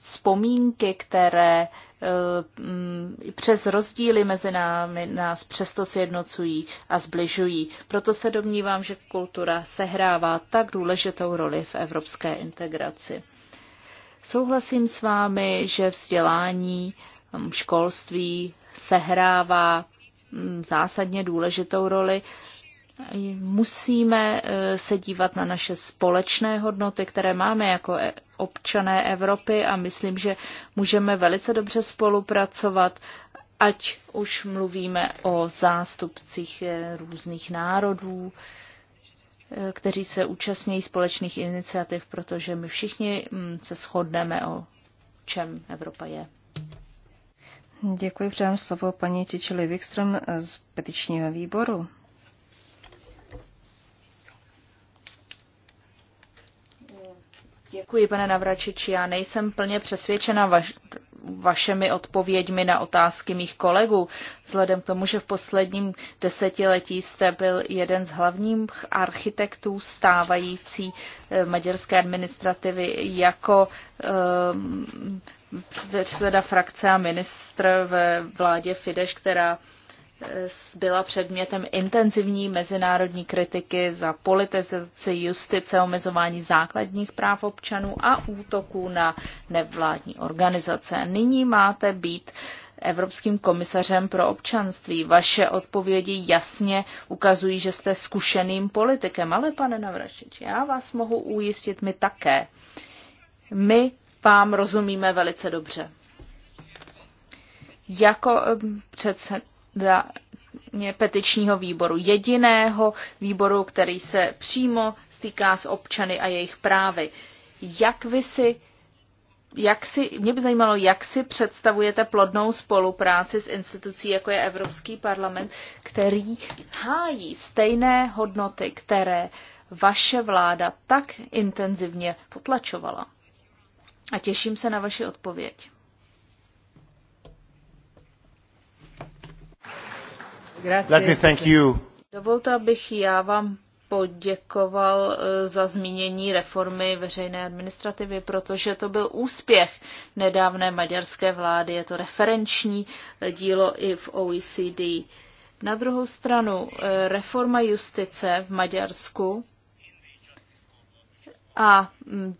Speaker 4: vzpomínky, které eh, mm, přes rozdíly mezi námi nás přesto sjednocují a zbližují. Proto se domnívám, že kultura sehrává tak důležitou roli v evropské integraci. Souhlasím s vámi, že vzdělání, mm, školství sehrává mm, zásadně důležitou roli. Musíme eh, se dívat na naše společné hodnoty, které máme jako e, občané Evropy a myslím, že můžeme velice dobře spolupracovat, ať už mluvíme o zástupcích eh, různých národů, eh, kteří se účastní společných iniciativ, protože my všichni
Speaker 2: mm, se shodneme o čem Evropa je. Děkuji, předám slovo paní Čičili Wikström z petičního výboru.
Speaker 4: Děkuji, pane Navračiči. Já nejsem plně přesvědčena vaš, vašemi odpověďmi na otázky mých kolegů, vzhledem k tomu, že v posledním desetiletí jste byl jeden z hlavních architektů stávající eh, maďarské administrativy jako um, předseda frakce a ministr ve vládě Fidesz, která e, byla předmětem intenzivní mezinárodní kritiky za politizaci justice, omezování základních práv občanů a útoků na nevládní organizace. Nyní máte být evropským komisařem pro občanství. Vaše odpovědi jasně ukazují, že jste zkušeným politikem, ale pane Navračič, já vás mohu ujistit my také. My vám rozumíme velice dobře. Jako ehm, předseda petičního výboru, jediného výboru, který se přímo stýká s občany a jejich právy. Jak vy si, jak si, mě by zajímalo, jak si představujete plodnou spolupráci s institucí, jako je Evropský parlament, který hájí stejné hodnoty, které vaše vláda tak intenzivně potlačovala a těším se na vaši odpověď. Let me thank you. Dovolte, abych já vám poděkoval eh, za zmínění reformy veřejné administrativy, protože to byl úspěch nedávné maďarské vlády. Je to referenční eh, dílo i v OECD. Na druhou stranu, eh, reforma justice v Maďarsku a mm,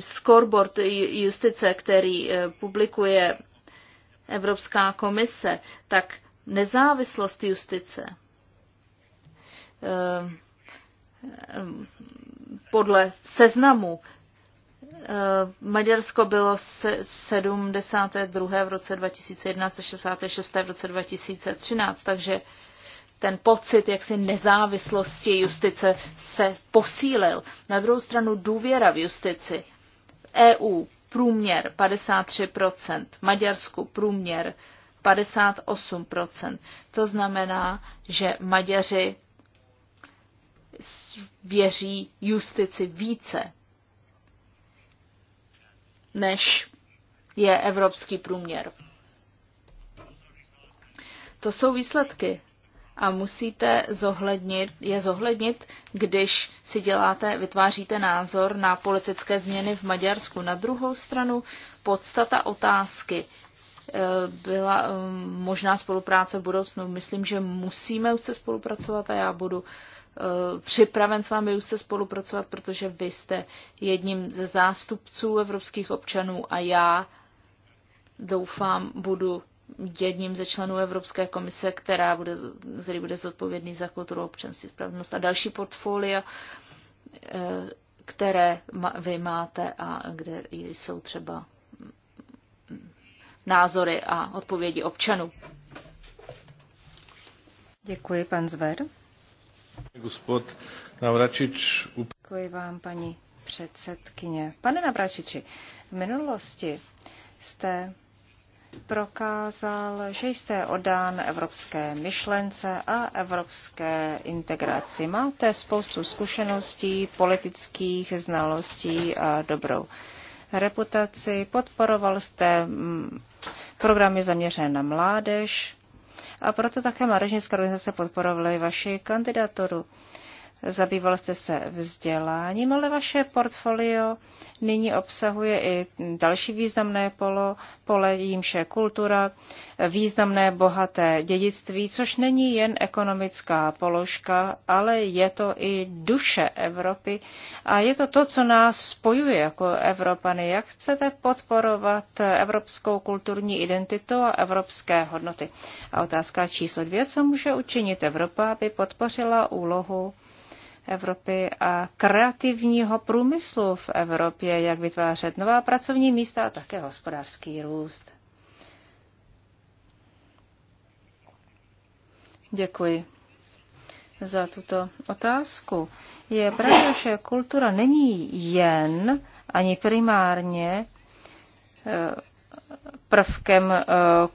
Speaker 4: scoreboard justice, který e, publikuje Evropská komise, tak nezávislost justice e, podle seznamu e, Maďarsko bylo 72. v roce 2011 66. v roce 2013, takže ten pocit jaksi nezávislosti justice se posílil. Na druhou stranu důvěra v justici. V e EU průměr 53%, v Maďarsku průměr 58%. To znamená, že Maďaři věří justici více, než je evropský průměr. To jsou výsledky a musíte zohlednit, je zohlednit, když si děláte, vytváříte názor na politické změny v Maďarsku. Na druhou stranu podstata otázky eh, byla eh, možná spolupráce v budoucnu. Myslím, že musíme už se spolupracovat a já budu eh, připraven s vámi už se spolupracovat, protože vy jste jedním ze zástupců evropských občanů a já doufám, budu jedním ze členů Evropské komise, která bude, který bude zodpovědný za kulturu, občanství, spravedlnost a další portfolia, eh, které vy máte a kde jsou třeba názory a odpovědi
Speaker 2: občanů. Děkuji, pan Zver.
Speaker 3: Gospod Navračič.
Speaker 2: Děkuji vám, paní předsedkyně. Pane Navračiči, v minulosti jste prokázal, že jste odán evropské myšlence a evropské integraci. Máte spoustu zkušeností, politických znalostí a dobrou reputaci. Podporoval jste mm, programy zaměřené na mládež a proto také mládežnická organizace i vaši kandidaturu. Zabýval jste se vzděláním, ale vaše portfolio nyní obsahuje i další významné polo, pole, jímž je kultura, významné bohaté dědictví, což není jen ekonomická položka, ale je to i duše Evropy a je to to, co nás spojuje jako Evropany. Jak chcete podporovat evropskou kulturní identitu a evropské hodnoty? A otázka číslo dvě, co může učinit Evropa, aby podpořila úlohu Evropy a kreativního průmyslu v Evropě, jak vytvářet nová pracovní místa a také hospodářský růst. Děkuji za tuto otázku. Je pravda, že kultura není jen ani primárně eh, prvkem eh,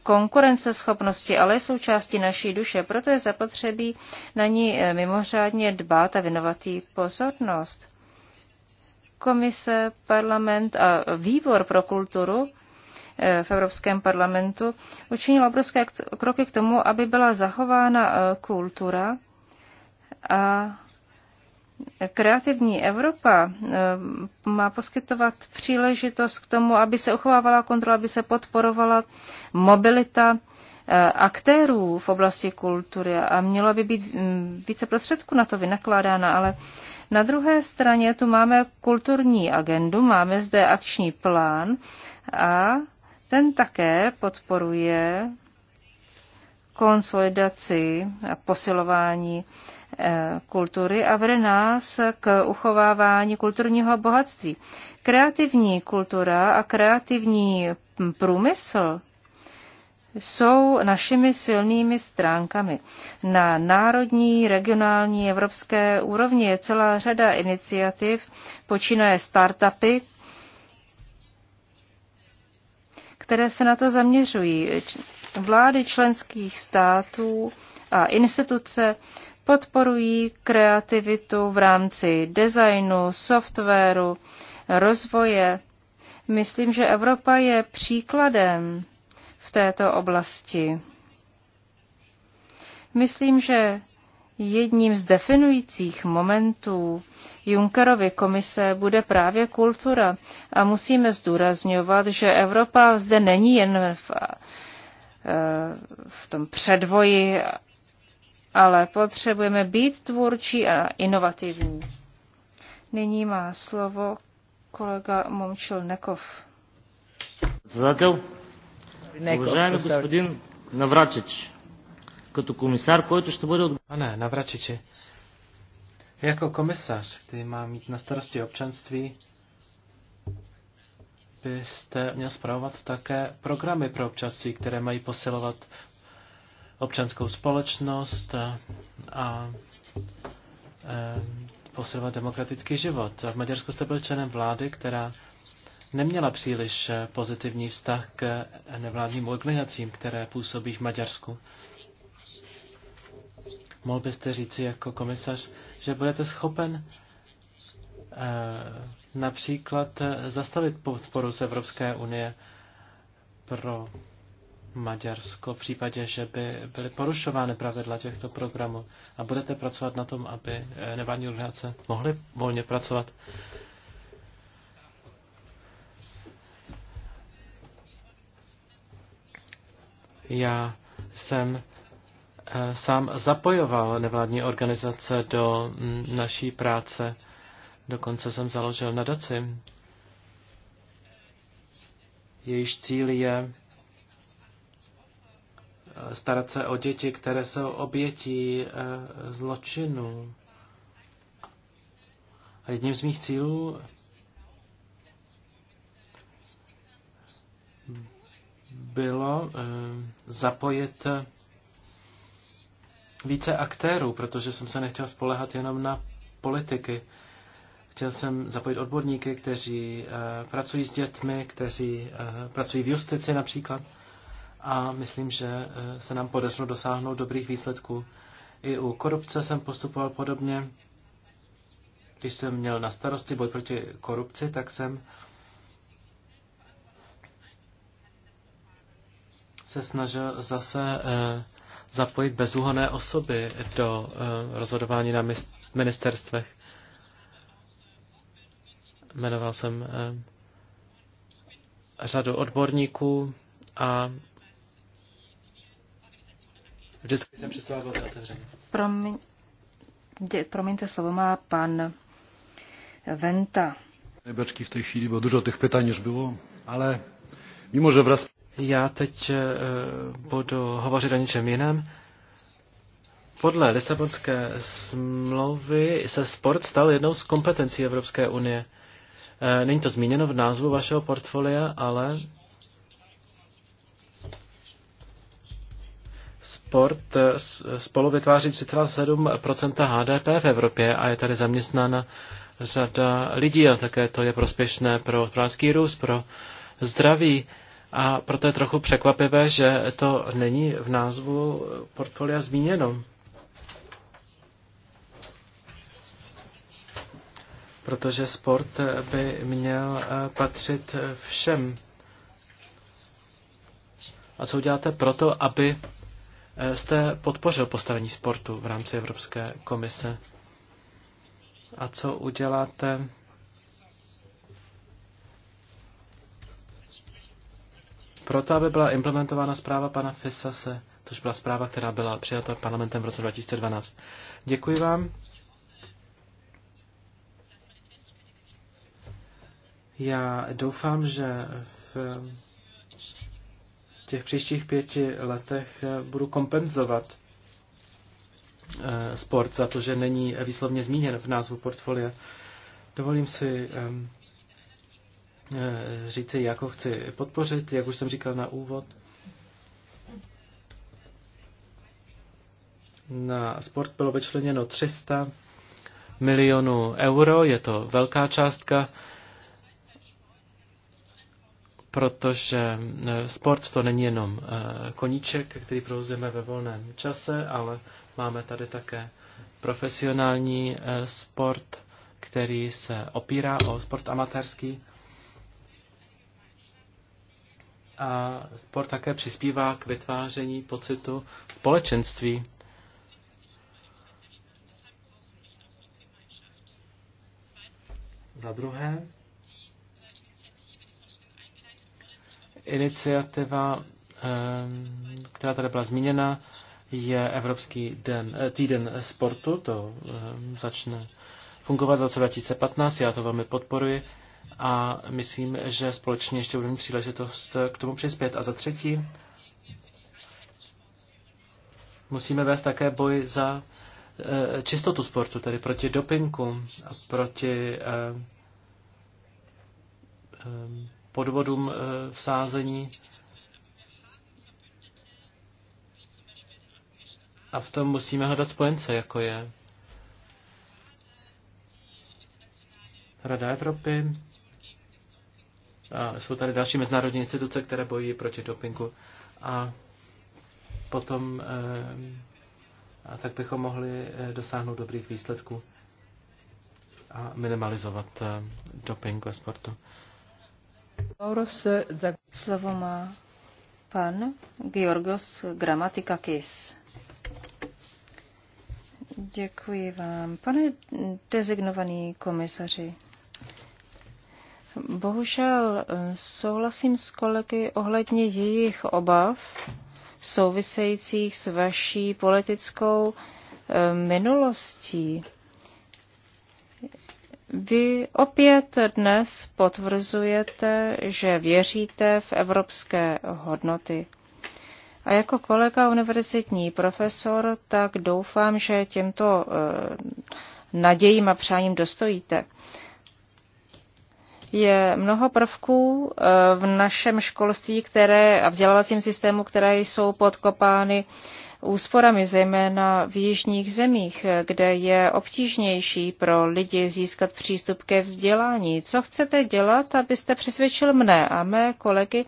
Speaker 2: konkurenceschopnosti, ale je součástí naší duše. Proto je zapotřebí na ní eh, mimořádně dbát a věnovat jí pozornost. Komise, parlament a výbor pro kulturu eh, v Evropském parlamentu učinil obrovské kroky k tomu, aby byla zachována kultura a Kreativní Evropa eh, má poskytovat příležitost k tomu, aby se uchovávala kontrola, aby se podporovala mobilita eh, aktérů v oblasti kultury a mělo by být mm, více prostředků na to vynakládána, ale na druhé straně tu máme kulturní agendu, máme zde akční plán a ten také podporuje konsolidaci a posilování Eh, kultury a vede nás k uchovávání kulturního bohatství. Kreativní kultura a kreativní průmysl jsou našimi silnými stránkami. Na národní, regionální, evropské úrovni je celá řada iniciativ, počínaje startupy, které se na to zaměřují. Vlády členských států a instituce podporují kreativitu v rámci designu, softwaru, rozvoje. Myslím, že Evropa je příkladem v této oblasti. Myslím, že jedním z definujících momentů Junckerovy komise bude právě kultura a musíme zdůrazňovat, že Evropa zde není jen v, eh, v tom předvoji ale potřebujeme být tvůrčí a inovativní. Nyní má slovo kolega Momčil Nekov.
Speaker 3: Председател, уважаеми господин Наврачич, като комисар, който ще бъде от... А не, Наврачиче. Jako komisař, který má mít na starosti občanství, byste měl zpravovat také programy pro občanství, které mají posilovat občanskou společnost a e, posilovat demokratický život. V Maďarsku jste byl členem vlády, která neměla příliš pozitivní vztah k nevládním organizacím, které působí v Maďarsku. Mohl byste říci jako komisař, že budete schopen e, například zastavit podporu z Evropské unie pro Maďarsko v případě, že by byly porušovány pravidla těchto programů a budete pracovat na tom, aby eh, nevádní organizace mohly volně pracovat? Já jsem eh, sám zapojoval nevládní organizace do mm, naší práce. Dokonce jsem založil nadaci. Jejíž cíl je starat se o děti, které jsou obětí eh, zločinů. A jedním z mých cílů bylo eh, zapojit více aktérů, protože jsem se nechtěl spolehat jenom na politiky. Chtěl jsem zapojit odborníky, kteří eh, pracují s dětmi, kteří pracují v justici například a myslím, že eh, se nám podařilo dosáhnout dobrých výsledků. I u korupce jsem postupoval podobně. Když jsem měl na starosti boj proti korupci, tak jsem se snažil zase eh, zapojit bezúhonné osoby do eh, rozhodování na ministerstvech. Jmenoval jsem řadu odborníků a Vždycky jsem přestovala velmi otevřeně.
Speaker 2: Promiň, promiňte, slovo má pan Venta.
Speaker 3: Nebečky v té chvíli bylo dużo těch pytań už bylo, ale mimo, že vraz... Já teď eh, budu hovořit o něčem jiném. Podle Lisabonské smlouvy se sport stal jednou z kompetencí Evropské unie. Eh, není to zmíněno v názvu vašeho portfolia, ale sport eh, spolu vytváří 3,7 HDP v Evropě a je tady zaměstnána řada lidí a také to je prospěšné pro hospodářský růst, pro zdraví. A proto je trochu překvapivé, že to není v názvu portfolia zmíněno. Protože sport by měl eh, patřit všem. A co uděláte proto, aby Eh, jste podpořil postavení sportu v rámci Evropské komise. A co uděláte? Proto, aby byla implementována zpráva pana Fisase, což byla zpráva, která byla přijata parlamentem v roce 2012. Děkuji vám. Já doufám, že v těch příštích pěti letech eh, budu kompenzovat eh, sport za to, že není výslovně zmíněn v názvu portfolia. Dovolím si ehm, eh, říci, jak ho chci podpořit, jak už jsem říkal na úvod. Na sport bylo vyčleněno 300 milionů euro, je to velká částka protože eh, sport to není jenom eh, koníček, který provozujeme ve volném čase, ale máme tady také profesionální eh, sport, který se opírá o sport amatérský. A sport také přispívá k vytváření pocitu společenství. Za druhé, iniciativa, ehm, která tady byla zmíněna, je Evropský den, eh, týden sportu, to ehm, začne fungovat v roce 2015, já to velmi podporuji a myslím, že společně ještě budeme příležitost k tomu přispět. A za třetí, musíme vést také boj za eh, čistotu sportu, tedy proti dopingu a proti ehm, podvodům eh, v sázení. A v tom musíme hledat spojence, jako je Rada Evropy. A jsou tady další mezinárodní instituce, které bojují proti dopingu. A potom eh, a tak bychom mohli eh, dosáhnout dobrých výsledků a minimalizovat doping ve sportu.
Speaker 2: Slovo má pan Georgos Gramatikakis. Děkuji vám. Pane dezignovaný komisaři, bohužel eh, souhlasím s kolegy ohledně jejich obav souvisejících s vaší politickou eh, minulostí. Vy opět dnes potvrzujete, že věříte v evropské hodnoty. A jako kolega univerzitní profesor, tak doufám, že těmto eh, nadějím a přáním dostojíte. Je mnoho prvků eh, v našem školství které, a vzdělávacím systému, které jsou podkopány úsporami, zejména v jižních zemích, kde je obtížnější pro lidi získat přístup ke vzdělání. Co chcete dělat, abyste přesvědčil mne a mé kolegy,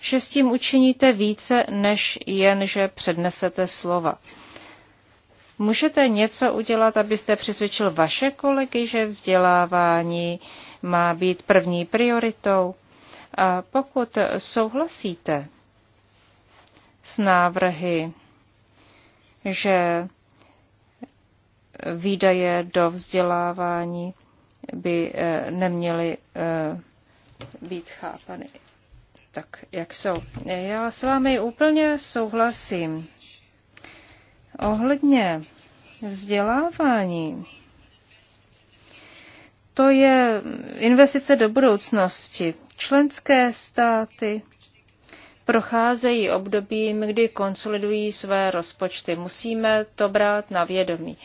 Speaker 2: že s tím učiníte více, než jen, že přednesete slova? Můžete něco udělat, abyste přesvědčil vaše kolegy, že vzdělávání má být první prioritou? A pokud souhlasíte s návrhy že výdaje do vzdělávání by eh, neměly eh, být chápany tak, jak jsou. Já s vámi úplně souhlasím. Ohledně vzdělávání, to je investice do budoucnosti. Členské státy procházejí obdobím, kdy konsolidují své rozpočty. Musíme to brát na vědomí.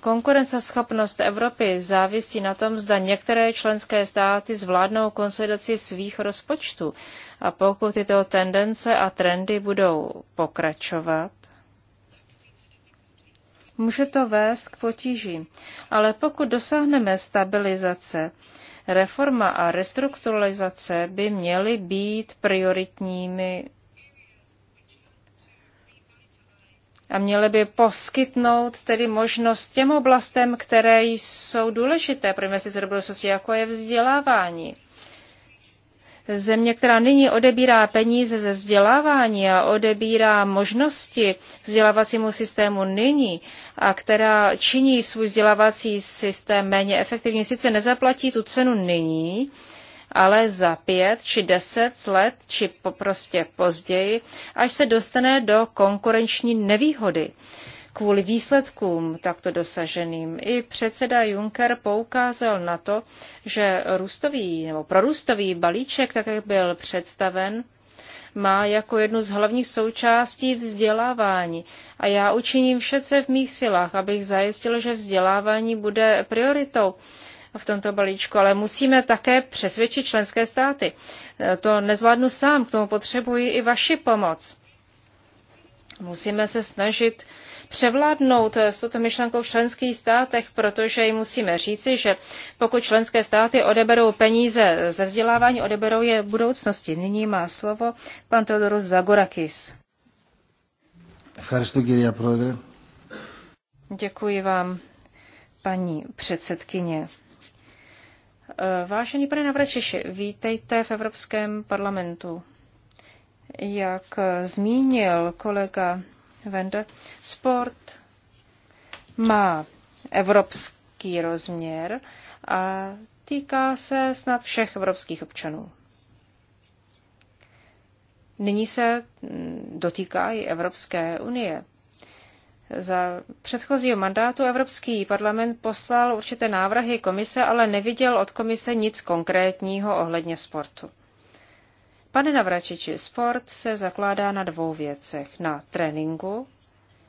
Speaker 2: Konkurenceschopnost Evropy závisí na tom, zda některé členské státy zvládnou konsolidaci svých rozpočtů. A pokud tyto tendence a trendy budou pokračovat, může to vést k potížím. Ale pokud dosáhneme stabilizace, Reforma a restrukturalizace by měly být prioritními a měly by poskytnout tedy možnost těm oblastem, které jsou důležité pro investice do budoucnosti, jako je vzdělávání Země, která nyní odebírá peníze ze vzdělávání a odebírá možnosti vzdělávacímu systému nyní a která činí svůj vzdělávací systém méně efektivní, sice nezaplatí tu cenu nyní, ale za pět či deset let, či prostě později, až se dostane do konkurenční nevýhody kvůli výsledkům takto dosaženým. I předseda Juncker poukázal na to, že růstový nebo prorůstový balíček, tak jak byl představen, má jako jednu z hlavních součástí vzdělávání. A já učiním vše, co v mých silách, abych zajistil, že vzdělávání bude prioritou v tomto balíčku, ale musíme také přesvědčit členské státy. To nezvládnu sám, k tomu potřebuji i vaši pomoc. Musíme se snažit převládnout eh, s touto myšlenkou v členských státech, protože jim musíme říci, že pokud členské státy odeberou peníze ze vzdělávání, odeberou je v budoucnosti. Nyní má slovo pan Teodorus Zagorakis. Děkuji vám, paní předsedkyně. Eh, vážený pane Navračeši, vítejte v Evropském parlamentu. Jak eh, zmínil kolega Sport má evropský rozměr a týká se snad všech evropských občanů. Nyní se mm, dotýká i Evropské unie. Za předchozího mandátu Evropský parlament poslal určité návrhy komise, ale neviděl od komise nic konkrétního ohledně sportu. Pane Navračiči, sport se zakládá na dvou věcech. Na tréninku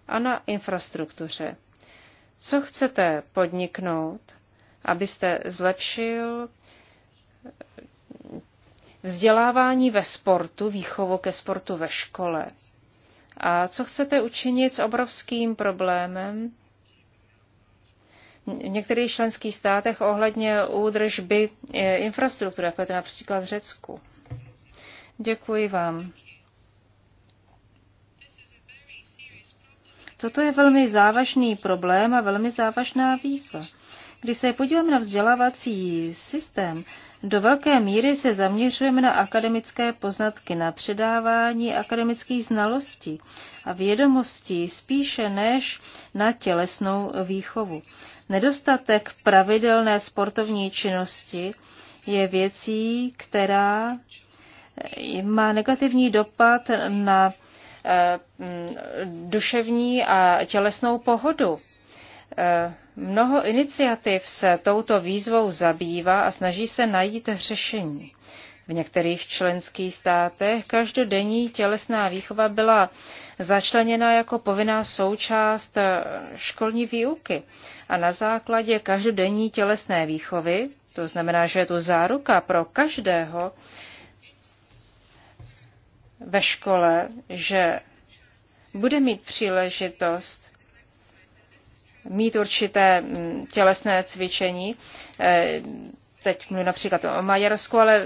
Speaker 2: a na infrastruktuře. Co chcete podniknout, abyste zlepšil eh, vzdělávání ve sportu, výchovu ke sportu ve škole? A co chcete učinit s obrovským problémem v některých členských státech ohledně údržby eh, infrastruktury, jako je to například v Řecku? Děkuji vám. Toto je velmi závažný problém a velmi závažná výzva. Když se podíváme na vzdělávací systém, do velké míry se zaměřujeme na akademické poznatky, na předávání akademických znalostí a vědomostí spíše než na tělesnou výchovu. Nedostatek pravidelné sportovní činnosti je věcí, která má negativní dopad na eh, mm, duševní a tělesnou pohodu. Eh, mnoho iniciativ se touto výzvou zabývá a snaží se najít řešení. V některých členských státech každodenní tělesná výchova byla začleněna jako povinná součást eh, školní výuky a na základě každodenní tělesné výchovy, to znamená, že je to záruka pro každého, ve škole, že bude mít příležitost mít určité mm, tělesné cvičení. Eh, teď mluvím například o Maďarsku, ale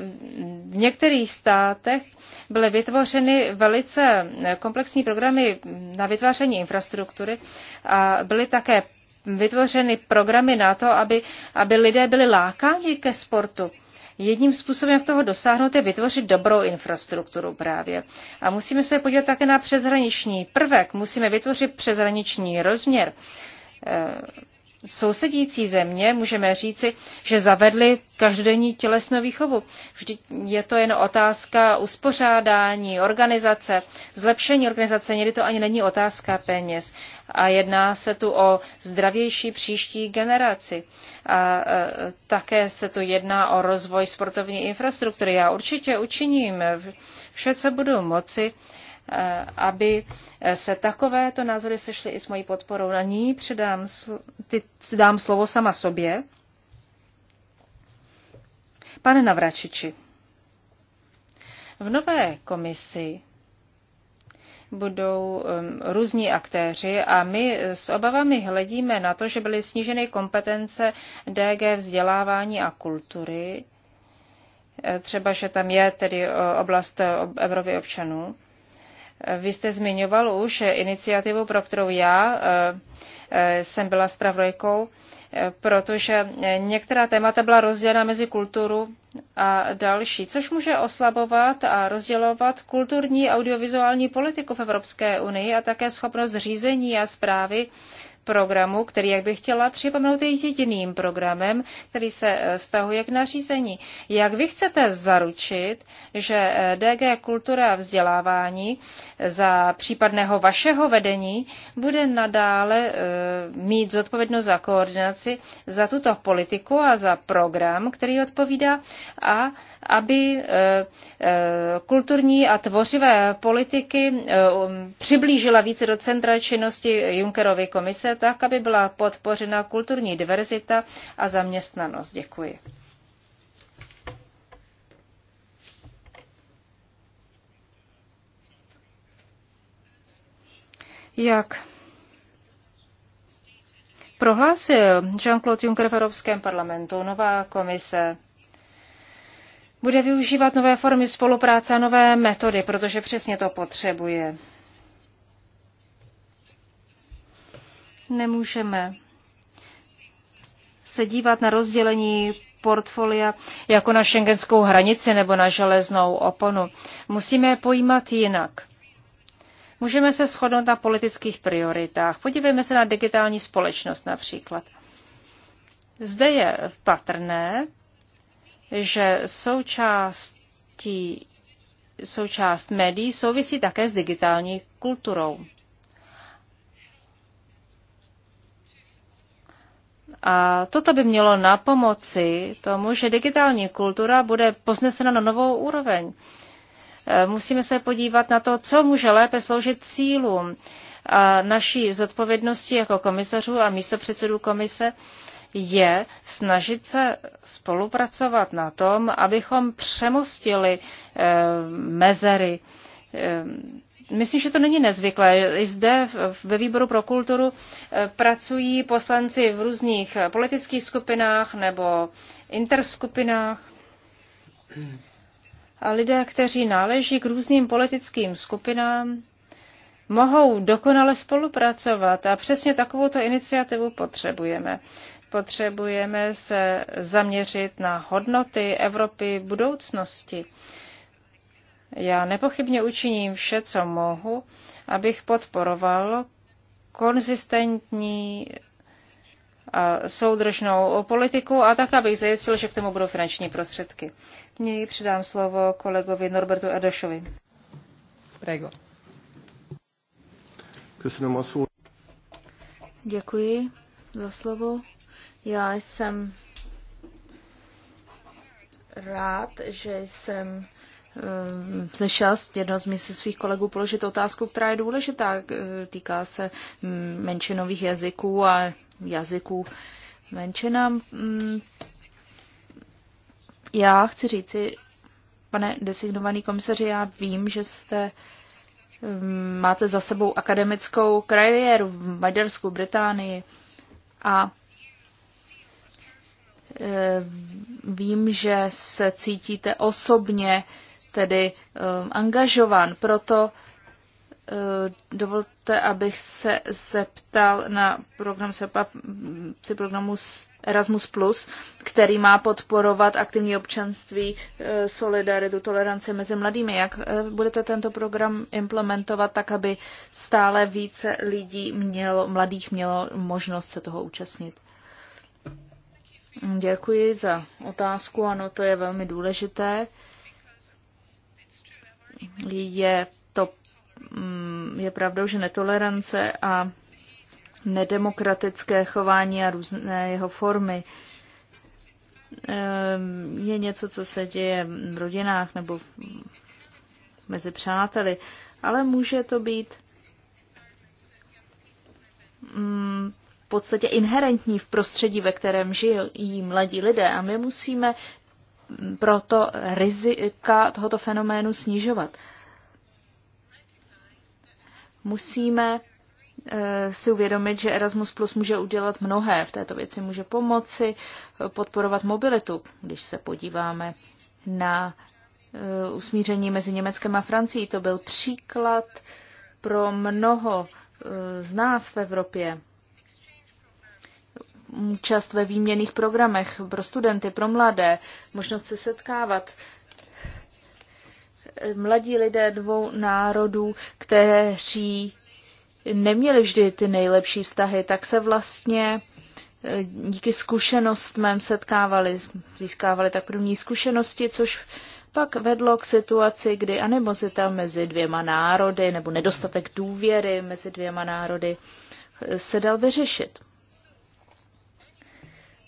Speaker 2: v některých státech byly vytvořeny velice eh, komplexní programy na vytváření infrastruktury a byly také vytvořeny programy na to, aby, aby lidé byli lákáni ke sportu Jedním způsobem, jak toho dosáhnout, je vytvořit dobrou infrastrukturu právě. A musíme se podívat také na přeshraniční prvek, musíme vytvořit přeshraniční rozměr eh, sousedící země můžeme říci, že zavedli každodenní tělesnou výchovu. Vždyť je to jen otázka uspořádání, organizace, zlepšení organizace, někdy to ani není otázka peněz. A jedná se tu o zdravější příští generaci. A e, také se tu jedná o rozvoj sportovní infrastruktury. Já určitě učiním vše, co budu moci, Eh, aby eh, se takovéto názory sešly i s mojí podporou. Na ní předám, ty, dám slovo sama sobě. Pane Navračiči, v nové komisi budou um, různí aktéři a my s obavami hledíme na to, že byly sníženy kompetence DG vzdělávání a kultury, eh, třeba, že tam je tedy oblast Evropy občanů. Vy jste zmiňoval už iniciativu, pro kterou já eh, eh, jsem byla zpravodajkou, eh, protože některá témata byla rozdělena mezi kulturu a další, což může oslabovat a rozdělovat kulturní audiovizuální politiku v Evropské unii a také schopnost řízení a zprávy programu, který, jak bych chtěla připomenout, je jediným programem, který se eh, vztahuje k nařízení. Jak vy chcete zaručit, že eh, DG Kultura a vzdělávání eh, za případného vašeho vedení bude nadále mít zodpovědnost za koordinaci, za tuto politiku a za program, který odpovídá a aby kulturní a tvořivé politiky um, přiblížila více do centra činnosti Junckerovy komise, tak, aby byla podpořena kulturní diverzita a zaměstnanost. Děkuji. Jak prohlásil Jean-Claude Juncker v Evropském parlamentu, nová komise bude využívat nové formy spolupráce a nové metody, protože přesně to potřebuje. Nemůžeme se dívat na rozdělení portfolia jako na šengenskou hranici nebo na železnou oponu. Musíme je pojímat jinak. Můžeme se shodnout na politických prioritách. Podívejme se na digitální společnost například. Zde je patrné, že součástí, součást médií souvisí také s digitální kulturou. A toto by mělo na pomoci tomu, že digitální kultura bude poznesena na novou úroveň. E, musíme se podívat na to, co může lépe sloužit cílům a naší zodpovědnosti jako komisařů a místopředsedů komise je snažit se spolupracovat na tom, abychom přemostili e, mezery e, Myslím, že to není nezvyklé. I zde ve výboru pro kulturu eh, pracují poslanci v různých eh, politických skupinách nebo interskupinách. A lidé, kteří náleží k různým politickým skupinám, mohou dokonale spolupracovat a přesně takovouto iniciativu potřebujeme. Potřebujeme se zaměřit na hodnoty Evropy budoucnosti. Já nepochybně učiním vše, co mohu, abych podporoval konzistentní a soudržnou politiku a tak, abych zajistil, že k tomu budou finanční prostředky. Nyní předám slovo kolegovi Norbertu Edošovi. Prego. Děkuji za slovo.
Speaker 4: Já jsem rád, že jsem Eh, Šast, jedno z se svých kolegů, položit otázku, která je důležitá. Eh, týká se mm, menšinových jazyků a jazyků menšinám. Mm, já chci říci, pane designovaný komisaři, já vím, že jste mm, máte za sebou akademickou kariéru v Maďarsku, Británii a eh, vím, že se cítíte osobně tedy um, angažován. Proto uh, dovolte, abych se zeptal na program SEPA, programu Erasmus+, který má podporovat aktivní občanství, uh, solidaritu, toleranci mezi mladými. Jak uh, budete tento program implementovat tak, aby stále více lidí mělo, mladých mělo možnost se toho účastnit? Děkuji za otázku. Ano, to je velmi důležité. Uh, je to mm, je pravdou, že netolerance a nedemokratické chování a různé jeho formy ehm, je něco, co se děje v rodinách nebo mezi přáteli, ale může to být mm, v podstatě inherentní v prostředí, ve kterém žijí mladí lidé. A my musíme proto rizika tohoto fenoménu snižovat. Musíme eh, si uvědomit, že Erasmus Plus může udělat mnohé v této věci. Může pomoci eh, podporovat mobilitu, když se podíváme na eh, usmíření mezi Německem a Francií. To byl příklad pro mnoho z nás v Evropě účast ve výměných programech pro studenty, pro mladé, možnost se setkávat. Mladí lidé dvou národů, kteří neměli vždy ty nejlepší vztahy, tak se vlastně eh, díky zkušenostmem setkávali, získávali tak první zkušenosti, což pak vedlo k situaci, kdy animozita mezi dvěma národy nebo nedostatek důvěry mezi dvěma národy eh, se dal vyřešit.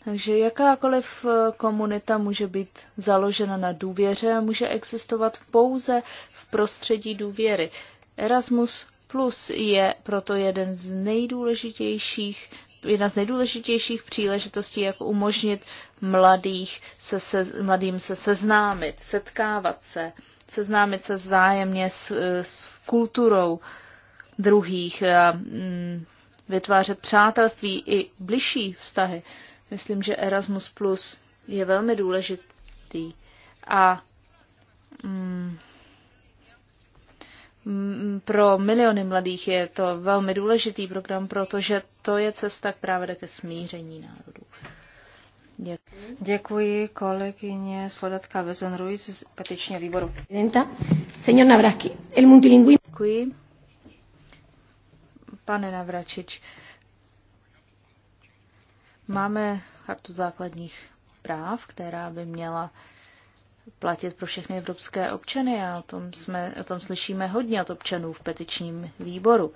Speaker 4: Takže jakákoliv eh, komunita může být založena na důvěře a může existovat pouze v prostředí důvěry. Erasmus Plus je proto jeden z nejdůležitějších, jedna z nejdůležitějších příležitostí, jak umožnit mladých se, se, mladým se seznámit, setkávat se, seznámit se zájemně s, eh, s kulturou druhých, a, m, mm, vytvářet přátelství i bližší vztahy. Myslím, že Erasmus Plus je velmi důležitý a mm, mm, pro miliony mladých je to velmi důležitý program, protože to je cesta, která vede ke smíření národů.
Speaker 2: Děkuji. Děkuji kolegyně Slodatka Vezon Ruiz z petičního výboru.
Speaker 4: Senior Navraki, el multilingüismo. Děkuji. Pane Navračič, Máme chartu základních práv, která by měla platit pro všechny evropské občany a o tom, jsme, o tom slyšíme hodně od občanů v petičním výboru.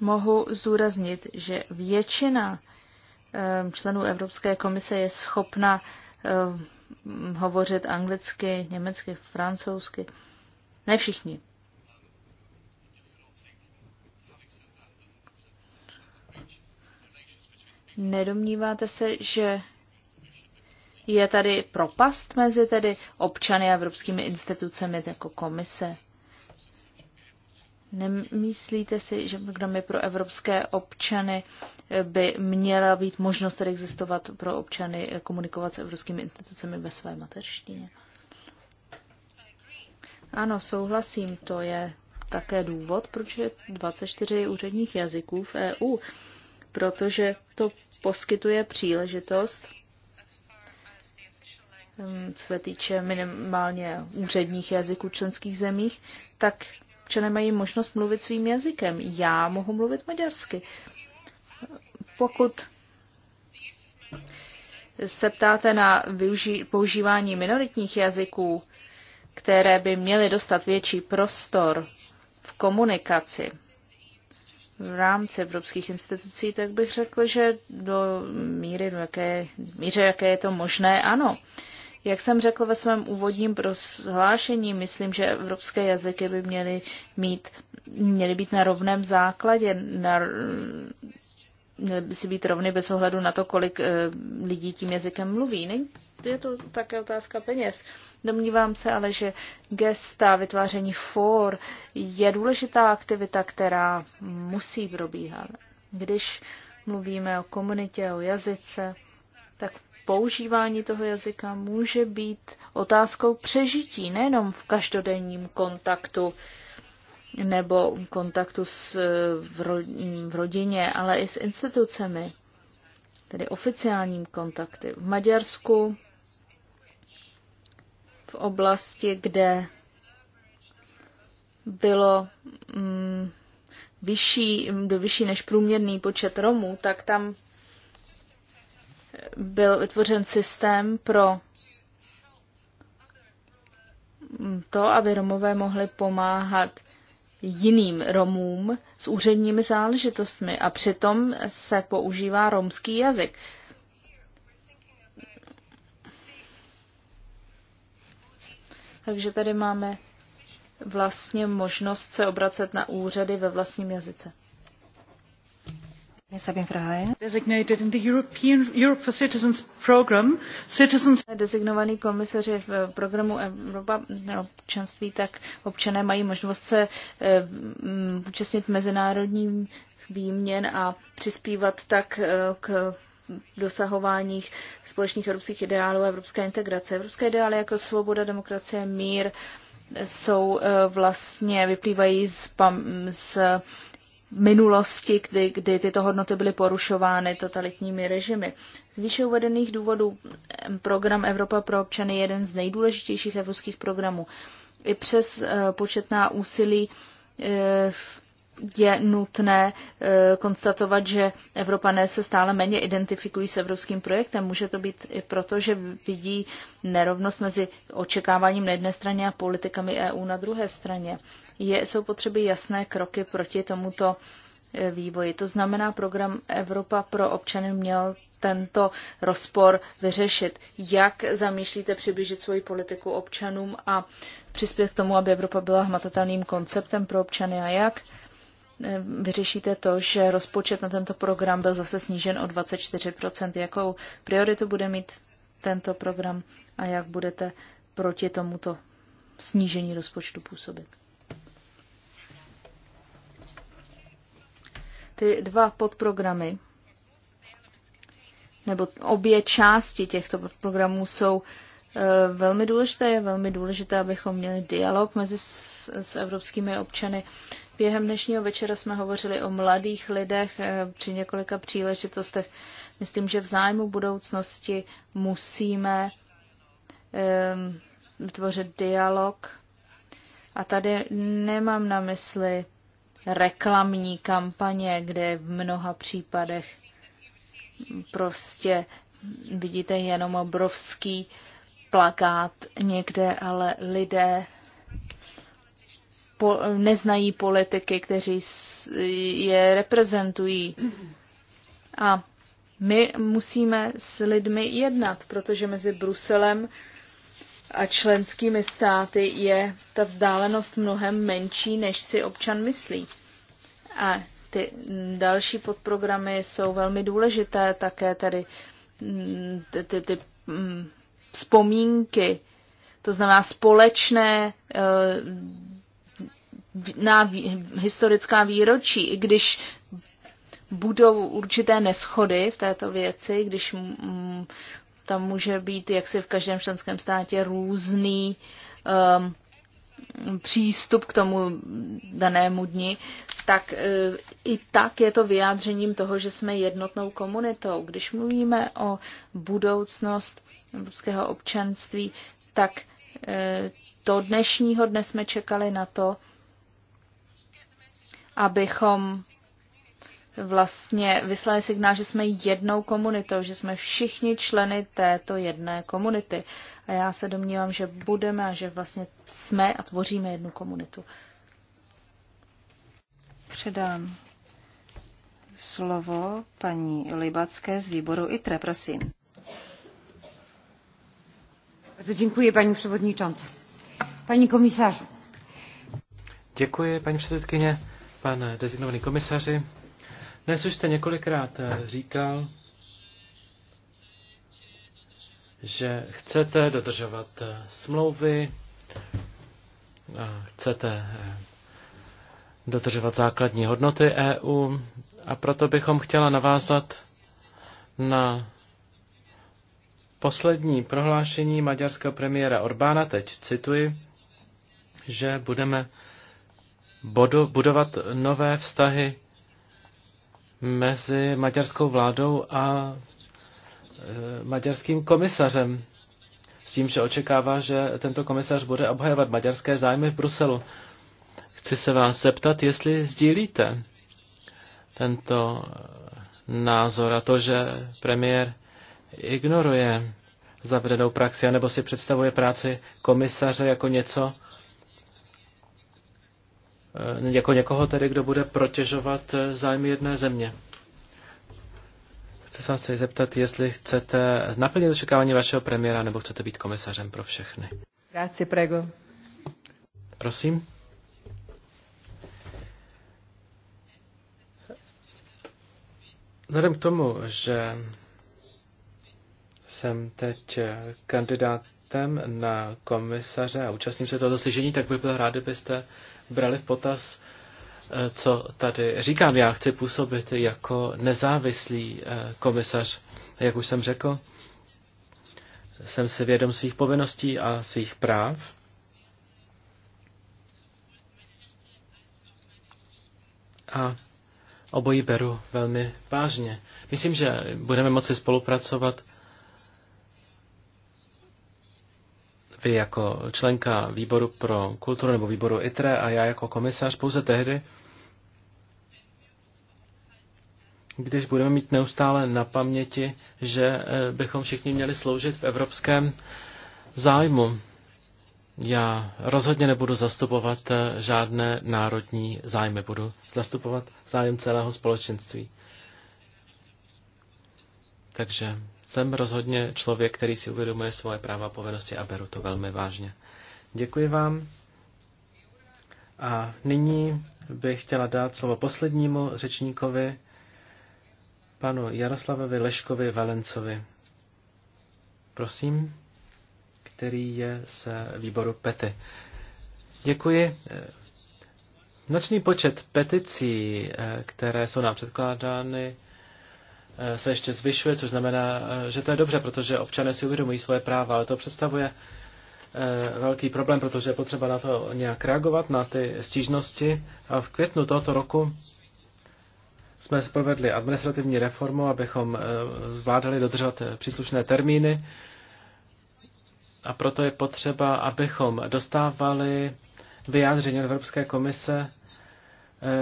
Speaker 4: Mohu zdůraznit, že většina ehm, členů Evropské komise je schopna ehm, hovořit anglicky, německy, francouzsky. Ne všichni. Nedomníváte se, že je tady propast mezi tedy občany a evropskými institucemi jako komise? Nemyslíte si, že programy pro evropské občany by měla být možnost tady existovat pro občany komunikovat s evropskými institucemi ve své mateřštině? Ano, souhlasím, to je také důvod, proč je 24 úředních jazyků v EU protože to poskytuje příležitost, co se týče minimálně úředních jazyků členských zemích, tak občané mají možnost mluvit svým jazykem. Já mohu mluvit maďarsky. Pokud se ptáte na používání minoritních jazyků, které by měly dostat větší prostor v komunikaci, v rámci evropských institucí, tak bych řekl, že do míry, do jaké, míře, jaké je to možné, ano. Jak jsem řekl ve svém úvodním prohlášení, myslím, že evropské jazyky by měly, mít, měly být na rovném základě, na, měly by si být rovny bez ohledu na to, kolik eh, lidí tím jazykem mluví. Ne? je to také otázka peněz. Domnívám se ale, že gesta vytváření for je důležitá aktivita, která musí probíhat. Když mluvíme o komunitě, o jazyce, tak používání toho jazyka může být otázkou přežití, nejenom v každodenním kontaktu nebo kontaktu s, v, ro, v rodině, ale i s institucemi, tedy oficiálním kontakty. V Maďarsku v oblasti, kde bylo mm, vyšší, byl vyšší než průměrný počet Romů, tak tam byl vytvořen systém pro to, aby Romové mohli pomáhat jiným Romům s úředními záležitostmi a přitom se používá romský jazyk. Takže tady máme vlastně možnost se obracet na úřady ve vlastním jazyce.
Speaker 2: Designated in the European Europe for
Speaker 4: Citizens program, citizens... v programu Evropa občanství, tak občané mají možnost se eh, účastnit mezinárodním výměn a přispívat tak eh, k dosahování společných evropských ideálů a evropské integrace. Evropské ideály jako svoboda, demokracie, mír jsou eh, vlastně, vyplývají z, z minulosti, kdy, kdy tyto hodnoty byly porušovány totalitními režimy. Z výše uvedených důvodů program Evropa pro občany je jeden z nejdůležitějších evropských programů. I přes eh, početná úsilí eh, je nutné eh, konstatovat, že Evropané se stále méně identifikují s evropským projektem. Může to být i proto, že vidí nerovnost mezi očekáváním na jedné straně a politikami EU na druhé straně. Je, jsou potřeby jasné kroky proti tomuto eh, vývoji. To znamená, program Evropa pro občany měl tento rozpor vyřešit. Jak zamýšlíte přiblížit svoji politiku občanům a přispět k tomu, aby Evropa byla hmatatelným konceptem pro občany a jak? Ehm, vyřešíte to, že rozpočet na tento program byl zase snížen o 24%. Jakou prioritu bude mít tento program a jak budete proti tomuto snížení rozpočtu působit? Ty dva podprogramy, nebo obě části těchto programů jsou eh, velmi důležité. Je velmi důležité, abychom měli dialog mezi s, s evropskými občany Během dnešního večera jsme hovořili o mladých lidech eh, při několika příležitostech. Myslím, že v zájmu budoucnosti musíme ehm, vytvořit dialog. A tady nemám na mysli reklamní kampaně, kde v mnoha případech prostě vidíte jenom obrovský plakát někde, ale lidé po, neznají politiky, kteří je reprezentují. A my musíme s lidmi jednat, protože mezi Bruselem a členskými státy je ta vzdálenost mnohem menší, než si občan myslí. A ty další podprogramy jsou velmi důležité, také tady mm, ty, ty, ty mm, vzpomínky, to znamená společné eh, na historická výročí, i když budou určité neschody v této věci, když mm, tam může být, jak si v každém členském státě, různý um, přístup k tomu danému dni, tak uh, i tak je to vyjádřením toho, že jsme jednotnou komunitou. Když mluvíme o budoucnost evropského občanství, tak uh, to dnešního dne jsme čekali na to, abychom vlastně vyslali signál, že jsme jednou komunitou, že jsme všichni členy této jedné komunity. A já se domnívám, že budeme a že vlastně
Speaker 2: jsme a tvoříme jednu komunitu. Předám slovo paní Libacké z výboru ITRE, prosím.
Speaker 3: Bardzo dziękuję pani przewodnicząca. Pani komisarzu. Děkuji, paní předsedkyně pane designovaný komisaři. Dnes už jste několikrát eh, říkal, že chcete dodržovat eh, smlouvy, chcete eh, dodržovat základní hodnoty EU a proto bychom chtěla navázat na poslední prohlášení maďarského premiéra Orbána, teď cituji, že budeme bodu, budovat nové vztahy mezi maďarskou vládou a e, maďarským komisařem. S tím, že očekává, že tento komisař bude obhajovat maďarské zájmy v Bruselu. Chci se vás zeptat, jestli sdílíte tento e, názor a to, že premiér ignoruje zavedenou praxi, anebo si představuje práci komisaře jako něco, Eh, jako někoho tedy, kdo bude protěžovat eh, zájmy jedné země. Chci se vás zeptat, jestli chcete naplnit očekávání vašeho premiéra, nebo chcete být komisařem pro všechny. Grazie, prego. Prosím. Vzhledem k tomu, že jsem teď eh, kandidátem na komisaře a účastním se tohoto slyšení, tak bych byl rád, kdybyste brali v potaz, eh, co tady říkám. Já chci působit jako nezávislý eh, komisař. Jak už jsem řekl, jsem si vědom svých povinností a svých práv. A obojí beru velmi vážně. Myslím, že budeme moci spolupracovat vy jako členka výboru pro kulturu nebo výboru ITRE a já jako komisař pouze tehdy, když budeme mít neustále na paměti, že eh, bychom všichni měli sloužit v evropském zájmu. Já rozhodně nebudu zastupovat eh, žádné národní zájmy, budu zastupovat zájem celého společenství. Takže jsem rozhodně člověk, který si uvědomuje svoje práva a povinnosti a beru to velmi vážně. Děkuji vám. A nyní bych chtěla dát slovo poslednímu řečníkovi, panu Jaroslavovi Leškovi Valencovi. Prosím, který je z výboru PETY. Děkuji. Noční počet peticí, eh, které jsou nám předkládány, Eh, se ještě zvyšuje, což znamená, eh, že to je dobře, protože občané si uvědomují svoje práva, ale to představuje eh, velký problém, protože je potřeba na to nějak reagovat, na ty stížnosti. A v květnu tohoto roku jsme provedli administrativní reformu, abychom zvládali dodržovat příslušné termíny. A proto je potřeba, abychom dostávali vyjádření Evropské komise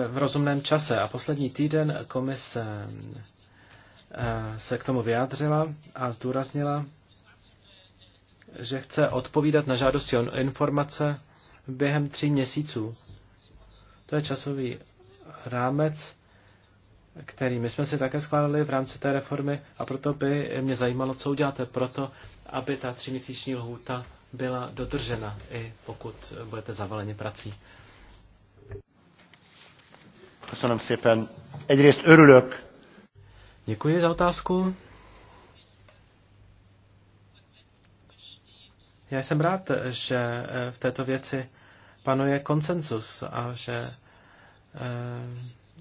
Speaker 3: v rozumném čase. A poslední týden komise Eh, se k tomu vyjádřila a zdůraznila, že chce odpovídat na žádosti o informace během tří měsíců. To je časový rámec, který my jsme si také schválili v rámci té reformy a proto by mě zajímalo, co uděláte proto, aby ta tříměsíční lhůta byla dodržena, i pokud budete zavaleni prací.
Speaker 1: Děkuji.
Speaker 3: Egyrészt örülök, Děkuji za otázku. Já jsem rád, že eh, v této věci panuje konsenzus a že eh,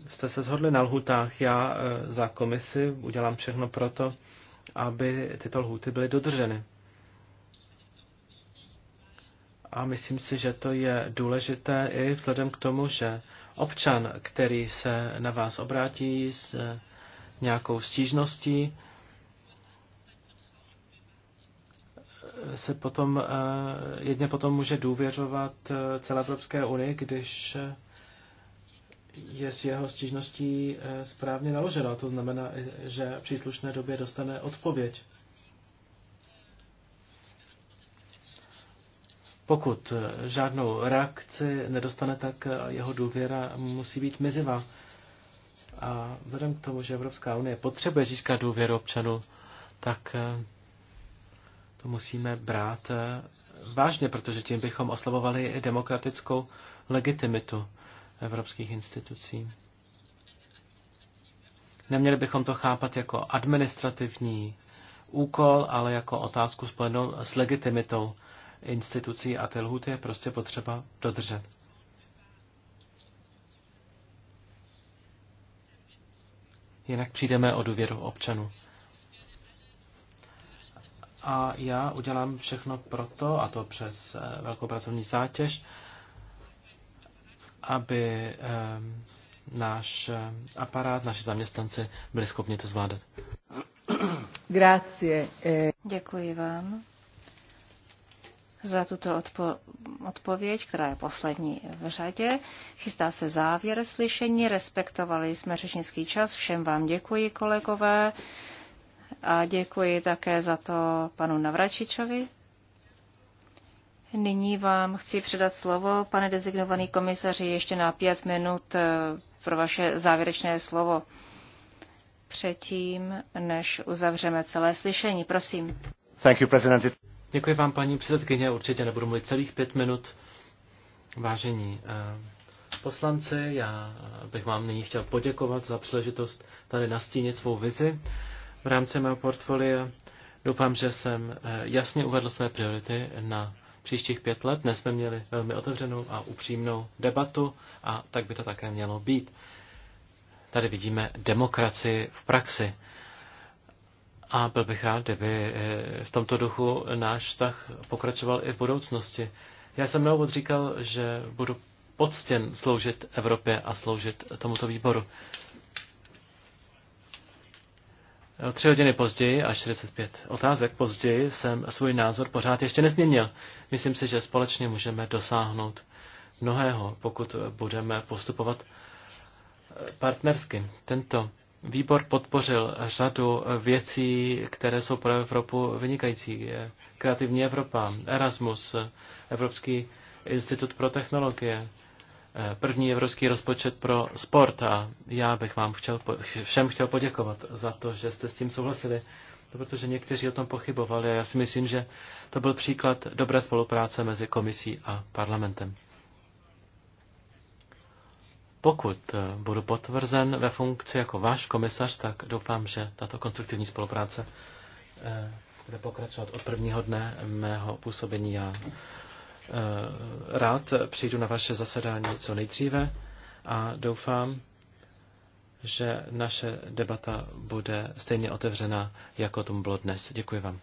Speaker 3: jste se shodli na lhutách. Já eh, za komisi udělám všechno proto, aby tyto lhuty byly dodrženy. A myslím si, že to je důležité i vzhledem k tomu, že občan, který se na vás obrátí s nějakou stížností, se potom eh, jedně potom může důvěřovat eh, celé Evropské unii, když eh, je s jeho stížností správně naloženo. To znamená, že v příslušné době dostane odpověď. Pokud žádnou reakci nedostane, tak jeho důvěra musí být mizivá. A vzhledem k tomu, že Evropská unie potřebuje získat důvěru občanů, tak eh, to musíme brát eh, vážně, protože tím bychom oslabovali demokratickou legitimitu evropských institucí. Neměli bychom to chápat jako administrativní úkol, ale jako otázku spojenou s legitimitou institucí a ty lhuty je prostě potřeba dodržet. jinak přijdeme o důvěru občanů. A já udělám všechno proto, a to přes eh, velkou pracovní zátěž, aby ehm, náš eh, aparát, naši zaměstnanci byli schopni to zvládat.
Speaker 2: Grazie. Eh. Děkuji vám za tuto odpo- odpověď, která je poslední v řadě. Chystá se závěr slyšení, respektovali jsme řečnický čas, všem vám děkuji, kolegové, a děkuji také za to panu Navračičovi. Nyní vám chci předat slovo, pane designovaný komisaři, ještě na pět minut eh, pro vaše závěrečné slovo předtím, než uzavřeme celé slyšení.
Speaker 3: Prosím. Thank you, President. Děkuji vám, paní předsedkyně, určitě nebudu mluvit celých pět minut. Vážení eh, poslanci, já bych vám nyní chtěl poděkovat za příležitost tady nastínit svou vizi v rámci mého portfolia. Doufám, že jsem eh, jasně uvedl své priority na příštích pět let. Dnes jsme měli velmi otevřenou a upřímnou debatu a tak by to také mělo být. Tady vidíme demokracii v praxi. A byl bych rád, kdyby eh, v tomto duchu náš vztah pokračoval i v budoucnosti. Já jsem na úvod říkal, že budu poctěn sloužit Evropě a sloužit tomuto výboru. tři hodiny později a 45 otázek později jsem svůj názor pořád ještě nezměnil. Myslím si, že společně můžeme dosáhnout mnohého, pokud budeme postupovat eh, partnersky. Tento Výbor podpořil řadu věcí, které jsou pro Evropu vynikající. Kreativní Evropa, Erasmus, Evropský institut pro technologie, první evropský rozpočet pro sport a já bych vám chtěl, všem chtěl poděkovat za to, že jste s tím souhlasili, protože někteří o tom pochybovali a já si myslím, že to byl příklad dobré spolupráce mezi komisí a parlamentem. Pokud eh, budu potvrzen ve funkci jako váš komisař, tak doufám, že tato konstruktivní spolupráce eh, bude pokračovat od prvního dne mého působení. Já eh, rád přijdu na vaše zasedání co nejdříve a doufám, že naše debata bude stejně otevřena, jako tomu bylo dnes. Děkuji vám.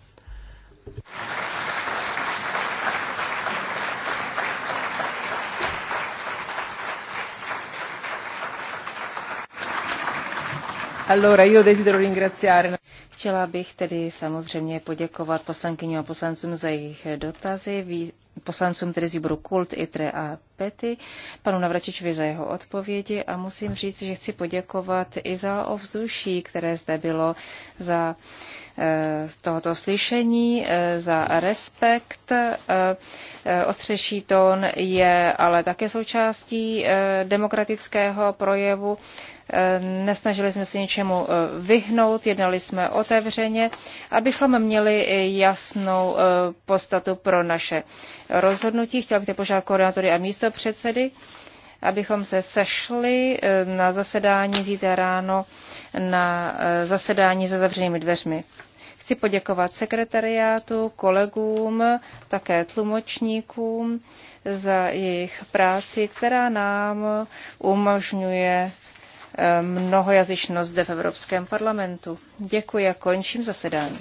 Speaker 2: Chtěla bych tedy samozřejmě poděkovat poslankyním a poslancům za jejich dotazy, poslancům tedy z výboru Kult, ITRE a Pety, panu Navračičovi za jeho odpovědi a musím říct, že chci poděkovat i za ovzduší, které zde bylo za eh, tohoto slyšení, eh, za respekt. Eh, Ostřeší tón je ale také součástí demokratického projevu. Nesnažili jsme se ničemu vyhnout, jednali jsme otevřeně, abychom měli jasnou postatu pro naše rozhodnutí. Chtěl bych požádat koordinátory a místo místopředsedy, předsedy, abychom se sešli eh, na zasedání zítra ráno na eh, zasedání za zavřenými dveřmi. Chci poděkovat sekretariátu, kolegům, také tlumočníkům za jejich práci, která nám umožňuje eh, mnohojazyčnost zde v Evropském parlamentu. Děkuji a končím zasedání.